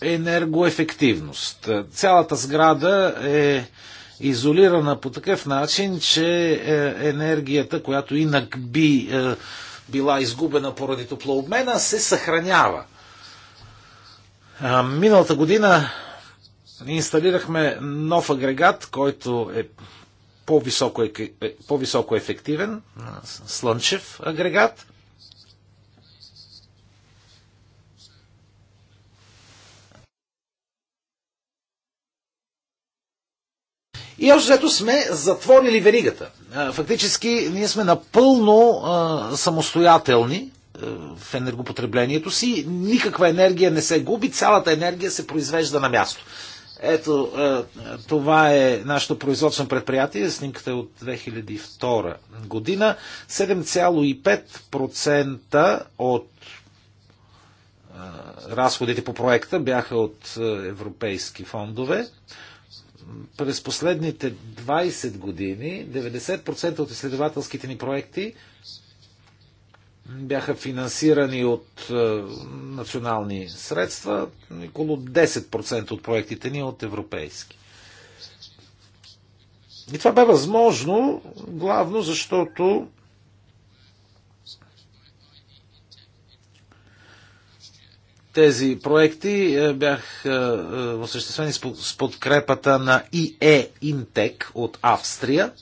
енергоефективност. Цялата сграда е изолирана по такъв начин, че енергията, която инак би била изгубена поради топлообмена, се съхранява миналата година инсталирахме нов агрегат, който е по-високо, е, по-високо ефективен, слънчев агрегат. И още зато сме затворили веригата. Фактически ние сме напълно а, самостоятелни в енергопотреблението си, никаква енергия не се губи, цялата енергия се произвежда на място. Ето, е, това е нашето производствено предприятие, снимката е от 2002 година. 7,5% от е, разходите по проекта бяха от е, европейски фондове. През последните 20 години 90% от изследователските ни проекти бяха финансирани от е, национални средства, около 10% от проектите ни е от европейски. И това бе възможно главно защото тези проекти е, бях осъществени с подкрепата на IE Intec от Австрия –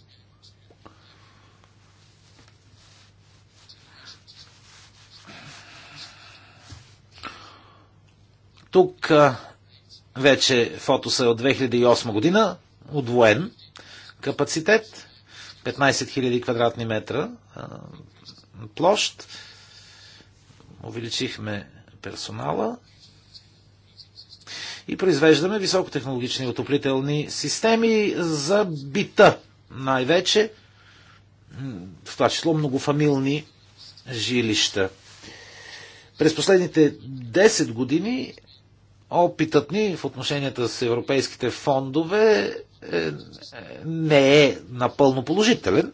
Тук вече фото са е от 2008 година, удвоен капацитет, 15 000 квадратни метра площ. Увеличихме персонала и произвеждаме високотехнологични отоплителни системи за бита, най-вече, в това число многофамилни жилища. През последните 10 години опитът ни в отношенията с европейските фондове е, не е напълно положителен.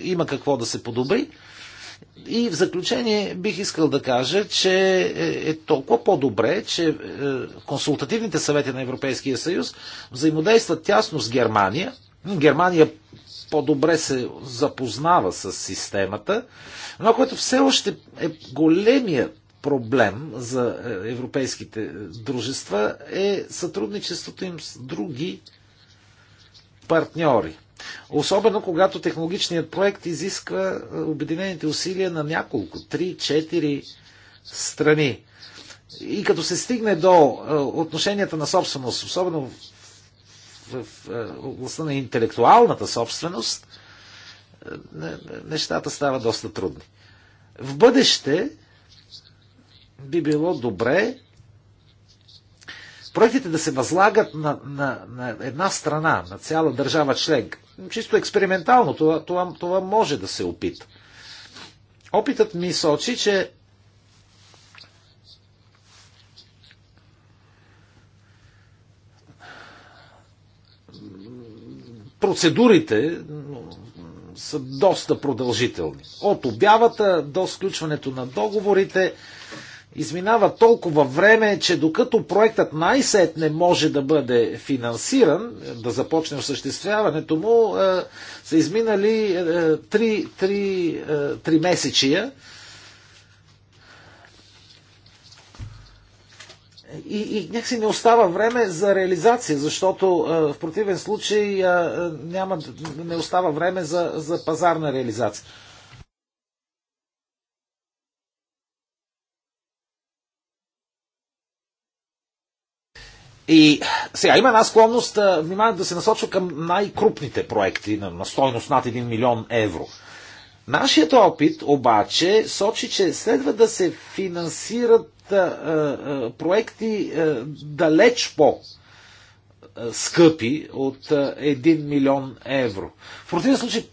Има какво да се подобри. И в заключение бих искал да кажа, че е, е толкова по-добре, че е, консултативните съвети на Европейския съюз взаимодействат тясно с Германия. Германия по-добре се запознава с системата, но което все още е големият проблем за е, европейските дружества е сътрудничеството им с други партньори. Особено когато технологичният проект изисква е, обединените усилия на няколко, три, четири страни. И като се стигне до е, отношенията на собственост, особено в областта на интелектуалната собственост, нещата стават доста трудни. В бъдеще би било добре проектите да се възлагат на, на, на една страна, на цяла държава член Чисто експериментално това, това, това може да се опита. Опитът ми сочи, че процедурите са доста продължителни. От обявата до сключването на договорите изминава толкова време, че докато проектът най-сет не може да бъде финансиран, да започне осъществяването му, е, са изминали е, три, три, е, три месечия. И, и някакси не остава време за реализация, защото е, в противен случай е, няма, не остава време за, за пазарна реализация. И сега има една склонност вниманието да се насочва към най-крупните проекти на, на стойност над 1 милион евро. Нашият опит обаче сочи, че следва да се финансират а, а, проекти а, далеч по скъпи от 1 милион евро. В противен случай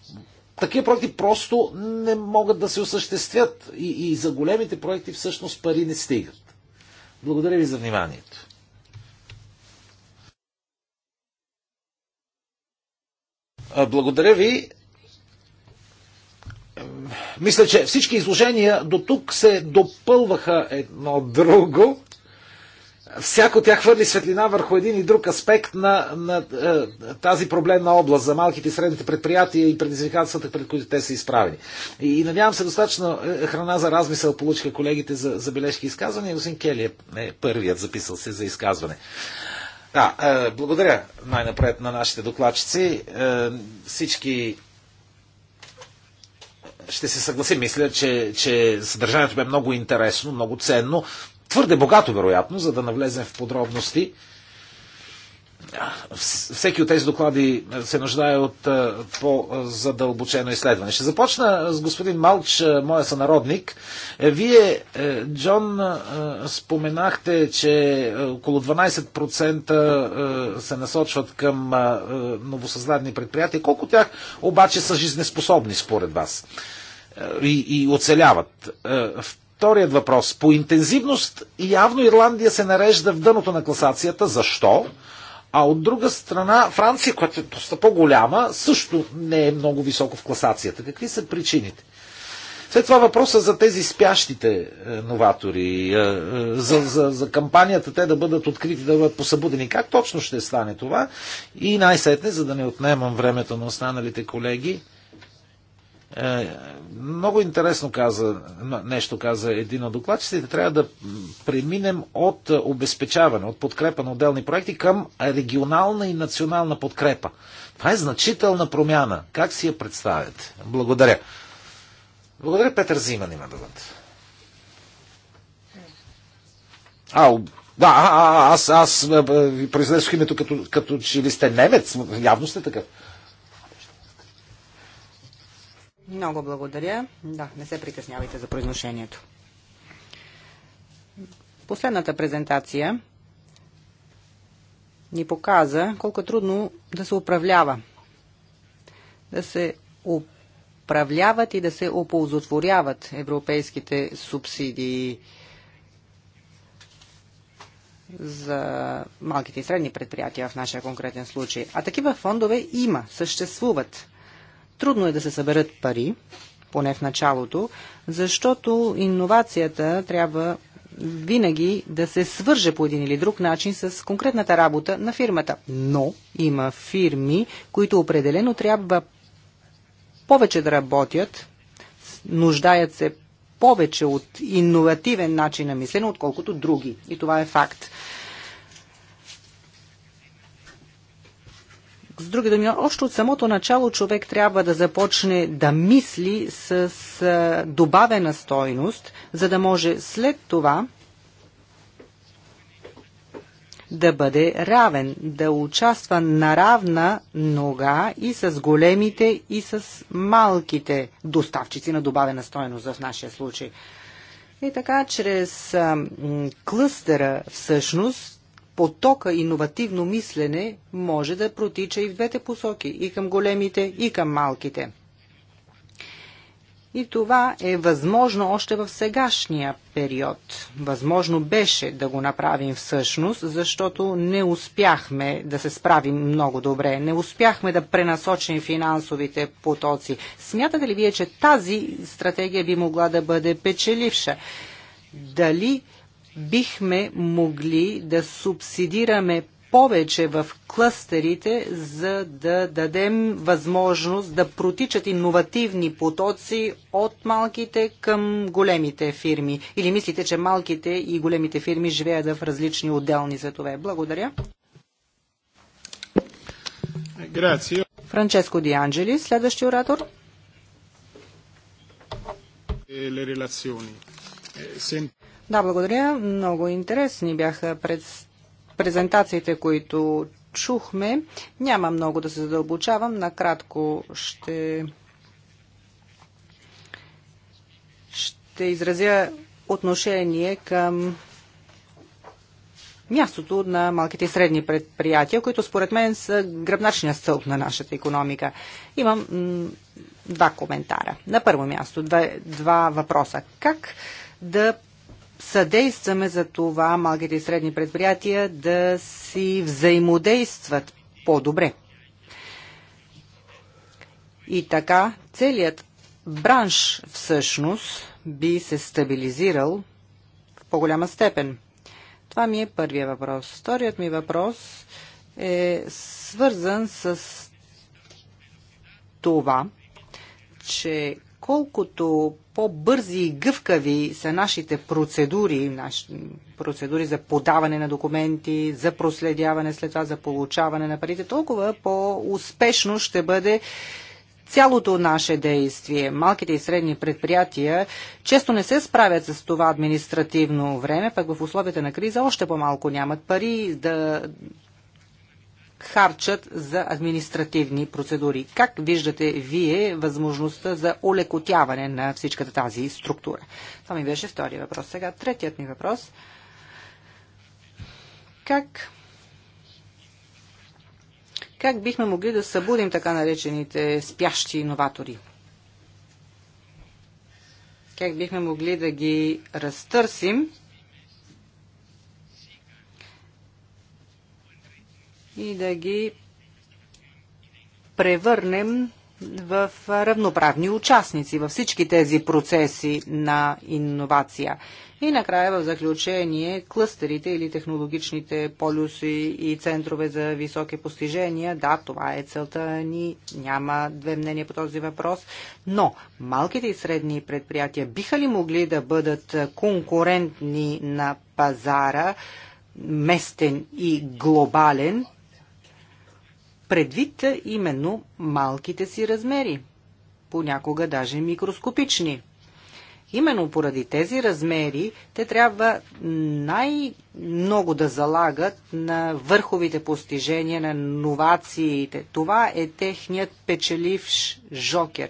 такива проекти просто не могат да се осъществят и, и за големите проекти всъщност пари не стигат. Благодаря ви за вниманието. Благодаря ви. Мисля, че всички изложения до тук се допълваха едно друго. Всяко тях хвърли светлина върху един и друг аспект на, на, на е, тази проблемна област за малките и средните предприятия и предизвикателствата, пред които те са изправени. И, и надявам се достатъчно е, храна за размисъл получиха колегите за, за бележки и изказвания. Господин Кели е, е първият записал се за изказване. Да, е, благодаря най-напред на нашите докладчици. Е, всички ще се съгласи, мисля, че, че съдържанието бе много интересно, много ценно, твърде богато, вероятно, за да навлезем в подробности всеки от тези доклади се нуждае от е, по-задълбочено изследване. Ще започна с господин Малч, е, моя сънародник. Е, вие, Джон, споменахте, че около 12% се насочват към новосъздадени предприятия. Колко тях обаче са жизнеспособни според вас и, и оцеляват? Вторият въпрос. По интензивност явно Ирландия се нарежда в дъното на класацията. Защо? А от друга страна, Франция, която е доста по-голяма, също не е много високо в класацията. Какви са причините? След това въпроса за тези спящите е, новатори, е, е, за, за, за кампанията те да бъдат открити, да бъдат посъбудени. Как точно ще стане това? И най-сетне, за да не отнемам времето на останалите колеги, е, много интересно каза, нещо каза един от докладчиците. Трябва да преминем от е, обезпечаване, от подкрепа на отделни проекти към регионална и национална подкрепа. Това е значителна промяна. Как си я представяте? Благодаря. Благодаря, Петър Зиман има думата. А, да, а, а, аз, аз ви произнесох името като, като че ли сте немец. Явно сте такъв. Много благодаря. Да, не се притеснявайте за произношението. Последната презентация ни показа колко е трудно да се управлява. Да се управляват и да се оползотворяват европейските субсидии за малките и средни предприятия в нашия конкретен случай. А такива фондове има, съществуват. Трудно е да се съберат пари, поне в началото, защото иновацията трябва винаги да се свърже по един или друг начин с конкретната работа на фирмата. Но има фирми, които определено трябва повече да работят, нуждаят се повече от иновативен начин на мислене, отколкото други. И това е факт. С други думи, още от самото начало човек трябва да започне да мисли с добавена стойност, за да може след това да бъде равен, да участва на равна нога и с големите, и с малките доставчици на добавена стойност в нашия случай. И така, чрез клъстера всъщност потока иновативно мислене може да протича и в двете посоки, и към големите, и към малките. И това е възможно още в сегашния период. Възможно беше да го направим всъщност, защото не успяхме да се справим много добре. Не успяхме да пренасочим финансовите потоци. Смятате ли вие, че тази стратегия би могла да бъде печеливша? Дали бихме могли да субсидираме повече в клъстерите, за да дадем възможност да протичат иновативни потоци от малките към големите фирми? Или мислите, че малките и големите фирми живеят в различни отделни светове? Благодаря. Грация. Франческо Ди Анджели, следващи оратор. Е, да, благодаря. Много интересни бяха през презентациите, които чухме. Няма много да се задълбочавам. Накратко ще, ще изразя отношение към мястото на малките и средни предприятия, които според мен са гръбначния стълб на нашата економика. Имам два коментара. На първо място, два, два въпроса. Как да съдействаме за това малките и средни предприятия да си взаимодействат по-добре. И така целият бранш всъщност би се стабилизирал в по-голяма степен. Това ми е първия въпрос. Вторият ми въпрос е свързан с това, че колкото по-бързи и гъвкави са нашите процедури, наши процедури за подаване на документи, за проследяване след това, за получаване на парите, толкова по-успешно ще бъде цялото наше действие. Малките и средни предприятия често не се справят с това административно време, пък в условията на криза още по-малко нямат пари да харчат за административни процедури. Как виждате вие възможността за улекотяване на всичката тази структура? Това ми беше втория въпрос. Сега третият ми въпрос. Как как бихме могли да събудим така наречените спящи иноватори? Как бихме могли да ги разтърсим и да ги превърнем в равноправни участници във всички тези процеси на иновация. И накрая в заключение клъстерите или технологичните полюси и центрове за високи постижения. Да, това е целта ни. Няма две мнения по този въпрос. Но малките и средни предприятия биха ли могли да бъдат конкурентни на пазара, местен и глобален, предвид именно малките си размери, понякога даже микроскопични. Именно поради тези размери те трябва най-много да залагат на върховите постижения, на новациите. Това е техният печеливш жокер.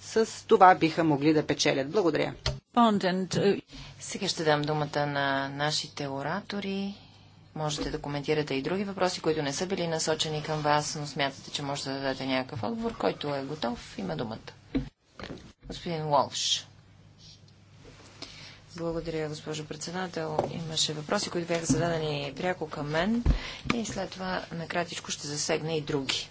С това биха могли да печелят. Благодаря. Uh, Сега ще дам думата на нашите оратори Можете да коментирате и други въпроси, които не са били насочени към вас, но смятате, че можете да дадете някакъв отговор, който е готов. Има думата. Господин Уолш. Благодаря, госпожо председател. Имаше въпроси, които бяха зададени пряко към мен и след това накратичко ще засегна и други.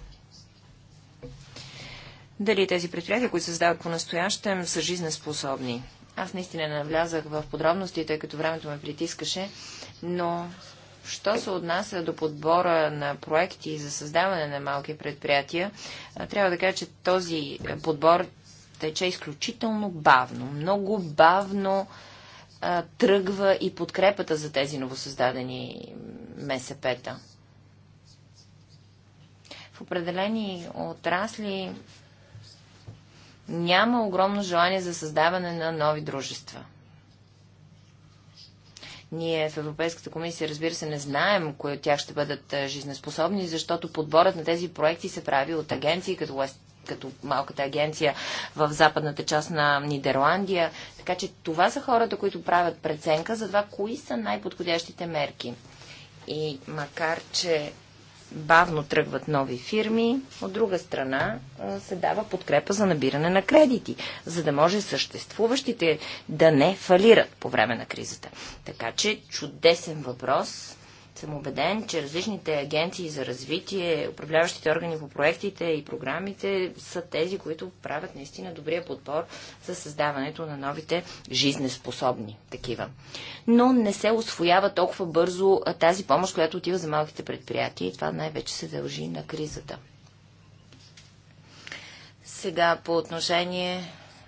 Дали тези предприятия, които създават по-настоящем, са жизнеспособни? Аз наистина навлязах в подробности, тъй като времето ме притискаше, но Що се отнася до подбора на проекти за създаване на малки предприятия, трябва да кажа, че този подбор тече изключително бавно. Много бавно а, тръгва и подкрепата за тези новосъздадени МСП-та. В определени отрасли няма огромно желание за създаване на нови дружества – ние в Европейската комисия, разбира се, не знаем кои от тях ще бъдат жизнеспособни, защото подборът на тези проекти се прави от агенции като като малката агенция в западната част на Нидерландия. Така че това са хората, които правят преценка за това, кои са най-подходящите мерки. И макар, че бавно тръгват нови фирми, от друга страна се дава подкрепа за набиране на кредити, за да може съществуващите да не фалират по време на кризата. Така че чудесен въпрос съм убеден, че различните агенции за развитие, управляващите органи по проектите и програмите са тези, които правят наистина добрия подбор за създаването на новите жизнеспособни такива. Но не се освоява толкова бързо тази помощ, която отива за малките предприятия и това най-вече се дължи на кризата. Сега по отношение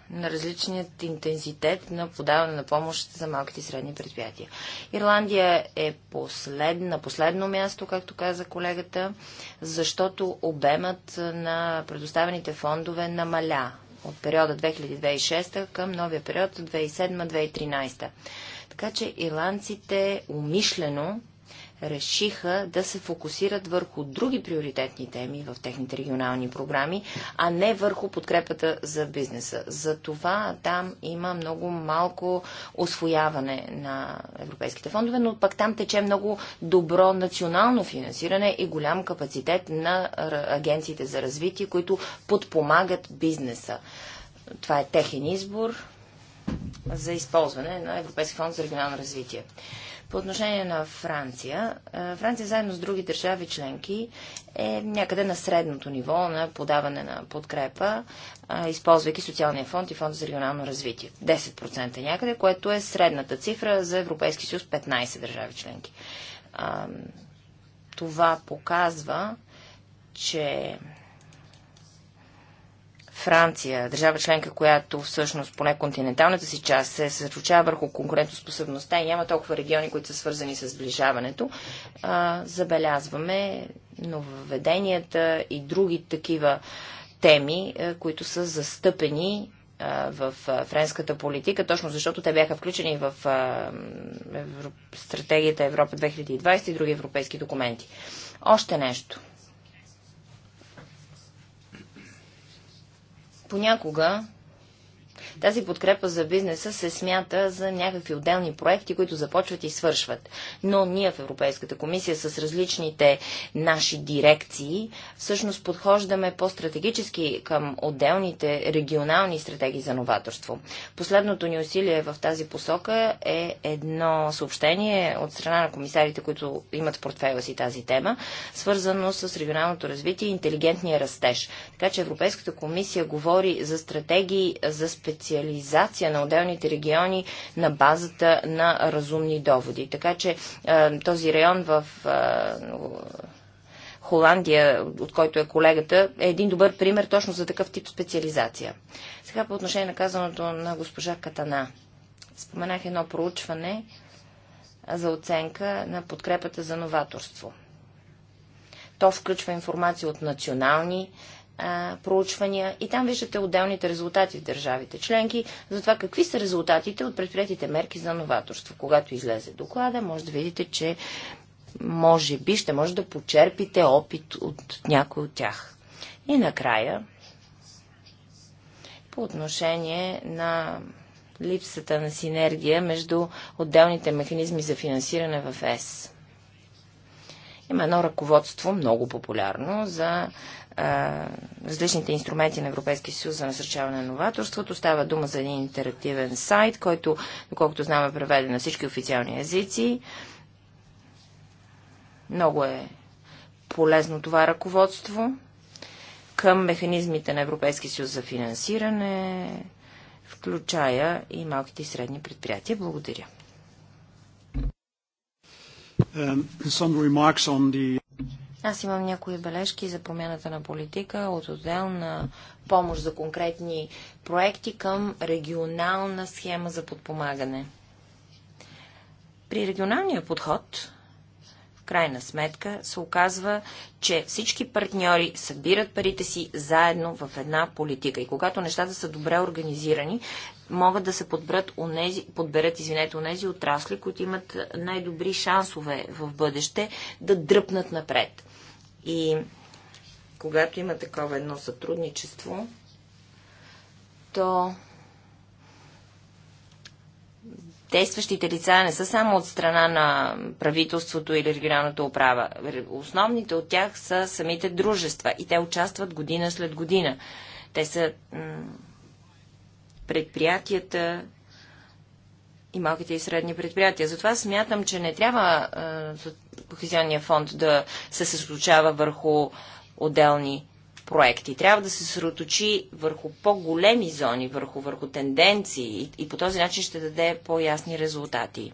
на различният интензитет на подаване на помощ за малките и средни предприятия. Ирландия е послед, на последно място, както каза колегата, защото обемът на предоставените фондове намаля от периода 2006 към новия период 2007-2013. Така че ирландците умишлено решиха да се фокусират върху други приоритетни теми в техните регионални програми, а не върху подкрепата за бизнеса. Затова там има много малко освояване на европейските фондове, но пък там тече много добро национално финансиране и голям капацитет на агенциите за развитие, които подпомагат бизнеса. Това е техен избор за използване на Европейски фонд за регионално развитие. По отношение на Франция, Франция заедно с други държави членки е някъде на средното ниво на подаване на подкрепа, използвайки социалния фонд и фонд за регионално развитие. 10% е някъде, което е средната цифра за Европейски съюз 15 държави членки. Това показва, че Франция, държава членка, която всъщност поне континенталната си част се съсредоточава върху конкурентоспособността и няма толкова региони, които са свързани с сближаването, а, забелязваме нововведенията и други такива теми, а, които са застъпени в френската политика, точно защото те бяха включени в стратегията Европа 2020 и други европейски документи. Още нещо – Понякога тази подкрепа за бизнеса се смята за някакви отделни проекти, които започват и свършват. Но ние в Европейската комисия с различните наши дирекции всъщност подхождаме по-стратегически към отделните регионални стратегии за новаторство. Последното ни усилие в тази посока е едно съобщение от страна на комисарите, които имат в портфела си тази тема, свързано с регионалното развитие и интелигентния растеж. Така че Европейската комисия говори за стратегии за специ специализация на отделните региони на базата на разумни доводи. Така че този район в Холандия, от който е колегата, е един добър пример точно за такъв тип специализация. Сега по отношение на казаното на госпожа Катана. Споменах едно проучване за оценка на подкрепата за новаторство. То включва информация от национални проучвания и там виждате отделните резултати в държавите членки за това какви са резултатите от предприятите мерки за новаторство. Когато излезе доклада, може да видите, че може би ще може да почерпите опит от някой от тях. И накрая, по отношение на липсата на синергия между отделните механизми за финансиране в ЕС. Има едно ръководство, много популярно, за различните инструменти на Европейския съюз за насърчаване на новаторството. Става дума за един интерактивен сайт, който, доколкото знам, е преведен на всички официални езици. Много е полезно това ръководство към механизмите на Европейския съюз за финансиране, включая и малките и средни предприятия. Благодаря. Um, the... Аз имам някои бележки за промяната на политика от отделна помощ за конкретни проекти към регионална схема за подпомагане. При регионалния подход, в крайна сметка, се оказва, че всички партньори събират парите си заедно в една политика. И когато нещата са добре организирани, могат да се подберат унези, подберат извинете, унези отрасли, които имат най-добри шансове в бъдеще да дръпнат напред. И когато има такова едно сътрудничество, то действащите лица не са само от страна на правителството или регионалната управа. Основните от тях са самите дружества и те участват година след година. Те са предприятията и малките и средни предприятия. Затова смятам, че не трябва Кохезионния фонд да се съсредоточава върху отделни проекти. Трябва да се съсредоточи върху по-големи зони, върху, върху тенденции и, и по този начин ще даде по-ясни резултати.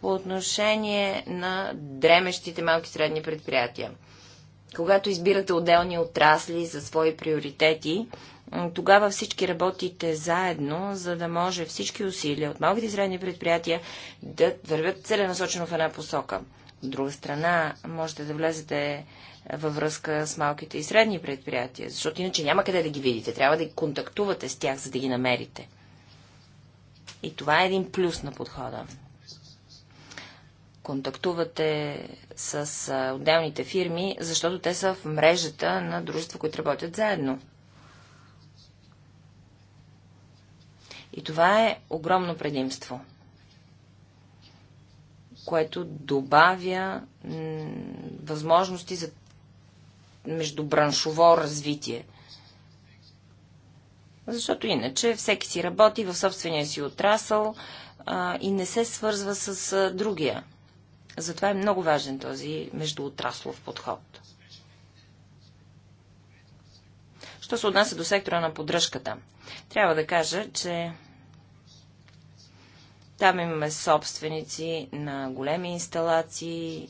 По отношение на дремещите малки и средни предприятия. Когато избирате отделни отрасли за свои приоритети, тогава всички работите заедно, за да може всички усилия от малките и средни предприятия да вървят целенасочено в една посока. От друга страна, можете да влезете е, във връзка с малките и средни предприятия, защото иначе няма къде да ги видите. Трябва да контактувате с тях, за да ги намерите. И това е един плюс на подхода. Контактувате с отделните фирми, защото те са в мрежата на дружества, които работят заедно. И това е огромно предимство, което добавя възможности за междубраншово развитие. Защото иначе всеки си работи в собствения си отрасъл а, и не се свързва с а, другия. Затова е много важен този междуотраслов подход. Що се отнася до сектора на поддръжката? Трябва да кажа, че там имаме собственици на големи инсталации,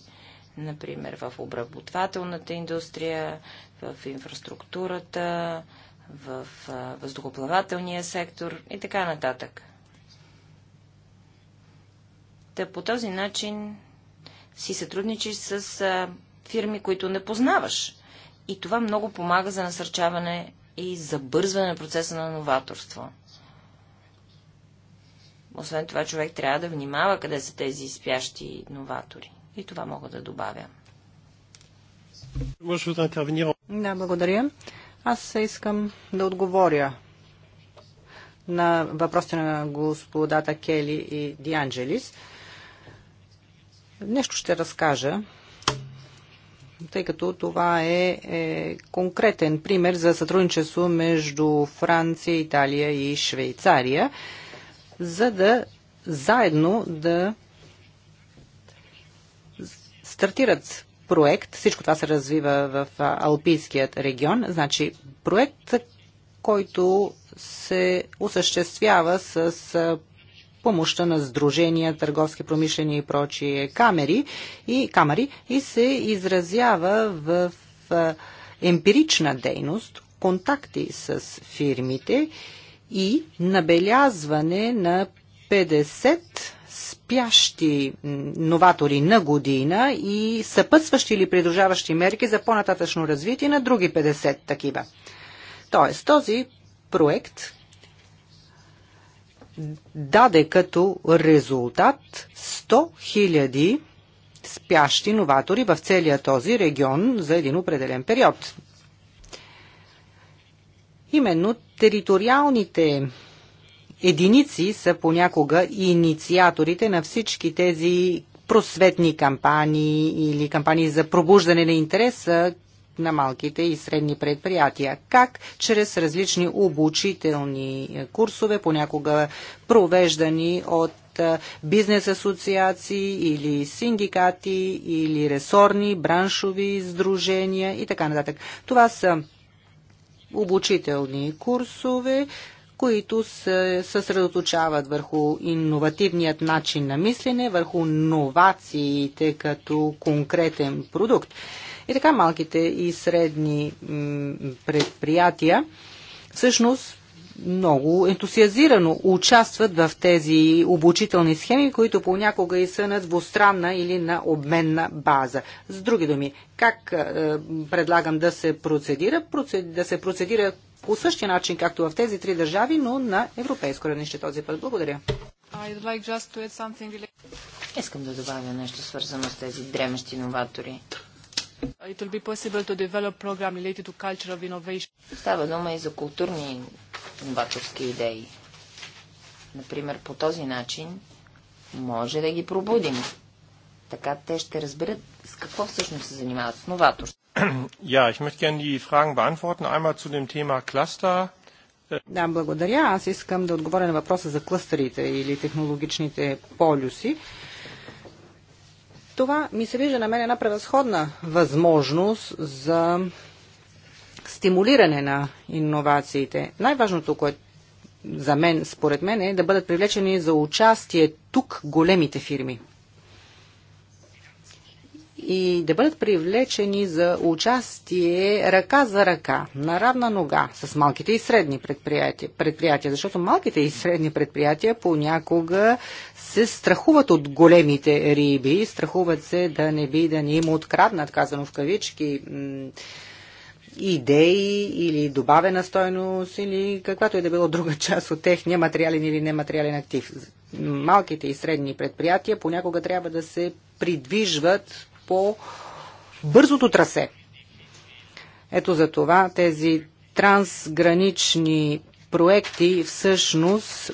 например в обработвателната индустрия, в инфраструктурата, в въздухоплавателния сектор и така нататък. Та по този начин си сътрудничиш с фирми, които не познаваш. И това много помага за насърчаване и забързване на процеса на новаторство. Освен това, човек трябва да внимава къде са тези спящи новатори. И това мога да добавя. Да, благодаря. Аз искам да отговоря на въпросите на господата Кели и Дианджелис. Нещо ще разкажа тъй като това е, е конкретен пример за сътрудничество между Франция, Италия и Швейцария, за да заедно да стартират проект. Всичко това се развива в Алпийският регион. Значи проект, който се осъществява с помощта на сдружения, търговски, промишлени и прочие камери и, камери и се изразява в емпирична дейност, контакти с фирмите и набелязване на 50 спящи новатори на година и съпътстващи или придружаващи мерки за по-нататъчно развитие на други 50 такива. Тоест, този проект даде като резултат 100 000 спящи новатори в целия този регион за един определен период. Именно териториалните единици са понякога инициаторите на всички тези просветни кампании или кампании за пробуждане на интереса на малките и средни предприятия. Как? Чрез различни обучителни е, курсове, понякога провеждани от е, бизнес асоциации или синдикати или ресорни, браншови сдружения и така нататък. Това са обучителни курсове, които се съсредоточават върху иновативният начин на мислене, върху новациите като конкретен продукт. И така малките и средни предприятия всъщност много ентусиазирано участват в тези обучителни схеми, които понякога и са на двустранна или на обменна база. С други думи, как е, предлагам да се процедира? Процед, да се процедира по същия начин, както в тези три държави, но на европейско равнище този път. Благодаря. Искам да добавя нещо свързано с тези дремещи новатори. Става дума и за културни новаторски идеи. Например, по този начин може да ги пробудим. Така те ще разберат с какво всъщност се занимават с новаторство. [clears throat] Ja, ich möchte gerne die Fragen beantworten. Einmal zu dem Thema Cluster. Да, благодаря. Аз искам да отговоря на въпроса за клъстерите или технологичните полюси. Това ми се вижда на мен една превъзходна възможност за стимулиране на иновациите. Най-важното, което за мен, според мен, е да бъдат привлечени за участие тук големите фирми. И да бъдат привлечени за участие ръка за ръка, на равна нога, с малките и средни предприятия. предприятия защото малките и средни предприятия понякога се страхуват от големите риби, страхуват се да не би да ни им откраднат, казано в кавички, идеи или добавена стойност или каквато и е да било друга [laughs] част от техния материален или нематериален актив. Малките и средни предприятия понякога трябва да се придвижват по бързото трасе. Ето за това тези трансгранични проекти всъщност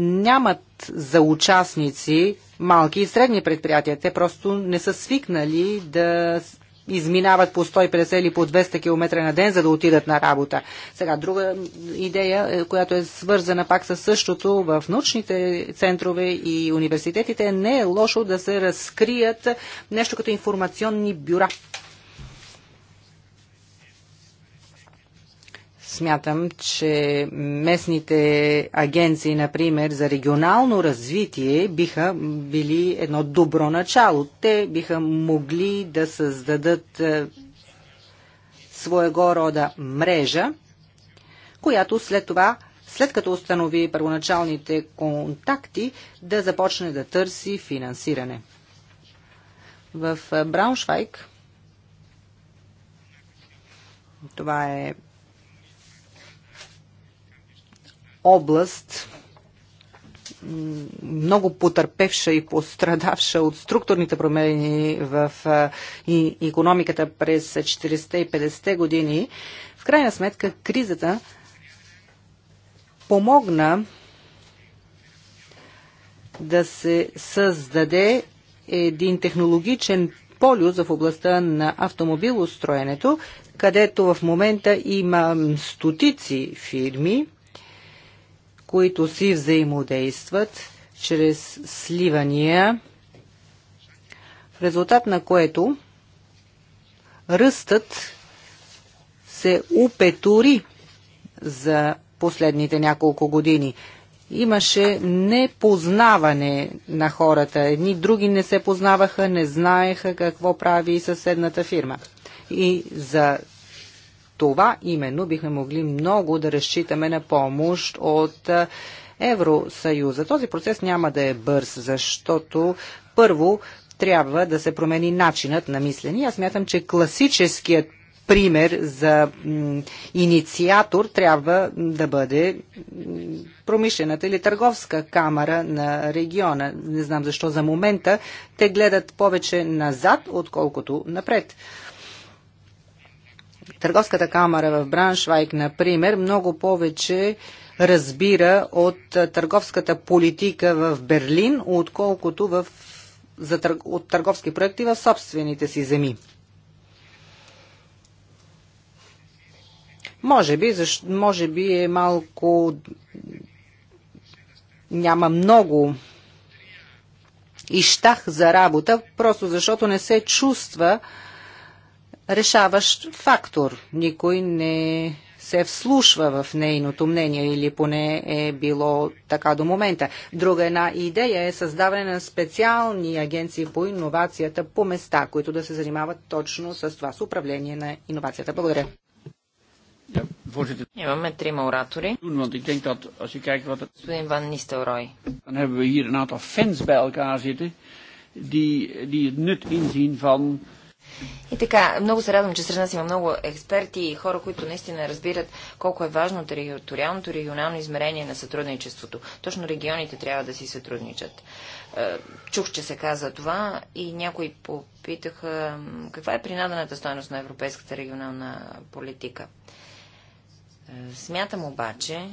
нямат за участници малки и средни предприятия. Те просто не са свикнали да изминават по 150 или по 200 км на ден, за да отидат на работа. Сега, друга идея, е, която е свързана пак със същото в научните центрове и университетите, не е лошо да се разкрият нещо като информационни бюра Смятам, че местните агенции, например, за регионално развитие биха били едно добро начало. Те биха могли да създадат е, своего рода мрежа, която след това, след като установи първоначалните контакти, да започне да търси финансиране. В Брауншвайк, това е област, много потърпевша и пострадавша от структурните промени в економиката през 40 и 50 години, в крайна сметка кризата помогна да се създаде един технологичен полюс в областта на автомобилостроенето, където в момента има стотици фирми, които си взаимодействат чрез сливания, в резултат на което ръстът се упетури за последните няколко години. Имаше непознаване на хората. Едни други не се познаваха, не знаеха какво прави съседната фирма. И за това именно бихме могли много да разчитаме на помощ от Евросъюза. Този процес няма да е бърз, защото първо трябва да се промени начинът на мислене. Аз мятам, че класическият пример за инициатор трябва да бъде промишлената или търговска камера на региона. Не знам защо за момента те гледат повече назад, отколкото напред. Търговската камера в Браншвайк, например, много повече разбира от търговската политика в Берлин, отколкото в, за, от търговски проекти в собствените си земи. Може би, защо, може би е малко... няма много ищах за работа, просто защото не се чувства решаващ фактор. Никой не се вслушва в нейното мнение или поне е било така до момента. Друга една идея е създаване на специални агенции по иновацията по места, които да се занимават точно с това, с управление на иновацията. Благодаря. Имаме трима оратори. Господин Ван Нистелрой. Dan hebben we hier een aantal fans bij elkaar zitten die, die het nut inzien van и така, много се радвам, че сред нас има много експерти и хора, които наистина разбират колко е важно териториалното регионално измерение на сътрудничеството. Точно регионите трябва да си сътрудничат. Е, чух, че се каза това и някои попитаха каква е принадената стоеност на европейската регионална политика. Е, смятам обаче,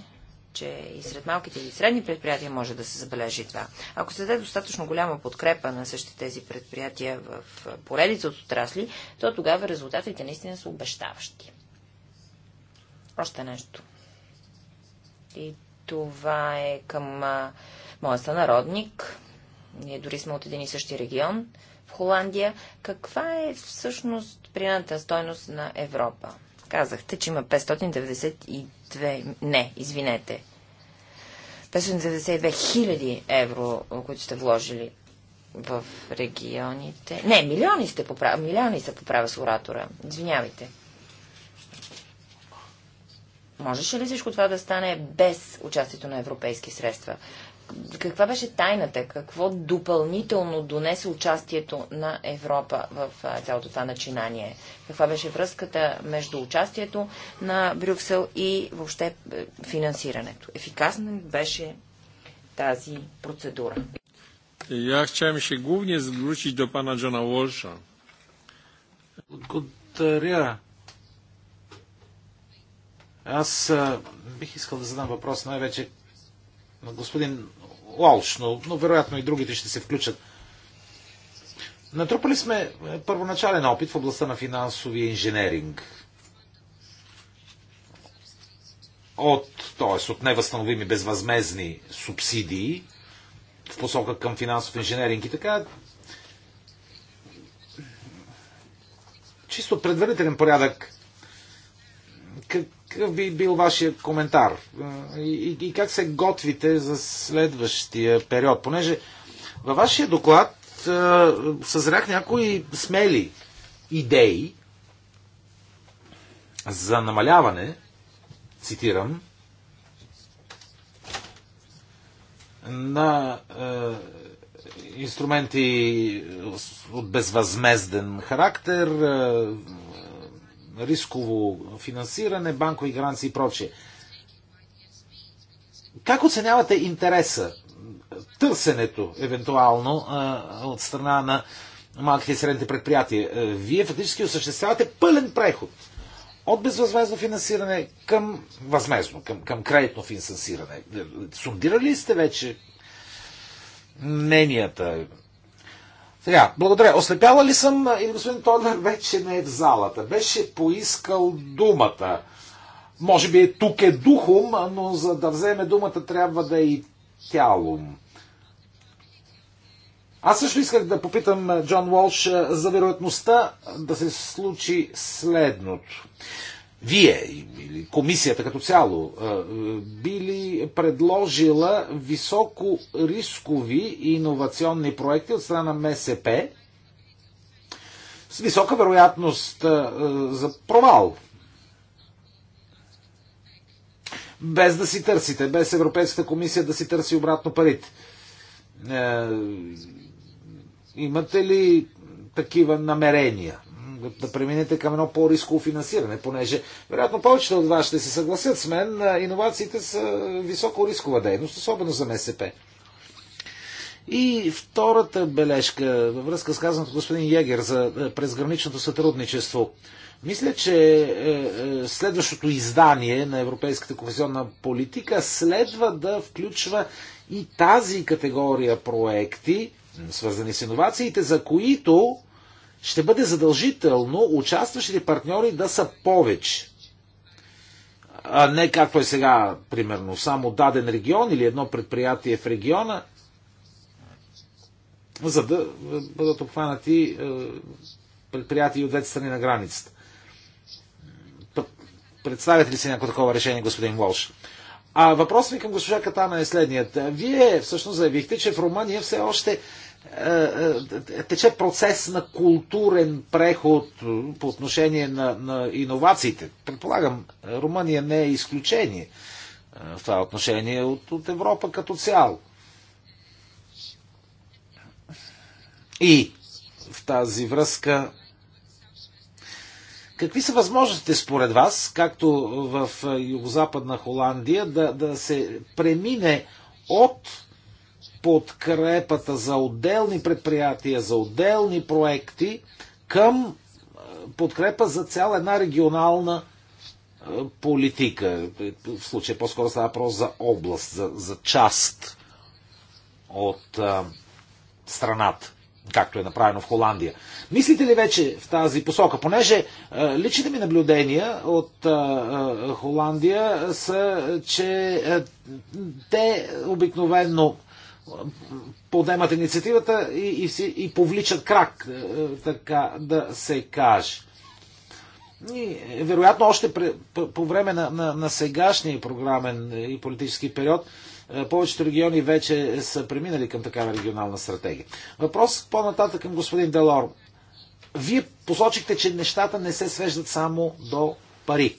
че и сред малките и средни предприятия може да се забележи това. Ако се даде достатъчно голяма подкрепа на същите тези предприятия в поредица от отрасли, то тогава резултатите наистина са обещаващи. Още нещо. И това е към моя сънародник. Ние дори сме от един и същи регион в Холандия. Каква е всъщност прината стойност на Европа? Казахте, че има 592... Не, извинете. 592 хиляди евро, които сте вложили в регионите. Не, милиони, сте поправ... милиони са поправя с оратора. Извинявайте. Можеше ли всичко това да стане без участието на европейски средства? каква беше тайната? Какво допълнително донесе участието на Европа в цялото това начинание? Каква беше връзката между участието на Брюксел и въобще е, финансирането? Ефикасна беше тази процедура? Я chciałem się głównie zwrócić do pana Johna Благодаря. Аз бих искал да задам въпрос най-вече на господин Уолш, но, но вероятно и другите ще се включат. Натрупали сме е, първоначален опит в областта на финансовия инженеринг. От, т.е. от невъзстановими безвъзмезни субсидии в посока към финансов инженеринг и така. Чисто предварителен порядък. Как, какъв би бил вашия коментар? Е, и, и как се готвите за следващия период? Понеже във вашия доклад е, съзрях някои смели идеи за намаляване, цитирам, на е, инструменти от безвъзмезден характер, е, рисково финансиране, банкови гаранции и прочее. Как оценявате интереса, търсенето, евентуално, от страна на малките и средните предприятия? Вие фактически осъществявате пълен преход от безвъзмезно финансиране към възмезно, към, към кредитно финансиране. Сундирали ли сте вече мненията, сега, благодаря. Ослепява ли съм и господин Тодор вече не е в залата. Беше поискал думата. Може би е тук е духом, но за да вземе думата трябва да е и тялом. Аз също исках да попитам Джон Уолш за вероятността да се случи следното вие или комисията като цяло били предложила високо рискови и иновационни проекти от страна на МСП с висока вероятност за провал? Без да си търсите, без Европейската комисия да си търси обратно парите. Имате ли такива намерения? да, да преминете към едно по-рисково финансиране, понеже вероятно повечето от вас ще се съгласят с мен, иновациите са високо рискова дейност, особено за МСП. И втората бележка във връзка с казаното господин Ягер за презграничното сътрудничество. Мисля, че е, е, следващото издание на Европейската кохезионна политика следва да включва и тази категория проекти, свързани с иновациите, за които ще бъде задължително участващите партньори да са повече. А не както е сега, примерно, само даден регион или едно предприятие в региона, за да бъдат обхванати е, предприятия от двете страни на границата. Представяте ли си някакво такова решение, господин Волш? А въпросът ми към госпожа Катана е следният. Вие всъщност заявихте, че в Румъния все още е, е, тече процес на културен преход по отношение на, на иновациите. Предполагам, Румъния не е изключение е, в това отношение от, от Европа като цяло. И в тази връзка, какви са възможностите според вас, както в Югозападна Холандия, да, да се премине от подкрепата за отделни предприятия, за отделни проекти към подкрепа за цяла една регионална политика. В случая по-скоро става въпрос за област, за, за част от а, страната, както е направено в Холандия. Мислите ли вече в тази посока? Понеже а, личните ми наблюдения от а, а, Холандия са, че а, те обикновенно подемат инициативата и, и, си, и повличат крак, е, е, така да се каже. И, е, вероятно, още при, по, по време на, на, на сегашния програмен и политически период, повечето региони вече са преминали към такава регионална стратегия. Въпрос по-нататък към господин Делор. Вие посочихте, че нещата не се свеждат само до пари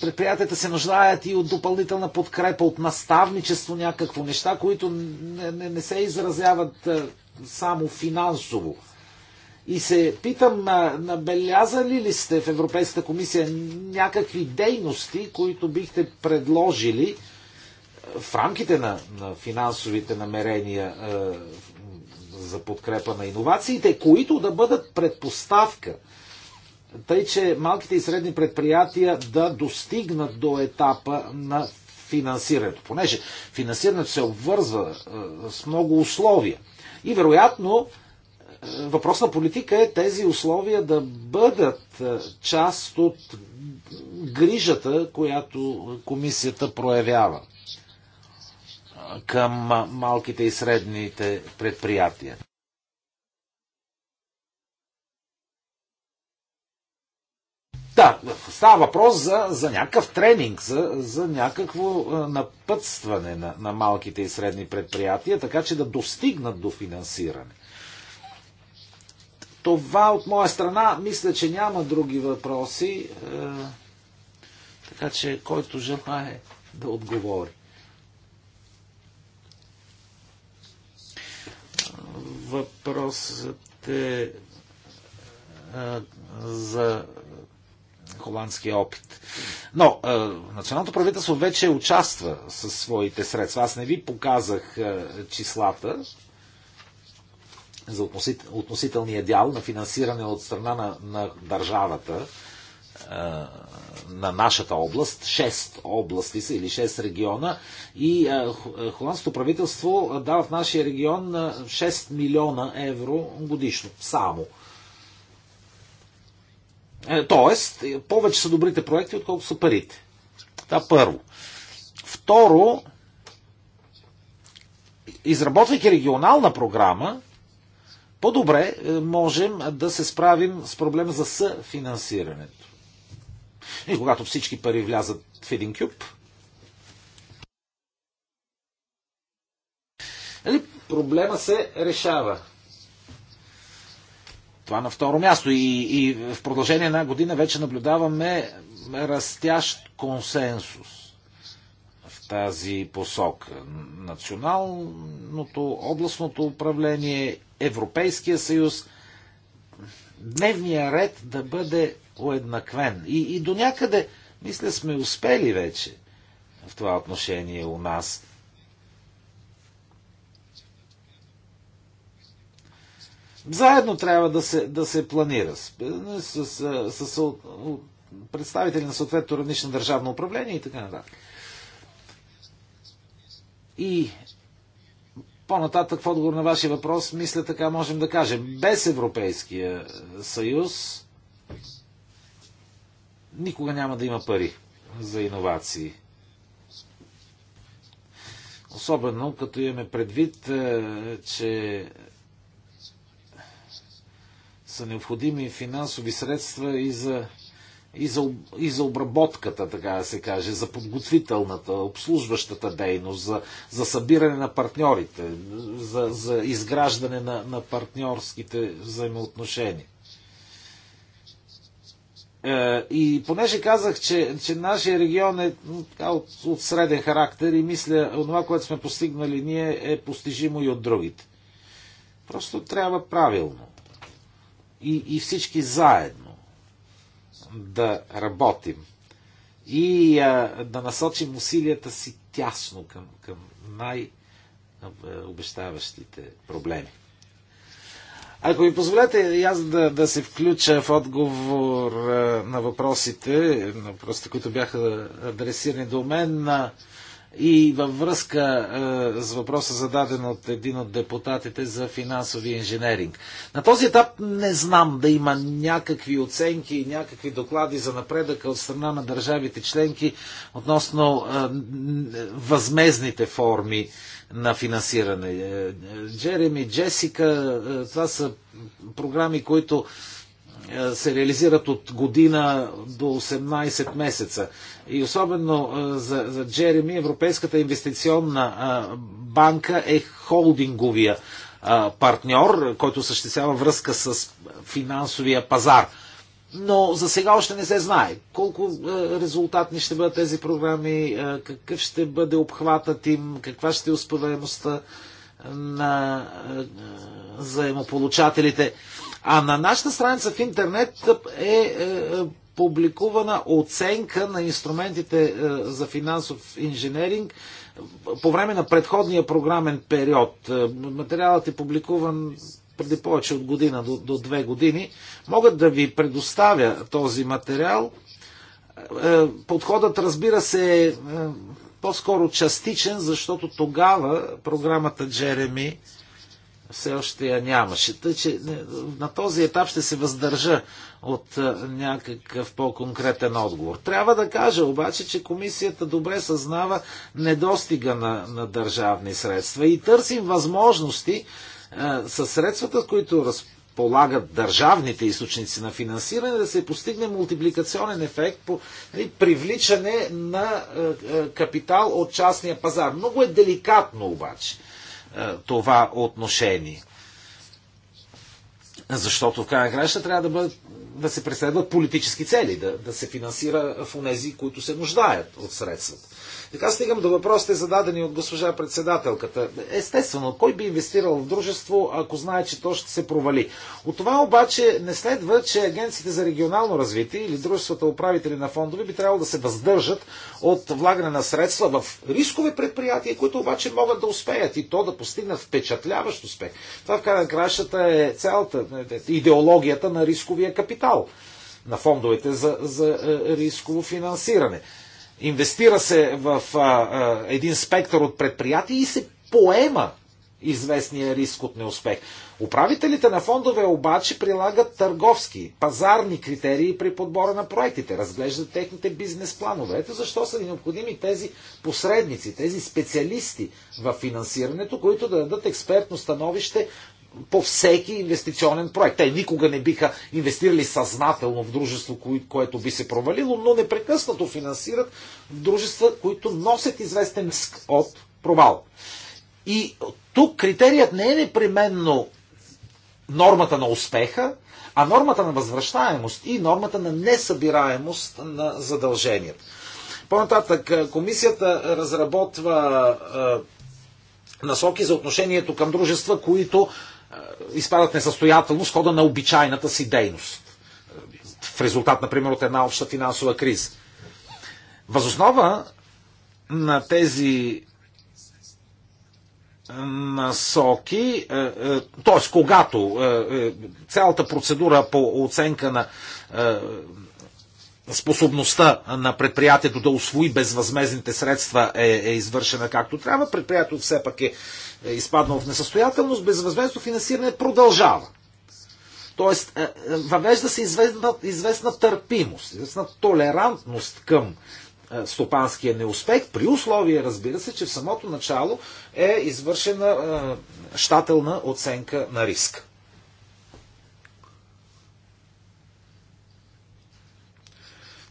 предприятията се нуждаят и от допълнителна подкрепа, от наставничество, някакво неща, които не, не, не се изразяват е, само финансово. И се питам, е, набелязали ли сте в Европейската комисия някакви дейности, които бихте предложили е, в рамките на, на финансовите намерения е, за подкрепа на иновациите, които да бъдат предпоставка тъй че малките и средни предприятия да достигнат до етапа на финансирането. Понеже финансирането се обвързва е, с много условия. И вероятно е, въпрос на политика е тези условия да бъдат е, част от грижата, която комисията проявява към малките и средните предприятия. Да, става въпрос за, за някакъв тренинг, за, за някакво е, напътстване на, на малките и средни предприятия, така че да достигнат до финансиране. Това от моя страна, мисля, че няма други въпроси, е, така че който желае да отговори. Въпросът е, е за холандския опит. Но е, националното правителство вече участва със своите средства. Аз не ви показах е, числата за относител, относителния дял на финансиране от страна на, на държавата е, на нашата област, 6 области са или 6 региона и е, е, холандското правителство дава в нашия регион 6 милиона евро годишно, само е, тоест, повече са добрите проекти, отколкото са парите. Това първо. Второ, изработвайки регионална програма, по-добре е, можем да се справим с проблема за съфинансирането. И когато всички пари влязат в един кюб, нали, проблема се решава. Това на второ място. И, и в продължение на година вече наблюдаваме растящ консенсус в тази посока. Националното, областното управление, Европейския съюз, дневния ред да бъде уеднаквен. И, и до някъде, мисля, сме успели вече в това отношение у нас. Заедно трябва да се, да се планира с, с, с, с представители на съответното равнично държавно управление и така нататък. И по-нататък в отговор на вашия въпрос, мисля така можем да кажем, без Европейския съюз никога няма да има пари за иновации. Особено като имаме предвид, е, че са необходими финансови средства и за, и за, и за обработката, така да се каже, за подготвителната, обслужващата дейност, за, за събиране на партньорите, за, за изграждане на, на партньорските взаимоотношения. Е, и понеже казах, че, че нашия регион е така, от, от среден характер и мисля, това, което сме постигнали ние, е постижимо и от другите. Просто трябва правилно и, и всички заедно да работим и а, да насочим усилията си тясно към, към най-обещаващите проблеми. Ако ми позволете и аз да, да се включа в отговор на въпросите, на въпросите, които бяха адресирани до мен, на, и във връзка е, с въпроса зададен от един от депутатите за финансови инженеринг. На този етап не знам да има някакви оценки и някакви доклади за напредъка от страна на държавите членки относно е, възмезните форми на финансиране. Е, е, Джереми, Джесика, е, това са програми, които е, е, се реализират от година до 18 месеца. И особено е, за, за Джереми Европейската инвестиционна е, банка е холдинговия партньор, който съществява връзка с финансовия пазар. Но за сега още не се знае колко резултатни ще бъдат тези програми, какъв ще бъде обхватът им, каква ще е успеваемостта на заемополучателите. А на нашата страница в интернет е, е, е публикувана оценка на инструментите е, за финансов инженеринг по време на предходния програмен период. Материалът е публикуван преди повече от година до, до две години. Могат да ви предоставя този материал. Подходът, разбира се, е по-скоро частичен, защото тогава програмата Джереми все още я нямаше. Тъй, че е, на този етап ще се въздържа от е, някакъв по-конкретен отговор. Трябва да кажа обаче, че комисията добре съзнава недостига на, на държавни средства и търсим възможности е, със средствата, с които разполагат държавните източници на финансиране, да се постигне мултипликационен ефект по нали, привличане на е, е, капитал от частния пазар. Много е деликатно обаче. Е, това отношение. Защото в крайна краща трябва да, бъдат, да се преследват политически цели, да, да се финансира в онези, които се нуждаят от средствата. Така стигам до въпросите зададени от госпожа председателката. Естествено, кой би инвестирал в дружество, ако знае, че то ще се провали? От това обаче не следва, че агенциите за регионално развитие или дружествата управители на фондове би трябвало да се въздържат от влагане на средства в рискови предприятия, които обаче могат да успеят и то да постигнат впечатляващ успех. Това в край на кращата е цялата е, е, идеологията на рисковия капитал на фондовете за, за е, рисково финансиране. Инвестира се в а, а, един спектър от предприятия и се поема известния риск от неуспех. Управителите на фондове обаче прилагат търговски, пазарни критерии при подбора на проектите, разглеждат техните бизнес планове. Ето защо са ни необходими тези посредници, тези специалисти в финансирането, които да дадат експертно становище по всеки инвестиционен проект. Те никога не биха инвестирали съзнателно в дружество, което би се провалило, но непрекъснато финансират дружества, които носят известен риск от провал. И тук критерият не е непременно нормата на успеха, а нормата на възвръщаемост и нормата на несъбираемост на задълженията. По-нататък, комисията разработва насоки за отношението към дружества, които изпадат несъстоятелност хода на обичайната си дейност. В резултат, например, от една обща финансова криза. Възоснова на тези насоки, е, е, т.е. когато е, цялата процедура по оценка на способността на предприятието да освои безвъзмезните средства е, е извършена както трябва. Предприятието все пак е, е изпаднало в несъстоятелност. Безвъзмезно финансиране продължава. Тоест, е, е, въвежда се известна, известна търпимост, известна толерантност към е, стопанския неуспех, при условие, разбира се, че в самото начало е извършена щателна оценка на риска.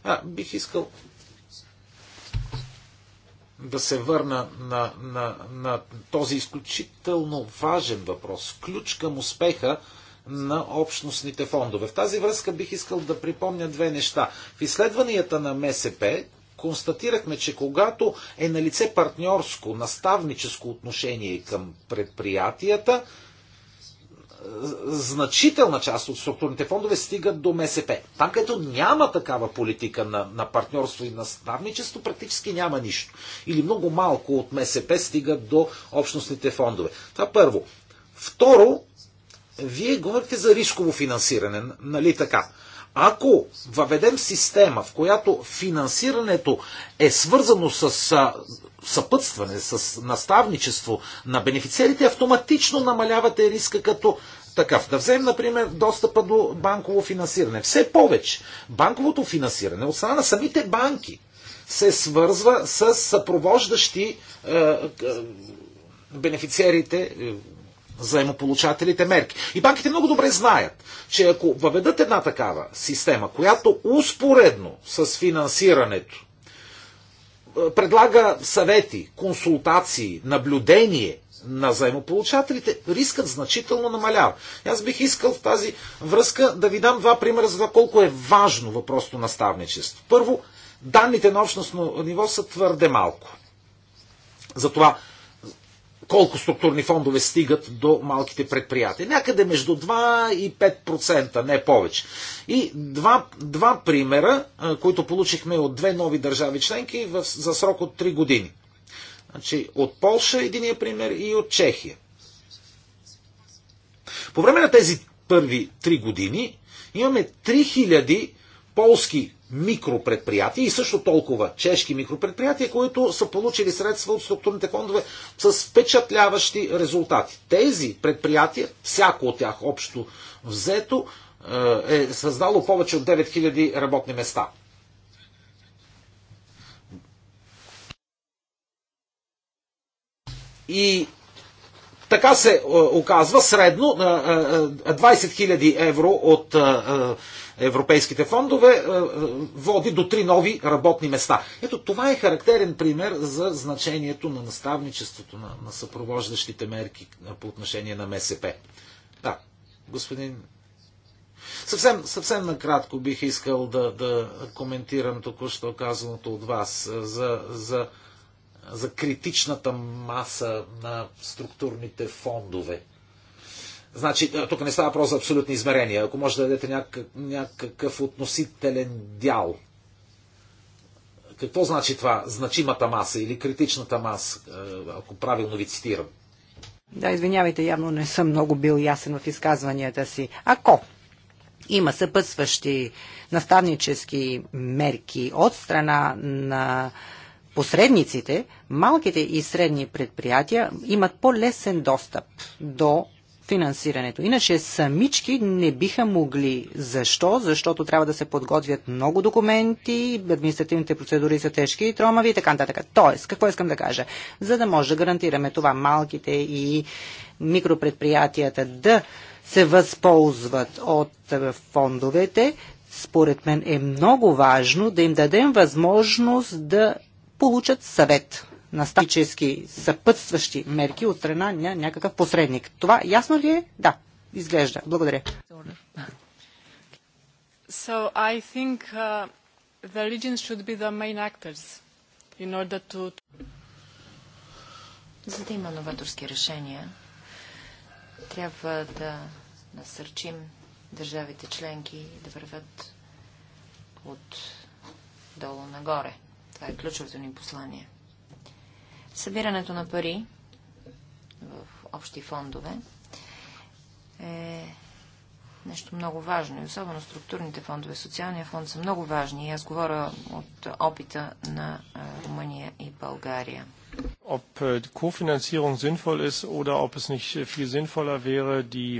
А, бих искал да се върна на, на, на този изключително важен въпрос. Ключ към успеха на общностните фондове. В тази връзка бих искал да припомня две неща. В изследванията на МСП констатирахме, че когато е на лице партньорско, наставническо отношение към предприятията, значителна част от структурните фондове стигат до МСП. Там, където няма такава политика на, на партньорство и наставничество, практически няма нищо. Или много малко от МСП стигат до общностните фондове. Това първо. Второ, вие говорите за рисково финансиране, нали така? Ако въведем система, в която финансирането е свързано с съпътстване, с наставничество на бенефициерите, автоматично намалявате риска като такъв. Да вземем, например, достъпа до банково финансиране. Все повече банковото финансиране от страна на самите банки се свързва с съпровождащи е, е, бенефициерите, е, заемополучателите мерки. И банките много добре знаят, че ако въведат една такава система, която успоредно с финансирането е, предлага съвети, консултации, наблюдение на заемополучателите, рискът значително намалява. Аз бих искал в тази връзка да ви дам два примера за това колко е важно въпросното наставничество. Първо, данните на общностно ниво са твърде малко. Затова колко структурни фондове стигат до малките предприятия. Някъде между 2 и 5%, не повече. И два, два примера, които получихме от две нови държави членки в, за срок от 3 години. Значи, от Полша е единия пример и от Чехия. По време на тези първи 3 години имаме 3000 полски микропредприятия и също толкова чешки микропредприятия, които са получили средства от структурните фондове с впечатляващи резултати. Тези предприятия, всяко от тях общо взето, е, е създало повече от 9000 работни места. И така се е, оказва средно 20 е, 000 е, евро от европейските фондове води до три нови работни места. Ето това е характерен пример за значението на наставничеството, на, на съпровождащите мерки по отношение на МСП. Да, господин. Съвсем, съвсем накратко бих искал да, да коментирам току-що казаното от вас за, за за критичната маса на структурните фондове. Значи, тук не става въпрос за абсолютни измерения. Ако може да дадете някакъв, някакъв относителен дял. Какво значи това? Значимата маса или критичната маса, е, ако правилно ви цитирам? Да, извинявайте, явно не съм много бил ясен в изказванията си. Ако има съпътстващи наставнически мерки от страна на посредниците, малките и средни предприятия имат по-лесен достъп до финансирането. Иначе самички не биха могли. Защо? Защото трябва да се подготвят много документи, административните процедури са тежки и тромави и така нататък. Тоест, какво искам да кажа? За да може да гарантираме това малките и микропредприятията да се възползват от е, фондовете, според мен е много важно да им дадем възможност да получат съвет на статически съпътстващи мерки от страна на някакъв посредник. Това ясно ли е? Да, изглежда. Благодаря. So I think uh, the regions should be the main actors in order to... За да има новаторски решения, трябва да насърчим държавите членки да върват от долу нагоре. Това е ключовото ни послание. Събирането на пари в общи фондове е нещо много важно. И особено структурните фондове, социалния фонд са много важни. И аз говоря от опита на Румъния и България. Ob äh, die Kofinanzierung sinnvoll ist oder ob es nicht äh, viel sinnvoller wäre, die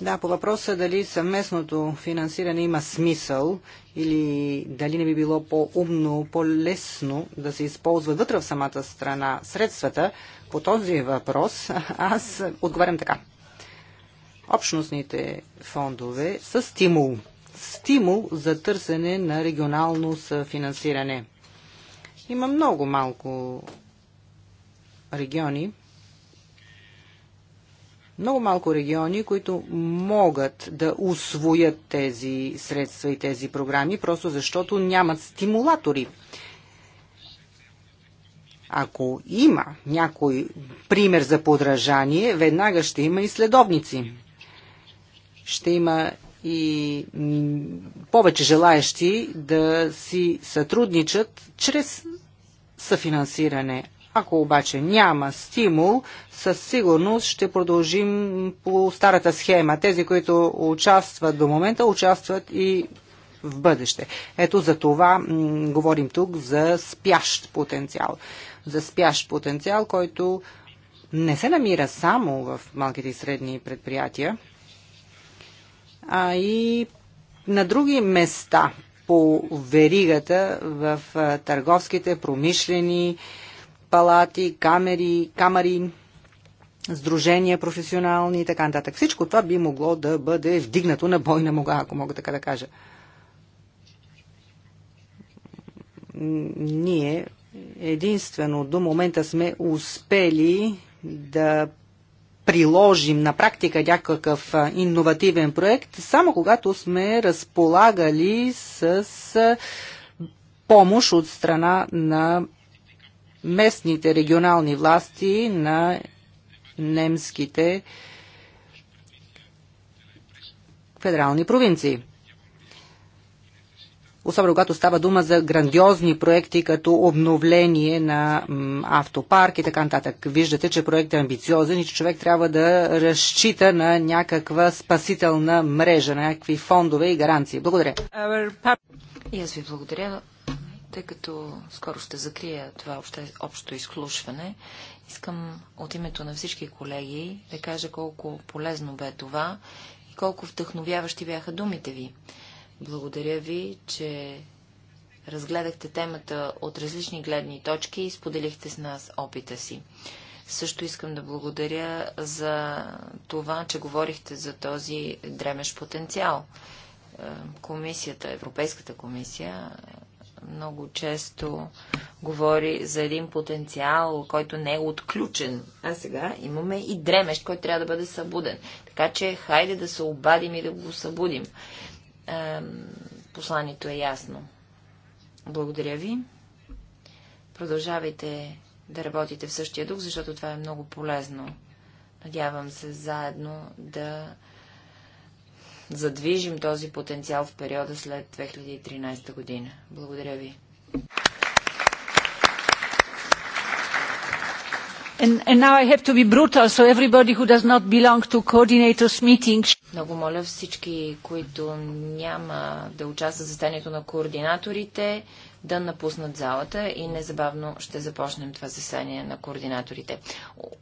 да, по въпроса дали съвместното финансиране има смисъл или дали не би било по-умно, по-лесно да се използват вътре в самата страна средствата, по този въпрос аз отговарям така. Общностните фондове са стимул. Стимул за търсене на регионално съфинансиране. Има много малко региони, много малко региони, които могат да освоят тези средства и тези програми, просто защото нямат стимулатори. Ако има някой пример за подражание, веднага ще има и следовници. Ще има и повече желаящи да си сътрудничат чрез съфинансиране. Ако обаче няма стимул, със сигурност ще продължим по старата схема. Тези, които участват до момента, участват и в бъдеще. Ето за това говорим тук за спящ потенциал. За спящ потенциал, който не се намира само в малките и средни предприятия, а и на други места по веригата в търговските, промишлени, палати, камери, камери, сдружения професионални и така нататък. Всичко това би могло да бъде вдигнато на бойна мога, ако мога така да кажа. Ние единствено до момента сме успели да приложим на практика някакъв иновативен проект, само когато сме разполагали с помощ от страна на местните регионални власти на немските федерални провинции. Особено когато става дума за грандиозни проекти, като обновление на автопарк и така нататък. Виждате, че проектът е амбициозен и че човек трябва да разчита на някаква спасителна мрежа, на някакви фондове и гаранции. Благодаря. И аз ви благодаря. Тъй като скоро ще закрия това обще, общо изслушване, искам от името на всички колеги да кажа колко полезно бе това и колко вдъхновяващи бяха думите ви. Благодаря ви, че разгледахте темата от различни гледни точки и споделихте с нас опита си. Също искам да благодаря за това, че говорихте за този дремеш потенциал. Е, комисията, Европейската комисия много често говори за един потенциал, който не е отключен. А сега имаме и дремещ, който трябва да бъде събуден. Така че хайде да се обадим и да го събудим. посланието е ясно. Благодаря ви. Продължавайте да работите в същия дух, защото това е много полезно. Надявам се заедно да задвижим този потенциал в периода след 2013 година. Благодаря ви. And, and now I have to be brutal, so everybody who does not belong to coordinators meeting. Много моля всички, които няма да участват в състоянието на координаторите, да напуснат залата и незабавно ще започнем това заседание на координаторите.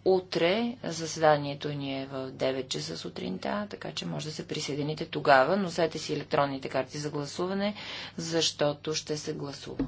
Утре заседанието ни е в 9 часа сутринта, така че може да се присъедините тогава. Носете си електронните карти за гласуване, защото ще се гласува.